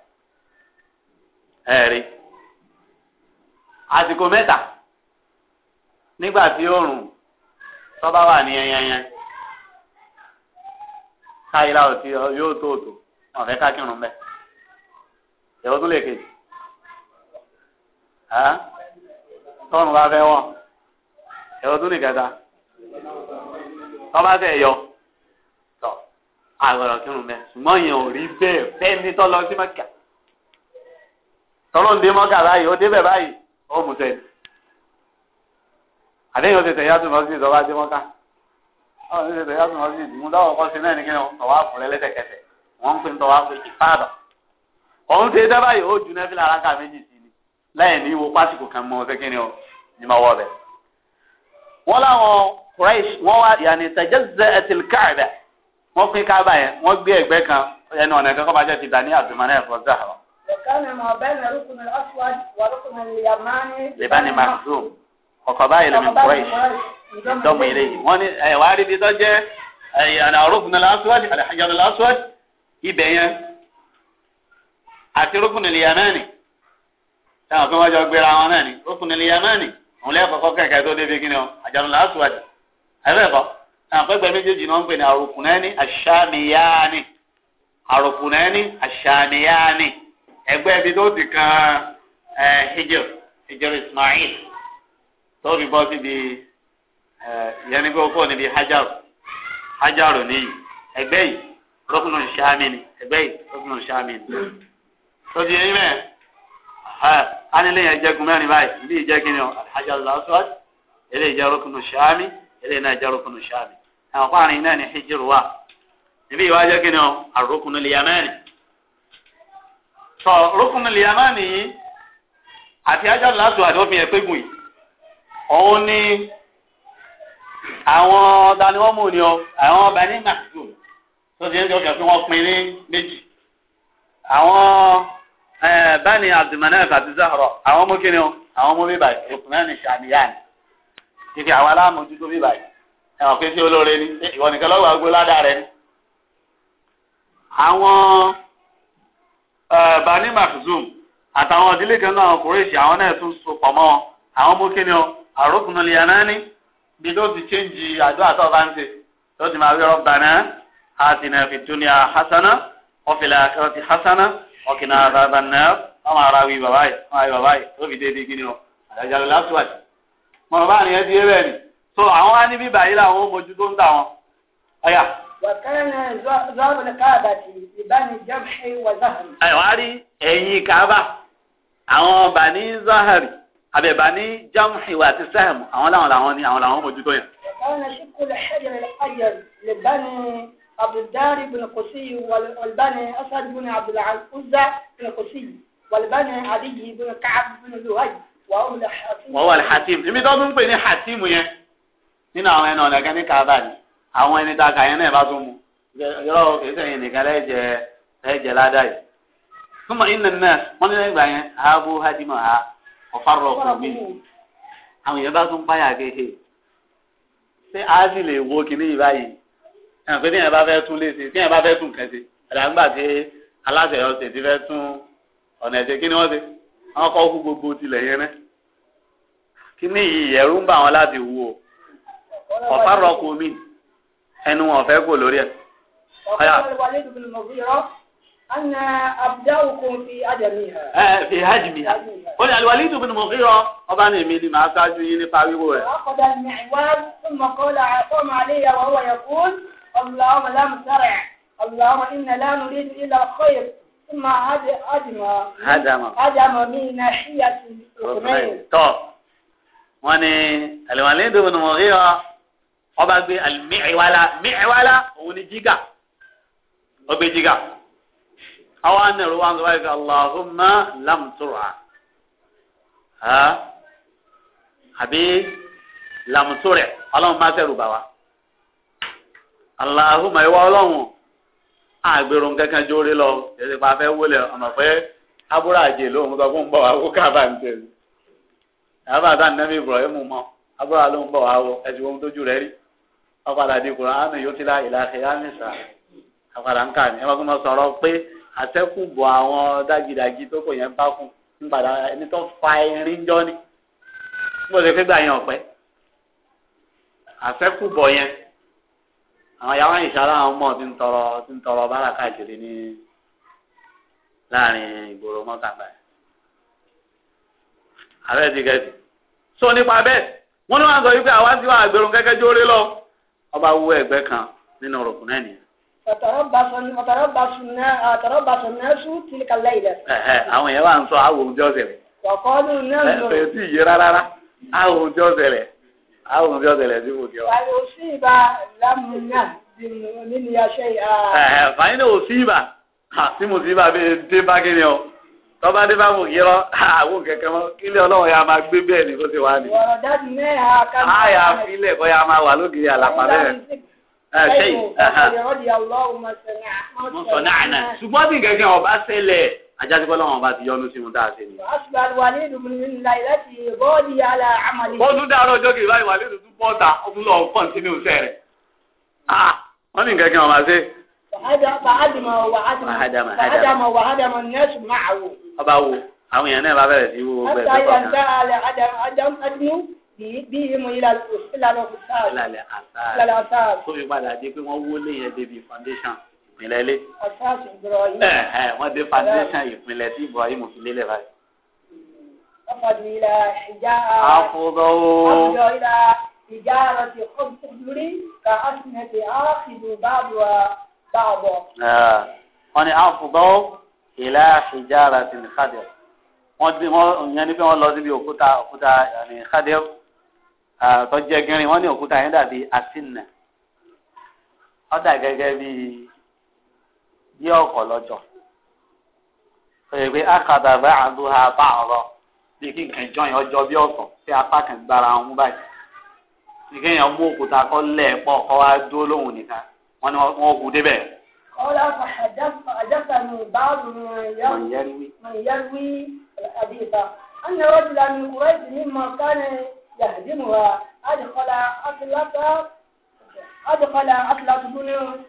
ẹ̀rí àsìkò mẹ́ta nígbà tí oòrùn tọ́ba wà ní ẹyẹyẹn káyìlá ọ̀tí yóò tó òtò wọn fẹ́ kákìrún bẹ́ẹ̀ ìyàwó tún lè kejì tọ́run bá fẹ́ wọ̀ ìyàwó tún lè kẹta tọ́ba fẹ́ yọ àgbọ̀dọ̀ kírun bẹ́ẹ̀ ṣùgbọ́n yẹn ò rí bẹ́ẹ̀ fẹ́ni tó lọ sí mọ́kà tọ́lọ́ ń dé mọ́kà báyìí ó débẹ̀ báyìí ó mú tẹ̀ àdéhùn ó ti tẹ̀yà tó mọ́sí ìdọ́wà dé mọ́kà ó ti tẹ̀yà tó mọ́sí ìdìmú dáwọ̀ kọ́ sí náà ní kí wọ́n tọ̀wá fún lẹ́sẹ̀kẹsẹ̀ wọ́n ń pè ń tọ̀wá fún ìfáàdọ̀ òun ti dá báyìí ó ju ní wo wọ́n pín kábà yẹn wọ́n gbé ẹ̀gbẹ́ kan ẹnu ọ̀nà kan kọ́ máa jẹ́ ti dání àdùnmọ́ náà ẹ̀fọ́ zà ọ́. lèbáni maxum kọ̀kọ́ báyìí lómi kúrẹ́ṣ ìdánwò ilé yìí wọ́n ní ẹ̀wà àrídìí tó jẹ́ àná rúkùnà lásùwádìí àdàjọ́ lásùwádìí ibẹ̀ yẹn àti rúkùnà lìyàmẹ́ni táwọn tó wọ́n jọ gbéra wọn náà ni rúkùnà lìyàmẹ́ni òun lẹ́ẹ̀kọ́ kẹ́kẹ́ tó débi kí ni ọ àjọ àpẹgbẹ méjèèjì náà ń pè ní àròkùnẹ́ni àṣàmìyáni àròkùnẹ́ni àṣàmìyáni ẹgbẹ́ ibi tó ti kan hijr hijr ismail tó fi bọ́ síbi ìyẹn ní kó kó níbi hajar hajar níyì ẹgbẹ́ yìí rọ́kùnù ṣáàmì ni ẹgbẹ́ yìí rọ́kùnù ṣáàmì ni. tó di eyín mẹ́ẹ̀ anilé yẹn jẹ́gun mẹ́rin báyìí ilé ìjẹ́kìnrin hajar al ilé ìjẹ́ rọ́kùnù ṣáàmì ilé náà ìjẹ́ rọ́kùnù ṣáàmì àwọn àárín náà ní hijiru wa níbí ìwà jẹ́ kíni o àrókùnrin lìyàmẹ́ni tọ rókùnrin lìyàmẹ́ni yìí àti ajá lásù àdófin ẹ̀pẹ́gùn yìí òun ni àwọn taniwọ́mù ni o àwọn ọba ní màsíkù tó ti ń jọ kẹ́kẹ́ wọ́n pín ní méjì àwọn bani abdulmanaf àti zahra àwọn ọmọ kíni o àwọn ọmọ bíbáyìí rókùnrin ní sàmìyàn kíkẹ́ àwọn aláàmójútó bíbáyìí ẹ̀wọ̀n pé sí olóore ni ìwọ nìkan lọ́wọ́ àgbo ládàá ni. àwọn bani mahzum àtàwọn ìdílé kan náà kùrẹ́sì àwọn náà tún so pọ̀ mọ́ àwọn mú kíni o àrókùnrin yanani bí ló ti chéǹjì àdó àtọ́ bá ń ṣe ló ti máa wí rabbana atina fid dunya hasana wa fil akhirati hasana wa qina adhaban nar wọ́n máa ra wí bàbá yìí wọ́n máa wí bàbá yìí tó fi dé ibi kíni o àdàjà lọ́sùwàjì. mọ̀ bá nìyẹn ti yé bẹ́ẹ̀ ni so àwọn á ní bíbà yìí làwọn ó mojú tó ń tà wọn. ọ̀yà. wàkàrà zọ́ọ̀bù ní káàbà ti ìbáni jẹ́bù wà záhàrì. ẹ wá rí ẹ̀yìn káàbà àwọn bàní záhàrì àbẹ̀ bàní jámùhì wà àti sẹ́hẹ̀mù àwọn làwọn làwọn ni àwọn làwọn ó mojú tó yẹn. wàkàrà ṣíkú lè xẹ́yẹ̀ lè xẹ́yẹ̀ lè báni abduldari bin kusi walbani asad bin abdulazza bin kusi walbani adiyi bin kaab bin luhaj wàhùn lè wọ́n wà lè ibi tó tún pè ní xatimu yẹn nínú àwọn ẹni ọ̀nà kan ní ni àwọn ẹni tá a kà yẹn náà bá tún mu yọrọ kẹsẹ̀ yẹn nìkan lẹ́jẹ̀ lẹ́jẹ̀ ládàá yìí. súnmọ́ iná náà wọ́n ní lẹ́gbàá yẹn aabu hadima ha ọ̀fà rọ̀ kù mí. àwọn èèyàn bá tún páyà kéhe ṣé áàzì lè wo kìnní yìí báyìí ẹ̀ pé tíyẹn bá fẹ́ tún léṣe tíyẹn bá fẹ́ tún kẹ́sẹ̀ ẹ̀dá ńgbà aláṣẹ ọ̀sẹ̀ ti fẹ́ tún ọ̀nà ẹ̀jẹ̀ kí ni wọ́n ṣe wọ́n kọ́ kú gbogbo tilẹ̀ yẹn náà kìnní yìí ẹ̀rú ń bà wọn láti wú o ọ̀fà rọ̀kù mi ẹnu wọn ọ̀fẹ́ kò lórí ẹ̀. fi hajj mi ha ó ní Al-Walid ibn Mughira ọba ní èmi ni màá ṣáájú yín nípa wíwò ẹ̀. اللهم لا مسرع اللهم إنا لا نريد إلا الخير ثم هدم هدم من ناحية الخير. طب وأنا الوالد بن مغيرة ọba gbé alimiẹwala miẹwala òun ni jígà ọgbẹ jígà àwọn anẹrù wa ń sọ báyìí Allahumma lamtura ha àbí lamturẹ Ọlọ́run máa fẹrù bá wa Allahumma ìwọ Ọlọ́run àgbèrò kankan jóore lọ èsì pa fẹ wọlé ọmọ pé abúlé àjè lóhun sọ fún bọ wá kó kábà ń tẹlẹ àbá àtàndẹ́mí Ibrahim mọ abúlé àlóhun bọ wá wọ ẹsùn ohun tójú rẹ rí ọ̀padà di kùránù yóò ti la ìlàkè ánìsà ọ̀padà ń kà ní ẹ̀fọ́ kí mo sọ̀rọ̀ pé àtẹ́kùbọ̀ àwọn dágidàgi tó kò yẹn bá kún ń padà ẹni tó fa irin jọ ni mo lè fi gbà yẹn ọ̀pẹ́ àtẹ́kùbọ̀ yẹn àwọn yàrá ìṣàlá àwọn ọmọ ti ń tọrọ ti ń tọrọ bára káàkiri ní láàrin ìgboro mọ́tàgbà yẹn ti gẹ̀ẹ́sì so nípa bẹ́ẹ̀ wọ́n ní wọ́n sọ wípé àwa ti wá àgbèrò kẹ́kẹ́ jóore lọ ọba wú ẹgbẹ́ kan nínú ọ̀rọ̀kùn náà nìyẹn. ọ̀tọ̀rọ̀bàṣọ nẹ́sù tìlíkà lẹ́yìnlẹ̀. àwọn yẹn wà ń sọ àwọn ohun tí ó ṣẹlẹ̀. ọ̀kọ́dún náà lọ. ẹ ti yé rárá àwọn ohun tí ó ṣẹlẹ̀ àwọn ohun tí ó ṣẹlẹ̀ sí òkè wa. fàyè òsì ìbá lámúnà nínú aṣẹ. fàyè òsì ìbá àti mùsíbà bíi dé bá kí ni o tọ́ba dé bá wò yí lọ àwọn kẹ̀kẹ́ mọ́ kílẹ̀ ọlọ́run yà máa gbé bẹ́ẹ̀ ni bó ti wà ní. àyà filẹ̀ bóyá máa wà lókè àlàpà bẹ́ẹ̀. ṣéyìn mo sọ náà náà ṣùgbọ́n bí gẹ́gẹ́ ọba ṣẹlẹ̀ ajásíkọ́ lọ́wọ́n ọba ti yọnu sí mu dáa ṣe ni. wọ́n tún dáa lọ́jọ́ kìí báyìí wàlídùn tún bọ́ta ó tún lọ́ọ́ kọ́ńtínú sẹ́rẹ̀. wọ́n ní gẹ́gẹ́ ọba ṣe. fàádámà wàhádàmà nẹ́sùn máa wò ọba wo àwọn èèyàn náà bá bẹ̀rẹ̀ sí wo gbẹ̀rẹ̀ tó kọ̀ kan. Bí mo yí lálọ́ kò sáà. Ìlàlẹ̀ àtàà. Tó fi padà di pé wọ́n wó léyìn débi foundation ìpínlẹ̀ ilé. Wọ́n dé foundation ìpínlẹ̀ tí Ibrahim fi lélẹ̀ báyìí. Afúdọ́ o. Ìjára ti kọ́ lórí ka Asinẹ̀tì Áfìdù bá bọ̀ bá bọ̀. Wọ́n ní afúdọ́ o ìlà ìjára ti ní xadìr wọn di wọn yẹn ni pé wọn lọ síbi òkúta òkúta ní xadìr tọjẹ gẹrin wọn ní òkúta yẹn dàbí asinna ọdà gẹ́gẹ́ bí bí ọkọ lọ́jọ́ òye pé akadà bá àdúrà bá ọ̀rọ̀ bí kí nǹkan jọyìn ọjọ́ bí ọ̀sán tí apá kan gbára wọn báyìí ní kéèyàn mú òkúta kọ lẹẹpọ kọ wá dúró lóhùn nìkan wọn ni wọn kú débẹ̀. قال فحدثني بعض من يروي من يروي الحديث أن رجلا من قريش مما كان يهدمها أدخل أطلق أدخل أطلق من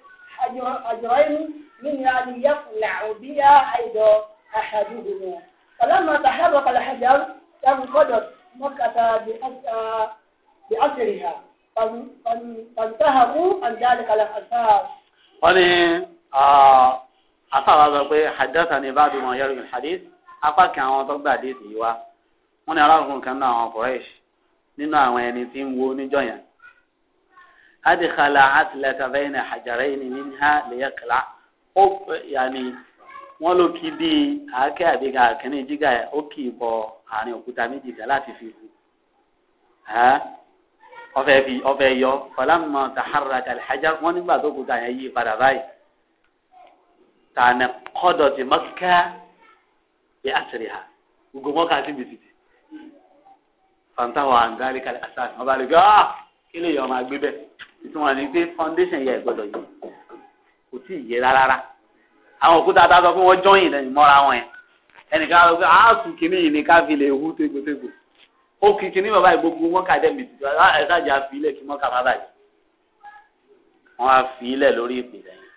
أجرين من أن يقلع بها أيضا أحدهما فلما تحرك الحجر قدر مكة بأسرها فانتهوا عن ذلك الأساس wọ́n ní àtàwọn sọ pé hajjata ni bá dùnmọ̀ yẹ́rù yìí hadith apá kan àwọn tó gbà déètì yìí wá wọ́n ní arákùnrin kan náà àwọn kọ̀rẹ́ṣ nínú àwọn ẹni tí ń wo níjọ́ yẹn. adìkàlà àtìlẹ́ta bẹ́ẹ̀ ni àjàrẹ́ yìí ní ha lèyẹ́kìlá ó yàní wọ́n ló kí bí àáké àbíkà àkínní jígà ó kì í bọ àárín òkúta méjì kan láti fi hù ọfẹ fi ọfẹ yọ falamma taharraka alhajar wọn nígbà tó kúta yẹn yí padà báyìí tààna kọdọ ti Makkah bí àtìrì ha gbogbo Makkah ti bìtì fantawa angali kali asaasi wọn bá lè gbé ah kí lè yọ ọmọ agbé bẹ ìtumọ̀ ni pé foundation yẹ gbọdọ̀ yìí kò tí ì yé rárá àwọn òkúta tá fún wọn jọyìn lẹ́yìn mọ́ra wọn yẹn ẹnìkan á sọ pé àásù ah, ká fi lè hu tégbòtégbò ó kìkì ní bàbá ìgbógun mọ́kà dẹ́mi tìtù ẹ̀sájà fi ilẹ̀ kí mọ́kà má bàjẹ́ wọ́n á fi ilẹ̀ lórí ìpìlẹ̀ yẹn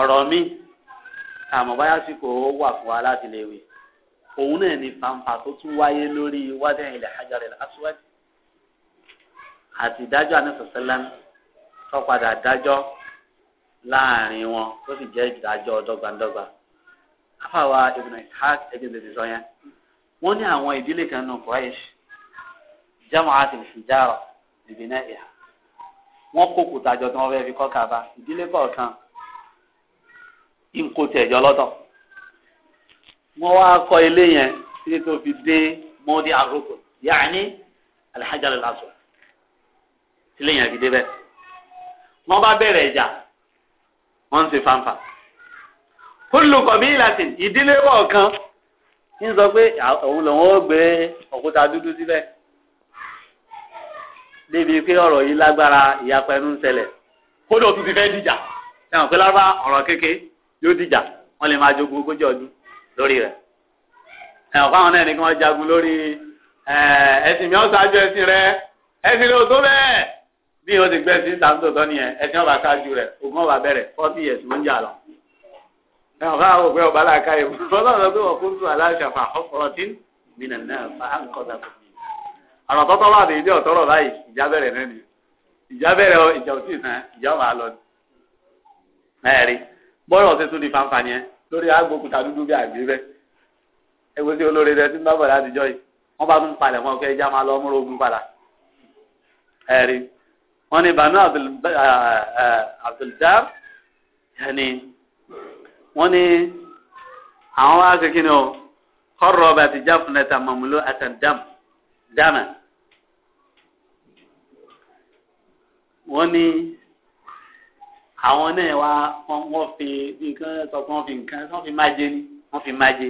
ọ̀rọ̀ mi àmọ́ báyà sì kò wà fún wa láti lè wí òun náà ni fanfa tó tún wáyé lórí wádìí ilẹ̀ hajar al-aswad àti ìdájọ́ anisọ̀sẹ́lẹ́m tó padà dájọ́ láàrin wọn tó sì jẹ́ ìdájọ́ dọ́gbandọ́gba afáwa ibùdó ìhák ẹgbẹ́ ìdòdò sọ yẹn wọ́n ní àwọn ìdílé kan nù Quraysh jamaat al-hijara ìbínà ìhà wọ́n kó kùtà jọ tí wọ́n fẹ́ẹ́ fi kọ́ Kaaba ìdílé kọ̀ọ̀kan ìkòtì ẹ̀jọ́ lọ́tọ̀ wọ́n wá kọ́ ilé yẹn títí tó fi dé mọ́ọ́dí àgùkù yaani al-hajar ilé yẹn fi dé bẹ́ẹ̀ bá bẹ̀rẹ̀ ìjà wọ́n ń ṣe fanfa kullu qabilatin ìdílé kọ̀ọ̀kan ń sọ pé òun lòun ó gbé òkúta dúdú síbẹ̀ débi pé ọ̀rọ̀ yìí lágbára ìyapa ẹnu ń ṣẹlẹ̀ kódà òtún ti fẹ́ dìjà ẹ̀wọ̀n pé lárúbá ọ̀rọ̀ kéke yóò dìjà wọ́n lè máa jogun ogójì ọdún lórí rẹ̀ ẹ̀wọ̀n fáwọn náà ní kí wọ́n jagun lórí ẹ̀sìn mi ọ̀ṣáájú ẹ̀sìn rẹ ẹ̀sìn ló tó bẹ́ẹ̀ bí o ti gbẹ́sìn sàmúntò tọ́ nìyẹn ẹ̀sìn ọba ṣáájú rẹ̀ ogun ọba bẹ̀rẹ̀ forty years ló ń jà lọ ẹ ọ̀gá àwọn òpin ọ̀bá làákà yìí ọlọ́run lọ pé wọ́n kún tún aláṣà fà ọ̀rọ̀ tí mìíràn náà fà ń kọ́ dàpọ̀ mi. ọ̀rọ̀ tọ́tọ́ wà ní ilé ọ̀tọ́rọ̀ báyìí ìjà bẹ̀rẹ̀ náà ni ìjà bẹ̀rẹ̀ ìjà ò tí ìjà ò máa lọ ni. mẹ́rin bọ́ọ̀rọ̀ ti tún di fanfa yẹn lórí agbókuta dúdú bí àgbé bẹ́ tí olóore rẹ ti ń bábọ̀ láti yìí wọ́n wọ́n ní àwọn wá sí kíni o kọ́rọ̀ ọba àti jáfúnẹ́ta mọ̀múlò àtàdámù dámà wọ́n ní àwọn náà wá wọ́n fi nǹkan sọ pé wọ́n fi nǹkan wọ́n fi máa jẹ ni wọ́n fi máa jẹ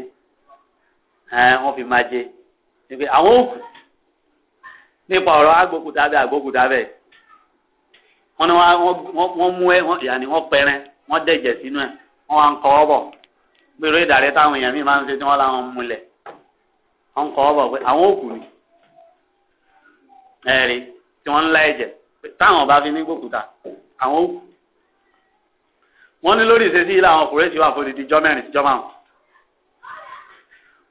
wọ́n fi máa jẹ ìgbé àwọn òkú nípa ọ̀rọ̀ agbókúta bẹ́ẹ̀ agbókúta bẹ́ẹ̀ wọ́n ní wọ́n mú ẹ yàní wọ́n pẹrẹ wọ́n dẹ̀jẹ̀ sínú ẹ̀ wọn à ń kọ́ ọ́ bọ̀ gbèrò ìdàrẹ́ táwọn èèyàn mi máa ń ṣe tí wọ́n láwọn ń múlẹ̀ wọ́n ń kọ́ bọ̀ pé àwọn òkú ni ẹ̀rí tí wọ́n ń la ẹ̀jẹ̀ táwọn bá fi ní gbòkúta àwọn òkú wọ́n ní lórí ìṣesí ilé àwọn ọkùnrin ti wà fún odidi jọ́ mẹ́rin jọ́ márùn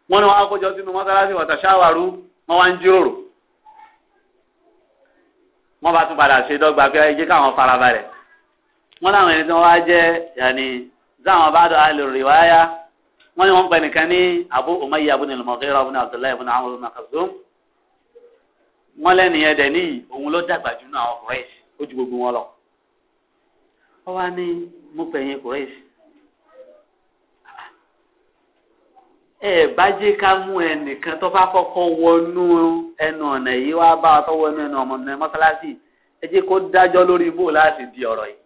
wọ́n ní wọ́n á sínú mọ́sálásí wọ̀tàṣáwárú wọ́n wá ń jíròrò wọ́n bá tún padà ṣe dọ́gba pé ẹ káwọn farabalẹ̀ wọ́n láwọn ẹni tí wọ́n wá jẹ́ yàní záwọn bá dọ̀ alẹ́ rìwáyà wọ́n ní wọ́n pẹ̀ nìkan ní abu umayya abu nílùú mọ̀kẹ́rọ̀ abu abdullahi abu nahmu abu makazum wọ́n lẹ́nu yẹn dẹ̀ níyì òun ló dàgbà jù náà àwọn kùrẹ́ẹ̀sì ó ju gbogbo wọn lọ. ó wá ní mo pẹ̀ yín kùrẹ́ẹ̀sì. ẹ bá jẹ́ ká mú ẹnìkan tó bá kọ́kọ́ wọnú ẹnu ọ̀nà yìí wá bá a tó wọnú ẹnu ọmọ mọ́sálásì ẹ jẹ́ kó dájọ́ lórí bó láti di ọ̀rọ̀ yìí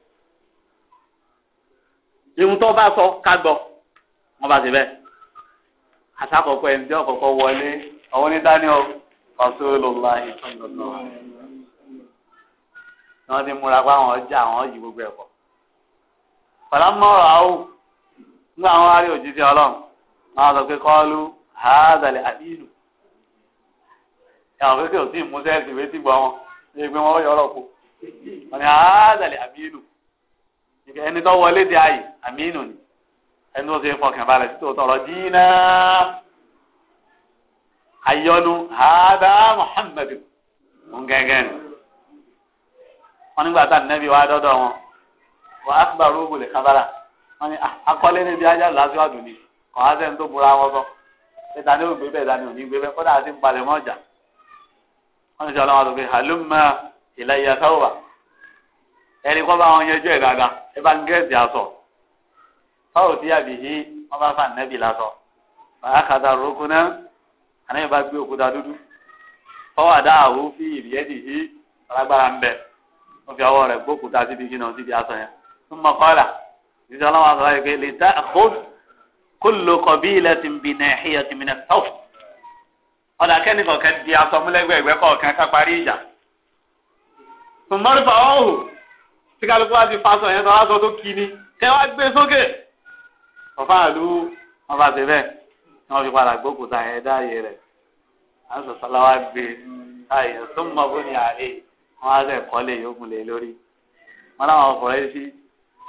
ìhun bá sọ ká gbọ́ bá ti bẹ asakọkọ ẹni tí ọkọkọ wọlé ọwọ ní Daniel Rasulullah ìtọ́jọ́tọ́ wọn ti múra pa àwọn ọjà àwọn yìí gbogbo ẹ̀kọ́ pàlámọ́rọ̀ àwọ̀ nígbà wọn arí òjijì ọlọ́run wọn sọ pé kọ́ọ́lù àádàlẹ̀ àbílù ẹ̀wọ̀n pé kí o sì mú sẹ́ẹ̀sì wé ti wọn ṣe pé wọ́n wọn ni àádàlẹ̀ ẹni tó wọlé di ayé àmínú ni ẹni tó ṣe fọkàn balẹ̀ sí tòótọ́ ọ̀rọ̀ dínà ayọ́nu hàdá muhammadu ngẹ́gẹ́ ni wọ́n nígbà tá nẹ́bí wa dọ́dọ̀ wọn wọ́n akbar ogun lè kábàrà wọ́n ní ah, akọ́lé níbi ajá lásìwájú ni kọ́ á sẹ́ni tó bura wọn sọ ìta ni ó gbé bẹ́ẹ̀ dání òní gbé bẹ́ẹ̀ kódà á ti ń palẹ̀ mọ́ ọjà wọ́n ní sọ ọlọ́wọ́n tó fi hàlùmọ́ ìlẹ́yẹ sáwọ́ ẹni kọ́ bá wọn yanjú ẹ̀ gàgà ẹ bá ń gẹ̀ẹ́sì aṣọ fáwọn tí àbí yí wọn bá fà nẹ́bì lásọ bàá kàtà rókun náà àná ìbá gbé òkúta dúdú fọwọ́ àdá àwọ̀ fi ìbíyẹ́dì yí alágbára ń bẹ̀ wọ́n fi ọwọ́ rẹ̀ gbókúta síbi kí náà síbi aṣọ yẹn ń mọ kọ́là ìṣẹ́ ọlọ́wọ́ aṣọ yẹn pé lè ta kó kó lo ilẹ̀ ti ń bì náà ẹ̀yẹ ti mìíràn tó ọ̀dà tí kálukú wá ti fasọ yẹn sọ aṣọ tó kí ni kẹ wá gbé sókè ọ̀fà àlú wọn bá ti bẹ́ẹ̀ ni wọ́n fi padà gbókùtà yẹn dáàyè rẹ̀ aṣọ sọláwá gbé táyé tó mọ bó ni àlè wọn á sẹ̀ kọ́lé yókùn lé lórí wọn làwọn ọkùnrin sí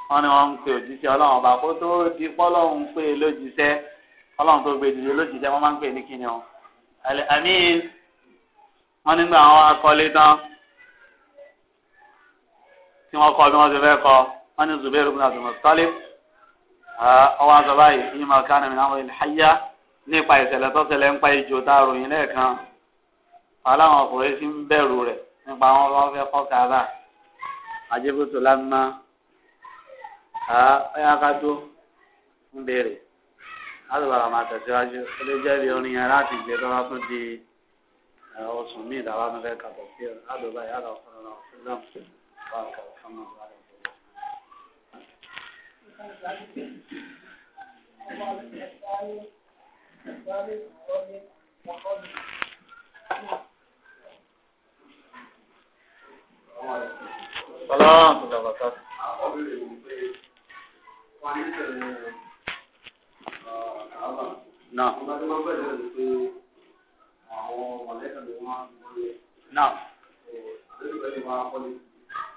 wọn ni wọn ń pe òjíṣẹ́ ọlọ́run ọba kó tó di pọ́lọ́run pé lójíṣẹ́ ọlọ́run tó gbé dìde lójíṣẹ́ wọn máa ń pè ní kíni o àmì wọn nígbà wọn akọ́lé tán tí wọ́n kọ́ bí wọ́n ti fẹ́ kọ́ wọ́n ní Zubair ibn Abdul Muttalib ọwọ́ àti báyìí yìí máa ká nàmínà àwọn ìlhàyà nípa ìṣẹ̀lẹ̀ tọ́sẹ̀lẹ̀ ń pa ìjò tá a ròyìn lẹ́ẹ̀kan aláwọn ọkùnrin ti ń bẹ̀rù rẹ̀ nípa àwọn ọlọ́wọ́ fẹ́ kọ́ kàrà àjẹbùtò lánàá ọyá ká tó ń béèrè láti bàrà máa tẹ̀síwájú ó lè jẹ́ bí orin yẹn láti gbé tó wá tún di oṣù míì dáwà tó fẹ́ kàtọ̀ sí ọ̀dọ̀ báyìí àdàkùnrin náà fún náà wà kàrà. Now. Now.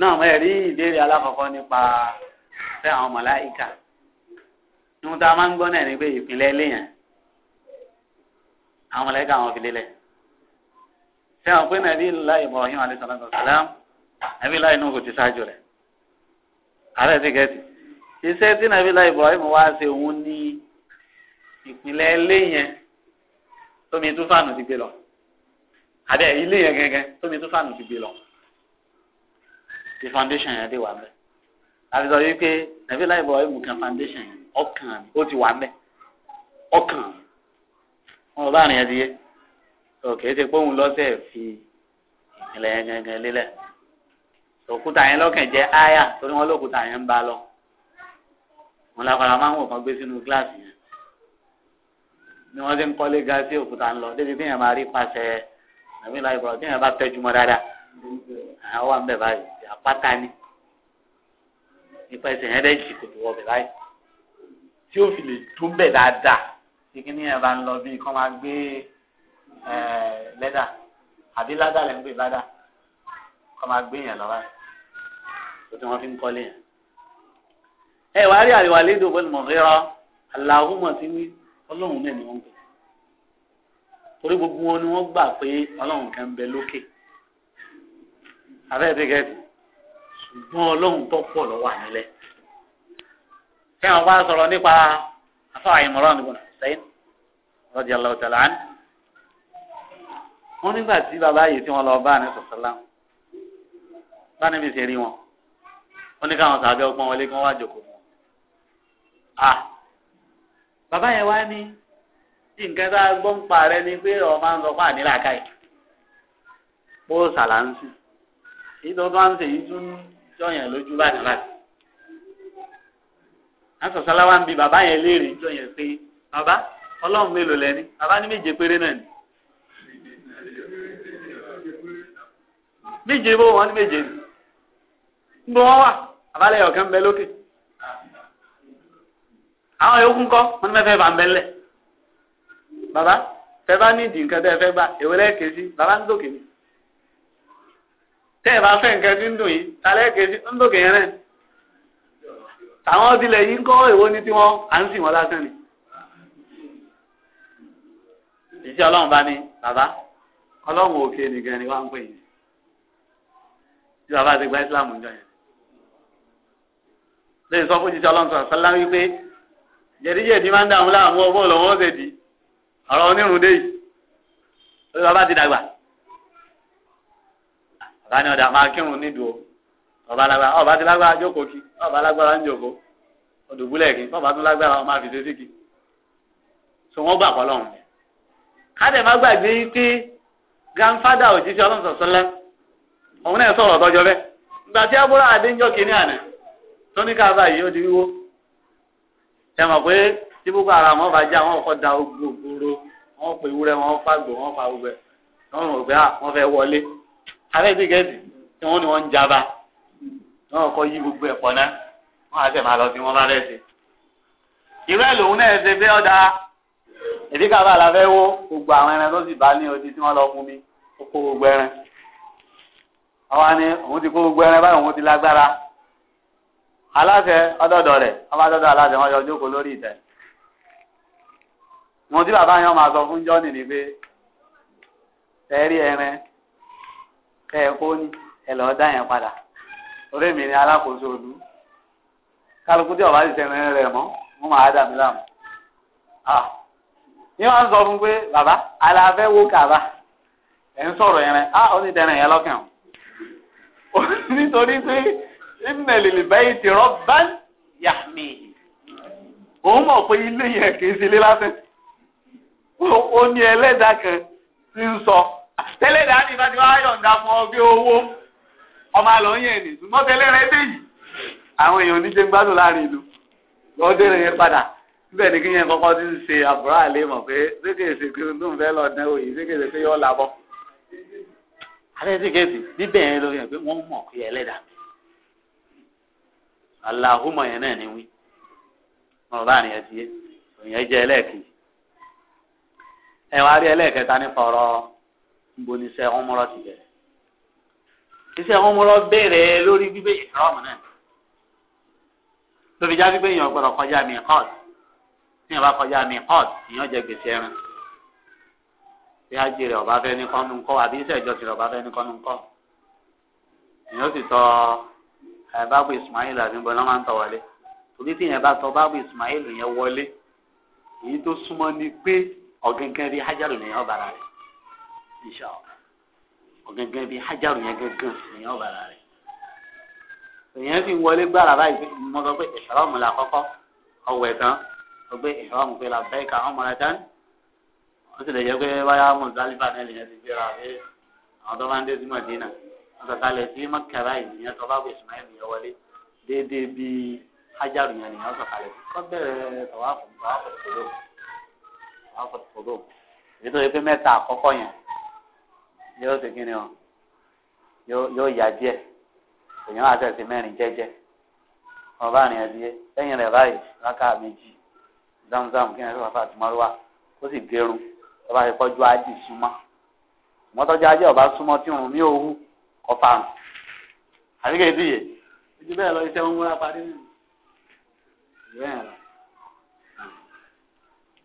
náà mo rí ìbéèrè alákọ̀ọ́kọ́ nípa fẹ́ àwọn màláíkà níwọ̀n tá a máa ń gbọ́ náà ni pé ìpínlẹ̀ léèyàn àwọn màláíkà àwọn fi lélẹ̀ fẹ́ àwọn pé nàbí láì Ibrahim alayhi salatu wa salam nàbí láì nù kò ti ṣáájú rẹ̀ ààrẹ ti kẹ́tì iṣẹ́ tí nàbí láì Ibrahim wá ṣe òun ní ìpínlẹ̀ léèyàn tómi tún ti gbé lọ àbẹ́ ilé yẹn gẹ́gẹ́ tómi tún ti gbé lọ ti foundation yẹn ti wà mẹ́ àti sọ wípé nàbí láì bọ̀ ẹ̀mú kan foundation yẹn ọkàn ó ti wà mẹ́ ọkàn wọn ò bá rìn yẹn ti yé òkè ṣe pé òun lọ́sẹ̀ fi ìpìlẹ̀ yẹn gangan lélẹ̀ òkúta yẹn lọ́kàn jẹ́ áyà torí wọn lókúta yẹn ń ba lọ wọn lápára máa ń wò kán gbé sínú gíláàsì yẹn ni wọn ti ń kọ́lé ga sí òkúta ńlọ débi tí yẹn máa rí pàṣẹ nàbí láì bọ̀ tí yẹn bá tẹ́jú mọ́ dáadáa àwọn àmì bẹ́ẹ̀ báyìí àpáta ni nípa ẹsẹ̀ yẹn lẹ́yìn kò tó wọ bẹ̀ báyìí tí ó fi lè dún bẹ̀ dáadáa tí kíní yẹn bá ń lọ bí kán máa gbé lẹ́dà àbí ládà lẹ́ ń gbé ládà kán máa gbé yẹn lọ báyìí tó tí wọ́n fi ń kọ́lé yẹn. ẹ wàá rí àríwá lédò pé mo aláhùnmọ̀ tí ní ọlọ́run náà ni wọ́n ń pè torí gbogbo wọn ni wọ́n gbà pé ọlọ́run kan ń bẹ lókè abẹ́ẹ̀dẹ́ gẹ̀ẹ́sì ṣùgbọ́n ọlọ́run tó pọ̀ lọ́wọ́ ànílẹ̀ ṣé àwọn bá sọ̀rọ̀ nípa afọ àyìnmọ́ràn nígbà sẹ́yìn lọ́dí aláwọ̀tàlá ní. wọ́n nígbà tí bàbá yìí tí wọ́n lọ bá ní sọ̀sọ́lá bá níbi ṣe rí wọn wọ́n ní káwọn sàbẹ̀ ọgbọ́n wọlé kí wọ́n wá jòkó wọn. bàbá yẹn wá ní tí nǹkan tá a gbọ́ ń pa rẹ ni pé ọ̀ máa ń lọ fún àdínlá káyìí ó sàlàǹsì èyí tó bá ń ṣe yìí tún jọyàn lójú báyìí láti. asọ̀sálá wa ń bi bàbá yẹn léèrè jọyàn pé bàbá ọlọ́run mélòó lẹ́ni bàbá ní méje péré náà ni. méje bó wọn ní méje ni níbo wọn wà àbálẹ̀ ọ̀kan bẹ lókè àwọn yòókù ńkọ́ wọn ní mẹ́fẹ́ bá ń bẹ ńlẹ̀ bàbá fẹ́ bá ní ìdì nǹkan tẹ́ fẹ́ gbà èwe lẹ́ẹ̀kẹ́ sí bàbá ń dòkè mi tẹ́ ẹ̀ bá fẹ́ nǹkan tí ń dùn yìí talẹ́ kejì ń dòkè yẹn rẹ̀ tàwọn tilẹ̀ yìí ń kọ́ èwo ní tí wọ́n à ń sìn wọ́n lásán ni. ìṣe ọlọ́run bá ní bàbá ọlọ́run òkè nìkan ni wọ́n ń pè yín tí bàbá ti gba ìsìlámù ń jọ yẹn. lẹ́yìn sọ fún ìṣe ọlọ́run sọ̀rọ̀ sọ́lá wípé jẹ̀díjẹ̀dí máa ń dààmú láàmú ọgbọ́n lọ́wọ́ ọ̀sẹ̀ ọ̀rọ̀ onírúndé yìí wọn ni ọ̀dà máa kírun nídùú ọba lágbára ọba ti lágbára jókòó kí ọba lágbára ń jókòó ọdùbúlẹ̀ kí ọba tún lágbára ọmọ àfi ṣe sí kí so wọn gbà kọ́ lọ́hùn yẹn kádẹ má gbàgbé pé grandfada òjíṣẹ́ ọlọ́run sọ̀sọ́lá òun náà sọ̀rọ̀ tọ́jọ́ bẹ́ẹ̀ ìgbà tí abúlé adéńjọ́ kìíní àná tó ní káàbà yìí ó di wíwó ẹ mọ̀ pé tí púpọ̀ ara wọn bá jẹ́ àwọn ọkọ̀ da ogbògbòrò wọn pè wúrẹ́ wọn fàgbò wọn fà gbẹ wọn mọ̀ pé à wọn fẹ́ wọlé abẹ́ ti gẹ̀ẹ́sì tí wọ́n ní wọ́n ń jaba wọ́n kọ́ yí gbogbo ẹ̀pọ̀ náà wọ́n á sẹ̀ máa lọ sí wọn bá rẹ̀ sí. ìrú ẹ̀ lòun náà ṣe fẹ́ ọ̀dà èdè kaba la fẹ́ wó gbogbo àwọn ẹran tó sì bá ní odi tí wọ́n lọ fún mi ó kó gbogbo ẹran. àwa ni òun ti kó gbogbo ẹran báyìí òun ti lágbára. aláṣẹ ọdọọdọ rẹ ọba dọdọ aláṣẹ wọn yọ jókòó lórí ìtẹ́. mo ti bàbá yẹn máa sọ fún jọ́nì ni pé ẹ̀rí ẹran kẹ́ ẹ kó ní ẹ lọ́ọ́ dá yẹn padà orí mi ni alákòóso òdu kálukú tí ọba ti tẹ̀lé rẹ̀ mọ́ mo máa dà mí láàmú. ní wọ́n sọ fún pé bàbá aláfẹ́ wo kàbá ẹ̀ ń sọ̀rọ̀ yẹn rẹ̀ á ó ní tẹ̀lé yẹn lọ́kàn o nítorí pé ìmẹ̀lìlì báyìí ti rọ́ báyìí mí òun mọ̀ pé ilé yẹn kì í ṣe lásán ó ní ẹlẹ́dàá kan tí ń sọ tẹ́lẹ̀ dání bá ti wá yọ̀ǹda fún ọ bí owó ọmọ àlọ́ yẹn ni ṣùgbọ́n tẹ́lẹ̀ rẹ dé yìí àwọn èèyàn oníṣẹ́ ń gbádùn láàrin ìlú lọ́ọ́ dé yẹn padà síbẹ̀ ní kí yẹn kọ́kọ́ ti ń ṣe àbúrò àlè mọ̀ pé sékèèsè kí n tóun fẹ́ lọ dán òye sékèèsè pé yọ̀ làbọ̀ alẹ́sìkẹ́sì níbẹ̀ yẹn lórí ẹ̀ pé wọ́n mọ̀ pé ẹlẹ́dà aláhùmọ̀ yẹn náà ni wí wọn bá nìyẹn ti yé òyìn ẹ jẹ ẹlẹ́ẹ̀kejì ẹ wá rí ẹlẹ́ẹ̀kẹta nípa ọ̀rọ̀ níbo ni iṣẹ́ ọmọrọ ti bẹ̀rẹ̀ iṣẹ́ ọmọrọ bẹ̀rẹ̀ lórí gbígbé ìrọ̀mù náà lórí jáde gbé èèyàn gbọ́dọ̀ kọjá mi hot tí èèyàn bá kọjá mi hot èèyàn jẹ gbèsè ẹran bí ajé rẹ̀ ọba fẹ́ ní kọ́nu ńkọ́ àbí iṣẹ́ ìjọsìn rẹ̀ ọba fẹ́ ní kọ́nu ńkọ́ èèyàn sì tọ bábù Ismail àbíbọn náà máa ń tọ wọlé torí tí èèyàn bá tọ bábù Ismail yẹn wọlé èyí tó súnmọ́ ni pé ọ̀gẹ́gẹ́ rí hajaru nìyẹn ọ̀bàrà rẹ̀ inṣàlá ọ̀gángan bíi hajaru yẹn gángan èèyàn bàrà rẹ̀ èèyàn fi wọlé gbára báyìí mo sọ pé ìṣàlọ́mù la kọ́kọ́ ọ̀wẹ̀ tán ó gbé ìṣàlọ́mù pé làbẹ́ẹ̀ka ọmọlẹ́tàn ó sì lè jẹ́ pé báyà mọ̀tálífà náà lè yẹn ti gbéra pé àwọn tó máa ń dé sí mọ̀dínà wọ́n sọ kalẹ̀ sí mọ́kàrá ìyẹn tó bá gbé ìsúnmáyé mi wọlé déédéé bíi hajaru yẹn nìyẹn sọ kalẹ̀ kọ́ bẹ̀rẹ̀ tọ́wá yóò ṣe kí ni ọ yóò yá díẹ̀ èèyàn á tẹ̀sí mẹ́rin jẹ́jẹ́ ọba rìn ẹbí lẹ́yìn rẹ̀ báyìí rákà méjì zamzam kí ni ẹ̀rọ bàbá àtìmọ́lúwa ó sì gẹrun ọba ti pọ́jú ájì súnmọ́ mọ́tọ́jú ajé ọba súnmọ́ tí òun ní òwú ọ̀fà àrùn àbíkẹ́ ìdíyẹ ojú bẹ́ẹ̀ lọ iṣẹ́ múra parí nù bẹ́ẹ̀ lọ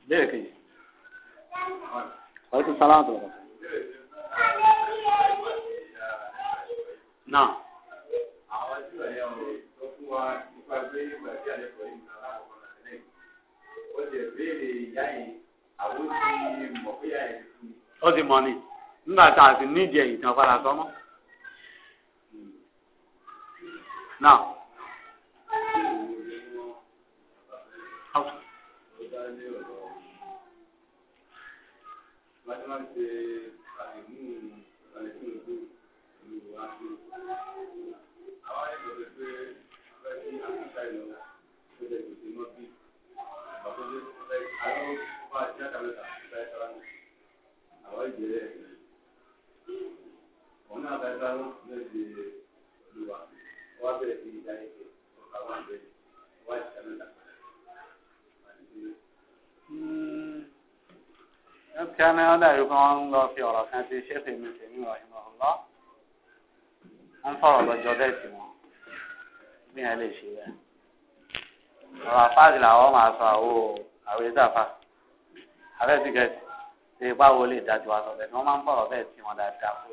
bẹ́ẹ̀ kejì ọ̀rẹ́ tó sálámù tó náà. àwọn tí wọ́n yẹn wò ló fún wa nípa pé nígbà tí àlẹ́ kọ́ yìí nǹkan lákòókò náà lẹ́yìn ó lè béèrè ìyá yìí àwọn tí mọ̀ pé ìyá yẹn ti fún mi. ó ti mọ ni nígbà tá a ti nídìí ẹ̀yìn kan padà sọ́mọ́. náà. Thank كان هذا يكون لو في أوراق في شيخ ابن تيمية رحمه الله انفرد جدتي ní ẹ lè ṣe bẹ́ẹ̀ ọ̀rọ̀ àfáàdì làwọn máa sọ àwọ àwọn ètò àfà abẹ́sí gẹ̀ẹ́sì ṣe ipá lè dájú wa sọ bẹ́ẹ̀ ni wọ́n máa ń bọ̀rọ̀ bẹ́ẹ̀ tí wọ́n dáadáa pé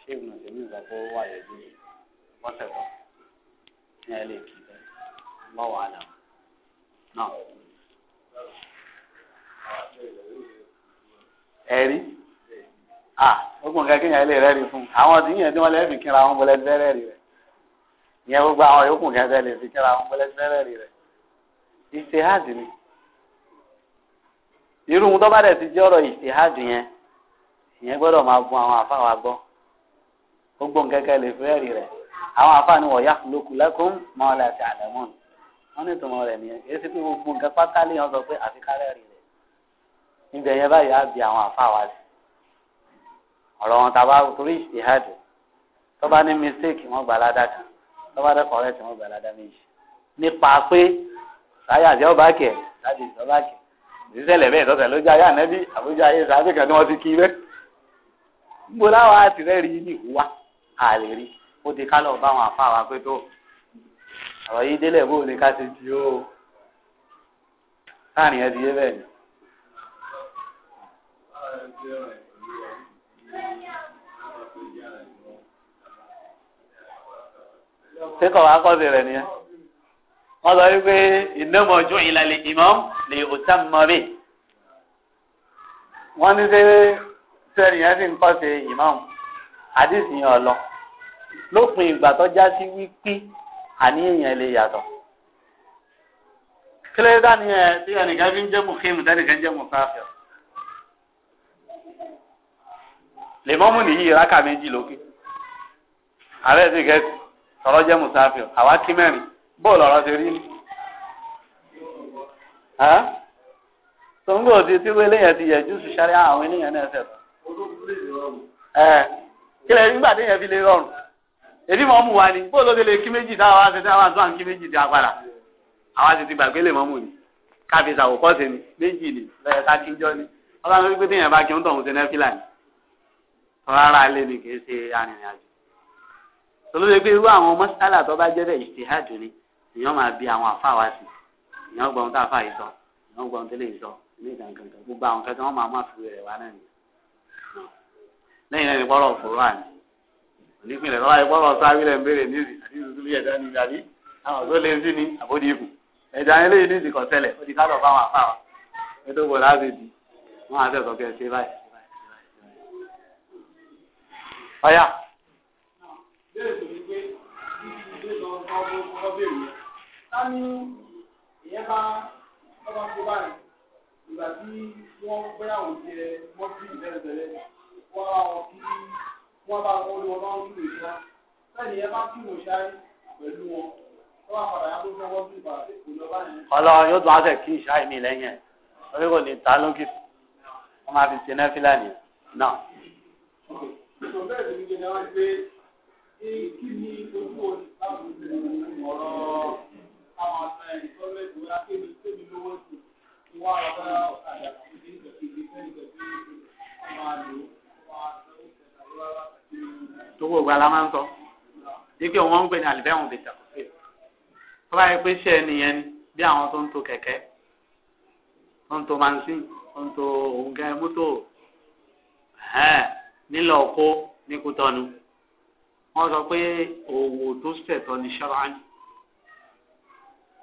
ṣé ìgbìmọ̀ tèmi ń sọ pé wà lẹ́jọ́ bọ́sẹ̀ bọ́ ní ẹ lè kí bẹ́ẹ̀ náà. ẹ̀rí ah ogun kankan yẹn lè rẹ́rìí fún àwọn tí yẹn tí wọ́n lè fi kíra wọn bọ́lẹ́ fẹ́ rẹ́rìí rẹ̀ ìyẹn gbogbo àwọn yòókù gẹ́gẹ́ lè fi kíra àwọn gbẹlẹ́gbẹ́rẹ́ rẹ̀ ìṣèhádì ni irú ohun tó bá dẹ̀ ti jẹ́ ọ̀rọ̀ ìṣèhádì yẹn ìyẹn gbọ́dọ̀ máa bu àwọn àfa wa gbọ́ gbogbo nkẹ́kẹ́ lè fi rẹ́rì rẹ̀ àwọn àfa ni wọ̀nyá lókùlẹ́kùn máa lẹ́ àti àlẹ́mọ́n wọ́n ní ìtumọ̀ rẹ̀ nìyẹn èyí sì pé gbogbo nǹkan pátá lè yàn sọ pé àfi kárẹ́ rì rẹ̀ níbẹ̀ yẹn báyìí á bi àwọn àfa wa sí ọ̀rọ̀ wọn tàbá torí ìṣèhádì tó bá ní mistake wọ́n gbà ládàá tọ́ba dẹ́ kọ́rẹ́ tí wọ́n gbà ládá méjì nípa pé sáyà àti ọba kẹ̀ láti ìsọba kẹ̀ ìṣẹ̀lẹ̀ bẹ́ẹ̀ tọ́sẹ̀ lójú ayé ànẹ́bí àbójú ayé sàbí kan tí wọ́n ti kí rẹ́ gbogbo láwa àti rẹ́ rí ní ìhùwà àlè rí ó ti ká lọ́ọ̀ bá àwọn àfa wa pé tó ọ̀rọ̀ yìí délẹ̀ bó ni ká ti di ó láàrin ẹ ti yé bẹ́ẹ̀ ni. kíkọ̀ wá kọ́sì rẹ̀ nìyẹn. wọ́n sọ wípé ìnámọ̀jú ìlàlẹ̀ imam lè òtá mọ́rí. wọ́n ní sẹ́ sẹ́ni yẹn sì ń kọ́sì imam àdìsí yẹn ọ̀lọ́ lópin ìgbà tó já sí wípé àníyàn yẹn lè yàtọ̀. kílẹ̀ dání yẹn tí ẹnìkan fi ń jẹ́ mùkímù tẹ́nìkan jẹ́ mùkáfíà. lè mọ́mú nìyí ìrákà méjì lókè. ààrẹ ti kẹ́sì tọrọ jẹ́ musafir àwa kí mẹ́rin bóòlù ọ̀rọ̀ ṣe rí ni. tòǹgò ti tí wọ́n eléyàn ti yẹjú sí sáré àwọn eléyàn náà ṣẹ̀ tó. kílẹ̀ nígbà téèyàn fi lè rọrùn èdè mọ́mù wa ni bóòlù ó ti lè kí méjì táwa wá ṣe táwa tó à ń kí méjì ti apàdà àwa ti ti gbàgbé lè mọ́mù ni káfíńsì àwòkọ́ ṣe ni méjì ni lẹ́yìn ká kíjọ́ ni ọlọ́run wípé téèyàn bá kí ń tọ̀hún ṣe nẹ́fílà ni rárá ilé ni kì í ṣe arìnrìn àjò tolóde pé irú àwọn mọ́sálà tó bá jẹ́ bẹ́ẹ̀ ìṣèhádùn ni èèyàn máa bi àwọn àfa wa sí èèyàn gbọ́n tá a fà yìí sọ èèyàn gbọ́n tẹ́lẹ̀ yìí sọ ní ìdàgbàgbà gbogbo àwọn kẹta wọn máa má fi rẹ̀ wá náà ni lẹ́yìn náà ni bọ́lọ̀ òfòrò àná onípìnlẹ̀ lọ́wọ́ ayé bọ́lọ̀ sáré rẹ̀ ń béèrè ní àti ìrìn ẹ̀dá ni ìdàrí àwọn tó lé sí ni àbódì ikù ẹ̀dá eléyìí ní ìdìkọ̀ tẹ́lẹ̀ ó di kálọ̀ fáwọn àfa wa ètò ìbò láti di bẹ́ẹ̀ tó pé títí tó lọ kọ́ kọ́ bẹ̀rù yẹn ká ìyẹn bá ọba tó báyìí ìgbà tí wọ́n bẹ́yà wò jẹ mọ́tì ìbẹ̀rẹ̀bẹ̀rẹ̀ wọ́n bá wọn kí wọ́n bá wọn lọ bá wọn kí wò ṣá sẹ́ni ìyẹn bá kí wò ṣá pẹ̀lú wọn wọ́n bá padà yá tó fẹ́ wọ́n bí ìbà ìlọ báyìí. ọlọ́run yóò tún á kí ìṣá ìmí lẹ́yìn ẹ̀ orí kò wọ́n máa fi ṣe náà fílà náà. ok so bẹ́ẹ̀ ni mo jẹ́ náà wá pé kí ni ojú òní láti ṣe ọ̀rọ̀ àwọn àgbà ẹ̀ gọ́ọ̀mẹ̀ntì wọn kí ni kí ni lówó sí i wọ́n á bá ọ̀kadà àti ní ìgbàgbé ìgbàgbé ìgbàgbé wọ́n á lò wọ́n ìgbà la máa ń sọ dípẹ́ wọ́n ń gbé ní àlìbẹ́wọ̀n bíi ṣàkóso tó bá yẹ pé iṣẹ́ nìyẹn ni bí àwọn tó ń to kẹ̀kẹ́ tó ń to mansin tó ń to òǹkẹ́ mọ́tò nílò ọkọ ní kútọ́nu wọ́n sọ pé òwò tó ṣẹ̀tọ́ ni ṣọ́ra ni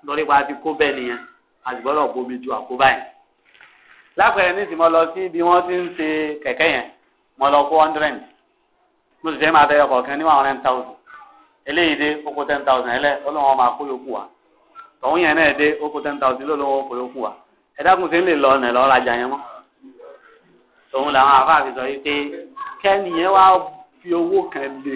lórí pa ti kó bẹ́ẹ̀ nìyẹn àgbọ̀dọ̀ bomi ju àkóbá yẹn. lápẹ̀rẹ̀ ní ìsìnmọ́ lọ sí bí wọ́n ti ń ṣe kẹ̀kẹ́ yẹn mo lọ kó hundred mo sì fẹ́ máa tẹ̀yọ kọ̀ọ̀kan ní one hundred thousand eléyìí dé ó kó ten thousand ẹlẹ́ ọlọ́wọ́n máa kó yókù wa tọ̀hún yẹn náà dé ó kó ten thousand lọ́lọ́wọ́ kó yókù wa ẹ̀dákùn sí ń lè lọ ọ̀nà ẹ̀lọ́ rajà yẹn mọ́ tòun làwọn àfáà fi sọ yìí pé kẹ́niyẹn wá fi owó kan lé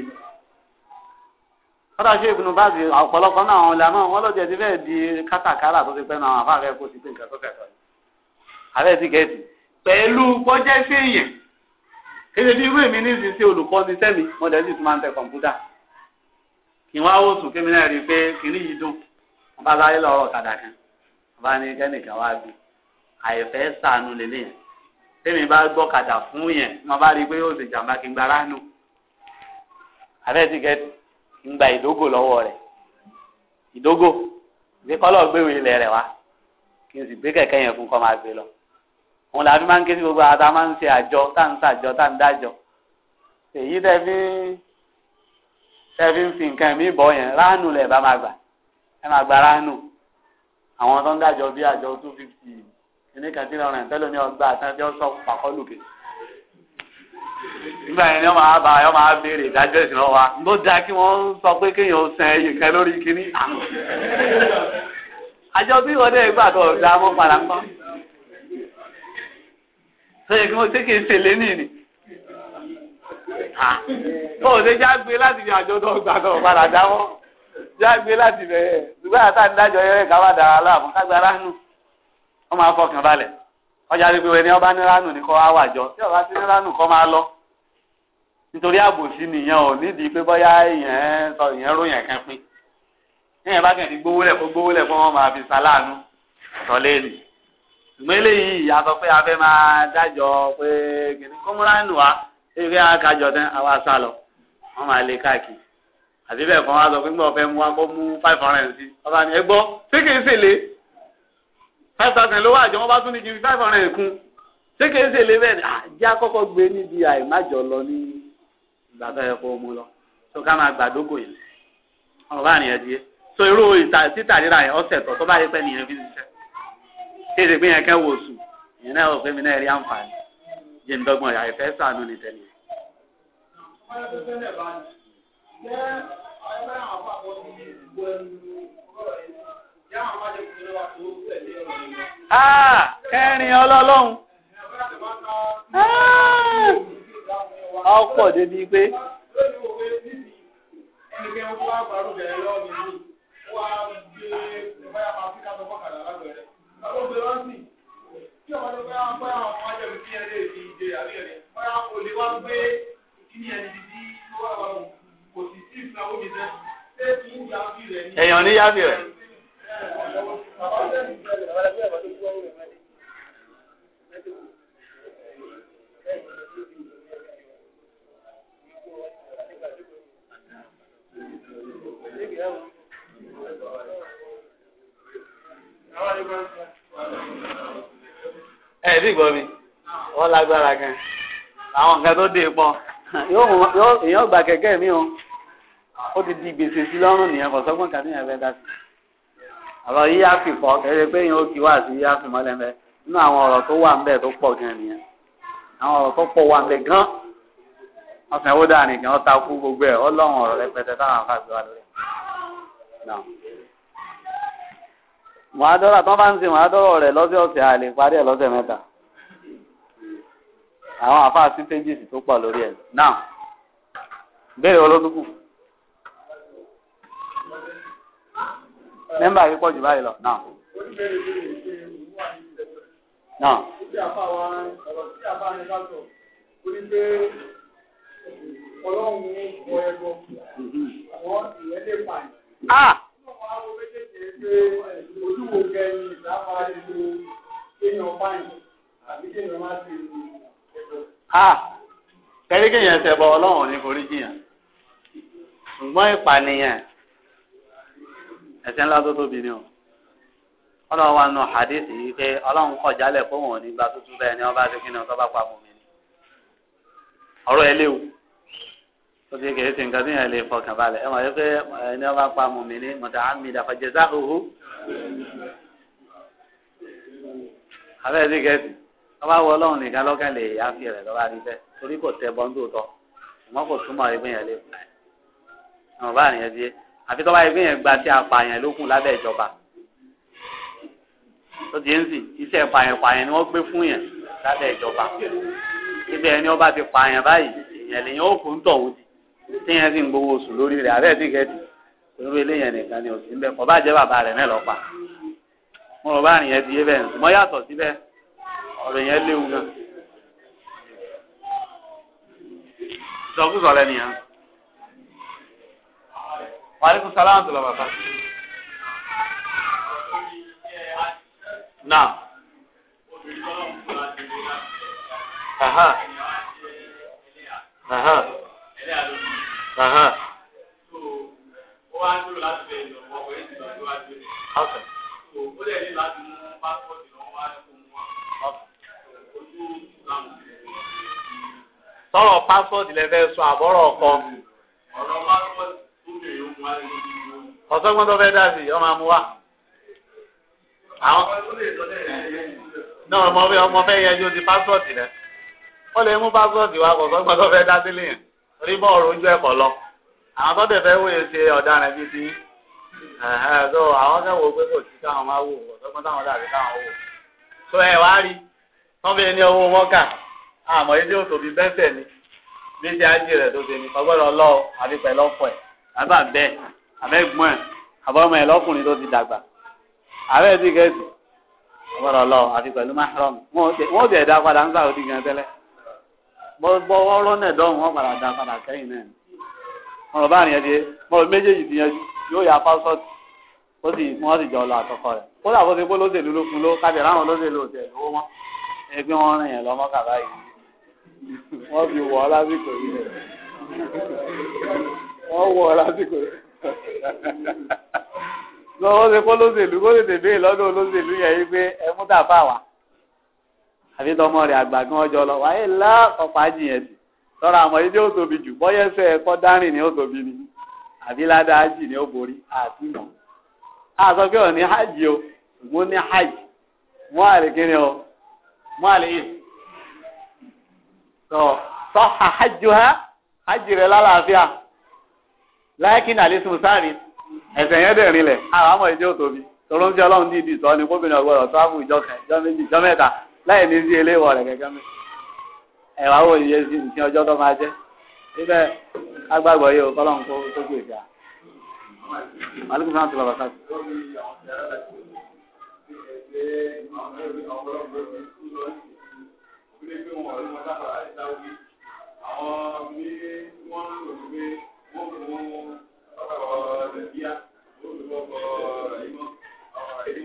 kọ́dà ṣe ìbùnú báàsì ọ̀pọ̀lọpọ̀ náà àwọn ọ̀là náà wọ́n lọ́jọ́ ti fẹ́ẹ́ di kátàkárà tó ti pẹ́ náà àfa rẹ̀ kó ti pé nǹkan tó fẹ́ sọ yìí. àbẹ́ ti gẹ̀ẹ́sì pẹ̀lú kọjá ṣe èèyàn kéde bí irú èmi níbi ṣe olùkọ́ ní sẹ́mi mo dẹ̀ sì tún máa ń tẹ kọ̀ǹpútà kí wọ́n á wò sùn kémi náà rí i pé kìnní yìí dùn wọ́n lọ́rọ̀ kàdà kan wọ́n bá wá ń gba ìdógò lọ́wọ́ rẹ̀ ìdógò ìdí kọ́lọ̀ gbéwò ilẹ̀ rẹ̀ wá kí n sì gbé kẹ̀kẹ́ yẹn fún kọ́ máa gbé lọ. òun làbí máa ń ké sí gbogbo àwọn tá a máa ń ṣe àjọ tá à ń ṣàjọ tá à ń dájọ. èyí tẹ́ fi tẹ́ fi ń fi nǹkan mi bọ̀ yẹn ráànù lẹ̀ bá máa gbà ẹ máa gba ráànù. àwọn tó ń dájọ bí àjọ two fifty kìnnìkan tí lọ́rùn ẹ̀ tẹ́lẹ̀ ní ọgbà àtàjọ sọ pàkọ́lù kìí. gbà yẹn ni wọ́n bá yọ máa béèrè ìdájọ́ ìsìn wa bó dáa kí wọ́n sọ pé kéèyàn ó sẹ ẹyìn kan lórí kínní. àjọ bí wọ́n dẹ́ gbà tó ọ̀dà padà kọ́. sọyẹ kí wọ́n ṣe kí n ṣe lẹ́nì ni. ó ṣe láti fi àjọ tó gbà tó padà láti bẹ̀rẹ̀ yẹn ká wà dára láàmú máa fọkàn ọba ni kọ́ wá wàjọ tí ọba nítorí àbòsí nìyẹn ò nídìí pé bóyá èèyàn sọ èèyàn ròyìn kan pín èèyàn bá kàn ní gbówó lẹ̀ fún gbówó lẹ̀ fún wọn máa fi sàláàánú sọlé nì ṣùgbọ́n eléyìí ìyá sọ pé a fẹ́ máa dájọ́ pé kìnnì kọ́múránù wa èyí fẹ́ kájọ tán àwa sá lọ wọ́n máa lé káàkiri àti bẹ́ẹ̀ kan wá sọ pé ńgbà ọ̀fẹ́ mu wa kó mú five hundred sí ọba ni ẹ gbọ́ ṣé kìí ṣèlè five thousand ló wà àjọ wọn bá five hundred kún ṣé kìí ṣèlè bẹ́ẹ̀ ni àjẹ́ akọ́kọ́ gbé ìgbà tó yẹ kó o mú lọ tó ká máa gbàdógò yìí ọ̀rọ̀ bá nìyẹn di so irú títà rírà yẹn ọ̀sẹ̀ tọ̀ tó bá yẹ pé nìyẹn fi ṣiṣẹ́ kéde pé yẹn kẹ́ wò sùn ìyẹn náà rò pé mi náà rí àǹfààní jẹ́ ǹdọ́gbọ̀n yà ìfẹ́ sànù ní tẹ̀lé. Ah, kẹrin ọlọ́lọ́hún. Ah! ọ̀pọ̀ débi pé. èèyàn ní yábì rẹ̀. ẹ̀ bí gbọ́ mi wọ́n lágbára gan àwọn nǹkan tó dé pọ̀ èèyàn gba kẹ̀kẹ́ mi o ó ti di gbèsè sí lọ́rùn nìyẹn kò sọ́gbọ́n kan níyẹn fẹ́ dá sí ọ̀rọ̀ yíyá fi pọ̀ kẹ́rẹ́ pé yín ó kí wá sí yíyá fi mọ́lẹ̀ mẹ́ nínú àwọn ọ̀rọ̀ tó wà ńbẹ̀ tó pọ̀ gan nìyẹn àwọn ọ̀rọ̀ tó pọ̀ wà ńbẹ̀ gan ọ̀sán ẹ̀wọ́dà nìkan ọ̀ta gbogbo ẹ̀ ọlọ́run ọ̀rọ̀ rẹpẹtẹ táwọn afáàgbé wa lórí mọ̀ádọ́rà tó bá ń sin mọ̀ádọ́rà rẹ̀ lọ́sẹ̀ ọ̀sẹ̀ a lè parí ẹ̀ lọ́sẹ̀ mẹ́ta àwọn àfáà sí pages tó pọ̀ lórí ẹ̀ náà béèrè olódùkù mẹ́mbà yìí pọ̀ jù báyìí lọ náà. náà. Ah! pé ojúwo kẹni ìdáfà ìlú kéèyàn fáìn àbí kéèyàn má ti ìlú ẹ̀dọ̀. kẹ́rí kéèyàn ṣẹ̀bọ̀ ọlọ́run ní forí jiyàn ṣùgbọ́n ìpànìyàn ẹ̀ṣẹ̀ ńlá tó tóbi ni o ọlọ́run wa nù hadith yìí pé ọlọ́run kọ̀ jálẹ̀ fóun ò ní gba tuntun bẹ́ẹ̀ ni wọ́n bá ṣe kí ni wọ́n tọ́ bá pa mọ́ mi ni ọ̀rọ̀ ẹ léwu ó ti kèé ṣe nǹkan tí yẹn lè fọkàn balẹ̀ ẹ mọ̀ yẹ pé ẹni ọba pa mùmí ní mọ̀tà àmìdá fàjẹsà òhù abẹ́rẹ́ ti kẹ́sì ọba wọ ọlọ́run nìkan lọ́kàn lè yá fi rẹ̀ lọ́ba rí bẹ́ẹ̀ torí kò tẹ bọ́ńdù tọ́ ṣùgbọ́n kò túmọ̀ ẹgbẹ́ yẹn lè fún ẹ àwọn ọba àrùn yẹn ti àfi tọ́ba ẹgbẹ́ yẹn gba tí a yẹn lókun lábẹ́ ìjọba tó ti ń sìn iṣẹ́ pààyàn-pààyàn ni tíyẹn fi ń gbowó oṣù lórí rẹ̀ abẹ́ ti kẹ́tì irú eléyẹn nìkan ni òsì ń bẹ kọ́ bá jẹ́ bàbá rẹ̀ náà lọ́pàá mo rọ̀ bá rìn yẹn ti yé bẹ́ẹ̀ ṣùgbọ́n yàtọ̀ síbẹ̀ ọ̀rọ̀ yẹn léwu gan. ìsọkúsọ lẹ́nu yẹn. wàlíkùn sálámù tó lọ bàbá. náà. Aha. Aha ẹlẹ́yà ló bí. so ó wá ń dúró láti bẹ ìlú ọmọ ọkùnrin ti lọ síwájú rẹ̀. so ó lè ní láti mú pásítọ̀tì náà wá ní fún wọn. ojú ìsìlámù rẹ̀. sọ̀rọ̀ pásítọ̀tì lẹ fẹ́ sọ àbọ̀rọ̀ ọkọ. ọ̀rọ̀ pásítọ̀tì tó bèrè ó mú wá lórí ìlú. ọ̀sọ́gbọ́n tó fẹ́ dà sí ọmọ àmúwá. àwọn náà ọmọ fẹ́ yẹjú ti pásítọ̀tì rẹ̀ wọ́n lè mú pásítọ̀tì wa kọ̀ sọ́gbọ́n tó fẹ́ dá sílé yẹn torí bọ́ọ̀rù ojú ẹ̀kọ́ lọ àwọn tó dẹ̀ fẹ́ wòye ṣe ọ̀daràn bíi ti so àwọn fẹ́ wo pé kò sí káwọn máa wò ọ̀sọ́gbọ́n táwọn dàbí káwọn wò so ẹ wá rí wọ́n fi ní owó wọn àmọ́ ilé òtòbí bẹ́sẹ̀ ni bí ti ajé rẹ̀ tó ṣe ni ọgbọ́dọ̀ lọ́ọ̀ àbí pẹ̀lú ọ̀pọ̀ àbá bẹ́ẹ̀ àbẹ́gbọ́n ẹ̀ àbọ̀mọ̀ ẹ̀ lọ́kùnrin tó ti dàgbà àbẹ́ẹ̀ ti gẹ̀ẹ́sì bọ́ ọ̀rọ̀ náà dọ́hùn wọn padà dá padà sẹ́yìn náà ọ̀rọ̀ bá nìyẹn di mọ̀rọ̀ méjèèjì ti yanjú yóò yà pásọ̀tì ó sì wọ́n sì jọ lọ àtọkọ rẹ̀ ó dà bó ṣe pé lóṣèlú ló fún ló kábẹ̀ láwọn lóṣèlú ò tẹ̀ lówó wọn ẹgbẹ́ wọn rìn yẹn lọ́mọ kàbá yìí wọ́n fi wọ̀ ọ́ lásìkò yìí wọ́n wọ̀ ọ́ lásìkò yìí lọ́wọ́ ṣe pé lóṣèlú kó lè tẹ̀ lọ́dọ̀ lóṣèlú yẹn yìí pé ẹ mú tàfà wá àfi tọmọ rẹ̀ àgbà kan ọjọ́ lọ wáyé lá ọ̀pá jìyẹn sí tọ́ra àmọ́ ilé ó tóbi jù bọ́yẹ́sẹ̀ ẹ̀kọ́ dárìn ni ó tóbi ni àbí ládàá jì ni ó borí àti mọ̀ a sọ pé òní hajj o mo ní hajj mo àlè kíni o mo àlè yìí tọ́ tọ́ hajj ha hajj rẹ̀ lálàáfíà láìkíni àlísùn sáré ẹ̀sẹ̀ yẹn dẹ̀ rinlẹ̀ àwọn àmọ́ ilé ó tóbi tọ́lọ́mùjọ́ ọlọ́run dìídì sọ ni kóbìnrin ọgbọ́dọ̀ tó àbùjọ kan ìjọ méjì ìjọ mẹ́ta láì ní sí eléwọ̀ rẹ̀ kẹ̀kẹ́ mi ẹ̀wà wò yẹ sí nǹkan ọjọ́ tó máa jẹ́ síbẹ̀ agbágbọ̀ yìí ò kọ́lọ̀ ń kó tó gbé ìgbà. alukó fún àtúbọ̀ bàtà. àwọn ní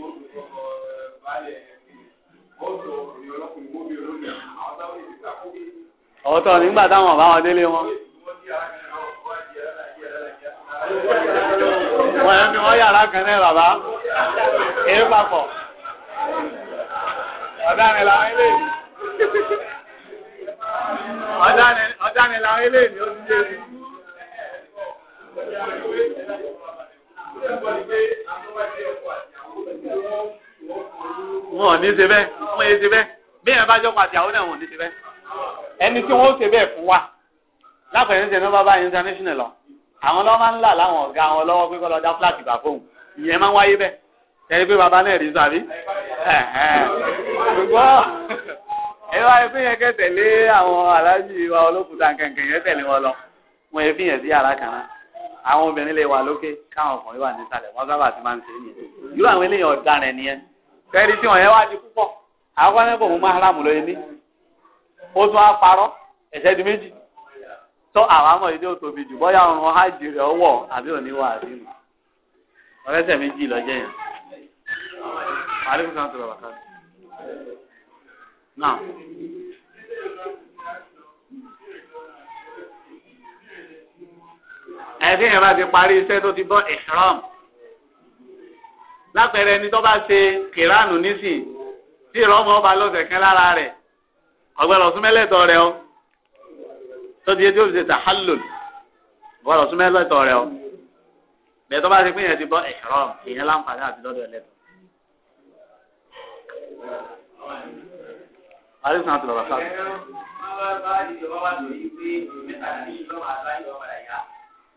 wọ́n ọ̀tọ̀ nígbà táwọn ọ̀bá wọn délé wọn. wọ́n yẹn ni wọ́n yàrá kan náà bàbá èé papọ̀ ọ̀daràn làwọn eléyìí ọ̀daràn làwọn eléyìí ó ti dé rí. Thank you wọn ò ní ṣe bẹ́ẹ̀ wọn èyí ṣe bẹ́ẹ̀ bí ẹ bá jọ pàtì àwọn náà wọn ò ní ṣe bẹ́ẹ̀ ẹni tí wọn ó ṣe bẹ́ẹ̀ fún wa lápẹ̀rẹ̀ ṣe ní bàbá international lọ àwọn lọ́wọ́ máa ń là láwọn ọ̀gá àwọn lọ́wọ́ pé kọ́ lọ dá fúláàtì bà fóun ìyẹn máa ń wáyé bẹ́ẹ̀ ẹni pé bàbá náà rí sàbí ẹ wá ẹbí yẹn kẹ́ tẹ̀lé àwọn aláàjì wa olókùúta kankan yẹn tẹ̀lé wọn lọ wọn èéfín yẹn sí ara kan náà àwọn obìnrin lè wà lókè káwọn ọkùnrin wà nísàlẹ̀ wọn sábà ti máa ń ṣe é nìyẹn irú àwọn eléyàn ọ̀daràn nìyẹn kẹ́rì tí wọ́n yẹn wá di púpọ̀ àwọn ẹ̀kọ́ mú mahram lóye ní ó tún á parọ́ ẹ̀sẹ̀ di méjì tó àwọn amọ̀ ìdí òtòbí jù bọ́yá ọ̀run hajj rẹ̀ ọwọ́ àbí òní wà àbí mu ọ̀rẹ́sẹ̀ méjì lọ́jẹ́ yẹn. alekusan tó bàbá kan. náà. ẹ̀sìn yẹn bá ti parí iṣẹ́ tó ti bọ́ ìṣòro lápẹẹrẹ ẹni tó bá ṣe kìránù nísìn tí ìrọmọ ọba lọsẹ kan lára rẹ ọgbẹrọ súnmẹlẹtọ rẹ o tó di etí òṣìṣẹ tahallul ọgbẹrọ súnmẹlẹtọ rẹ o bẹ́ẹ̀ tó bá ṣe pé ti bọ ẹrọ èèyàn láǹfààní àti lọ́dọ̀ ẹlẹtọ.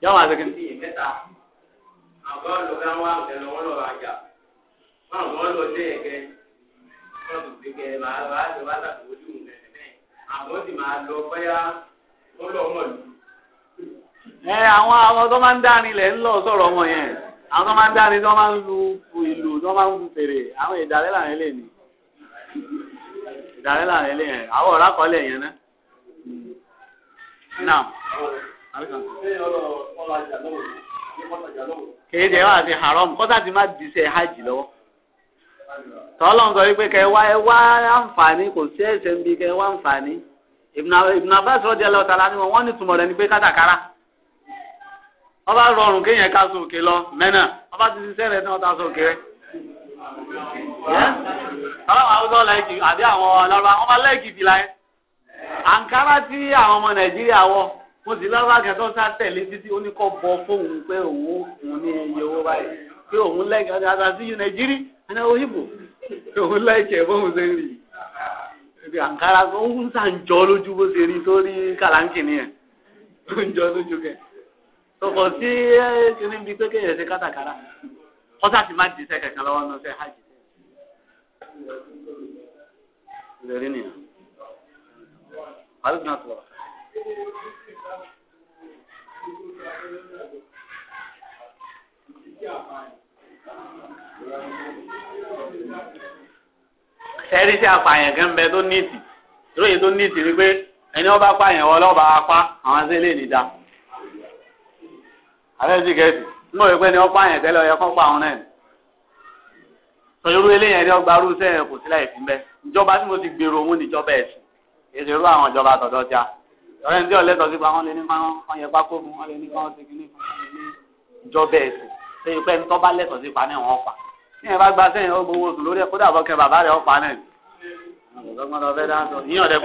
yọ̀wọ̀ àti kìnnìkan. àbọ̀ lọ́gá wá àgbẹ̀ lọ́wọ́ lọ́wọ́ àjà fún àbọ̀ lọ sí ẹ̀kẹ́ wọ́n ti fi kẹ́ màá bá a lọ bá tàbí àbọ̀ lọ lọ lù. ẹ àwọn àwọn tó máa ń dáni ń lọ wọn yẹn àwọn tó máa ń dáni tó máa ń lu ìlú tó máa ń fèrè àwọn ìdálẹ́ làwọn ilé ni kìí dẹ̀ wá sí haram ti ma di hajj lọ́wọ́ tọ́lọ́n sọ wípé kẹ wá ẹ ko àǹfààní kò sí ẹ̀ṣẹ̀ ń bi kẹ wá àǹfààní Ibn Abbas ni wọ́n ní túmọ̀ rẹ̀ ni pé kátàkárà wọ́n bá rọrùn kéèyàn ká sókè lọ mẹ́nà wọ́n ti ṣiṣẹ́ ta àbí àwọn ọlọ́run àwọn ọmọ mo sì lọ́wọ́ akẹ́kọ̀ọ́ sá tẹ̀lé títí ó bọ fóun pé òun òun ní iye owó báyìí pé òun lẹ́kẹ̀ẹ́ ọ̀dà àtàtì yìí nàìjírí ẹ̀nà òyìnbó pé òun lẹ́kẹ̀ẹ́ bóun ṣe rí ibi àǹkárá ń lójú bó ṣe rí tó rí kàláńkì nìyẹn ó ń jọ lójú kẹ tọkọ sí bíi kéèyàn ṣe kátàkárà má sẹ́rí sí apààyàn kan bẹ tó níìtì lóye tó níìtì ni pé ẹni wọn bá pààyàn wọn lọ́ba apá àwọn sí lè nìjà. àbẹ́ sì kẹ́sì ń bọ̀ wípé ni wọ́n pààyàn tẹ́lẹ̀ ọ̀yẹ́ kọ́ pa àwọn náà. sọ irú eléyìí ẹni ọgbà arúgbó sẹ́yìn kò sí láì fi bẹ́ẹ̀ ìjọba tí mo ti gbèrò òun níjọba ẹ̀sìn èsì irú àwọn ìjọba àtọ̀dọ̀ ti a ọ̀rẹ́ ní ọ̀lẹ́tọ̀ sí pa wọ́n lè ní máa wọ́n yẹ pákó fún wọ́n lè ní káwọn ti kíní fún wọn ní ìjọba ẹ̀sìn ṣé ipò ẹni tó bá lẹ́tọ̀ sí pa náà wọ́n pa ní ẹ̀ bá gba sẹ́yìn ó gbowó oṣù lórí ẹ̀ kódà bọ́kẹ́ bàbá rẹ̀ ó pa náà ìyẹn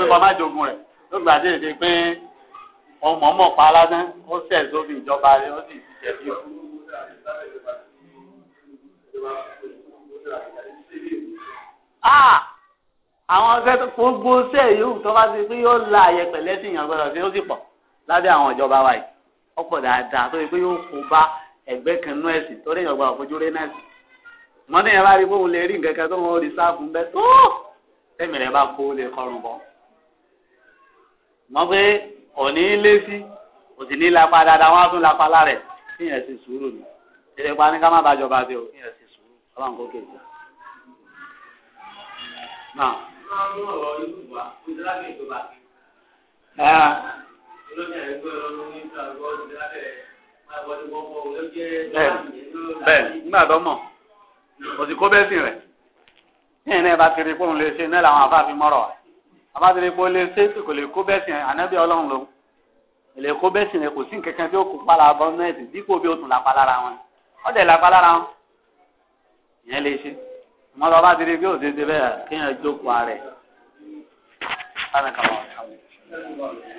ọ̀dẹ̀ pé ah àwọn ọ̀sẹ̀ tó gbogbo ṣẹ́ yòówù tó bá ti pé yóò la àyẹ pẹ̀lẹ́ sí ìyàn gbọ́dọ̀ tí ó sì pọ̀ lábẹ́ àwọn ìjọba wa yìí ọ̀pọ̀ dáadáa tó yẹ pé yóò kó bá ẹgbẹ́ kan nú ẹ̀sìn torí ìyàn gbọ́dọ̀ fojú rí nẹ́ẹ̀sì mọ́tò yẹn bá rí bóun lè rí nǹkan kan tó wọn rí sáàfù ń bẹ́ tó tẹ̀mí rẹ̀ bá kó lè kọrùn bọ́ mọ́ pé òní lé sí òsì ní lapa dáadáa wọ́n á tún lapa lára ẹ̀ kíyàn ṣe sùúrù ni ṣẹlẹ̀ pa ká má bàjọba ṣe o kíyàn ṣe sùúrù ọlọ́run kò kéde bẹ́ẹ̀ nígbà tó mọ̀ òsì kó bẹ́ẹ̀ sìn rẹ̀ tíyẹn náà bá ti rí pòun lè ṣe náà làwọn afáàfin mọ̀rọ̀ wa àbá ti rí pòun lè ṣe kò lè kó bẹ́ẹ̀ sìn rẹ̀ ànábì ọlọ́run lòun kò lè kó bẹ́ẹ̀ sìn rẹ̀ kò sí nǹkankan tí ó kó pàlà bọ́ nẹ́ẹ̀tì dípò bí ó tún lápá lára wọn ọ̀dẹ̀ lápá lára wọn ìyẹn lè ṣe wọn lọ bá ti di bí òde ti bẹ́ẹ̀ kéèyàn jókòó ààrẹ.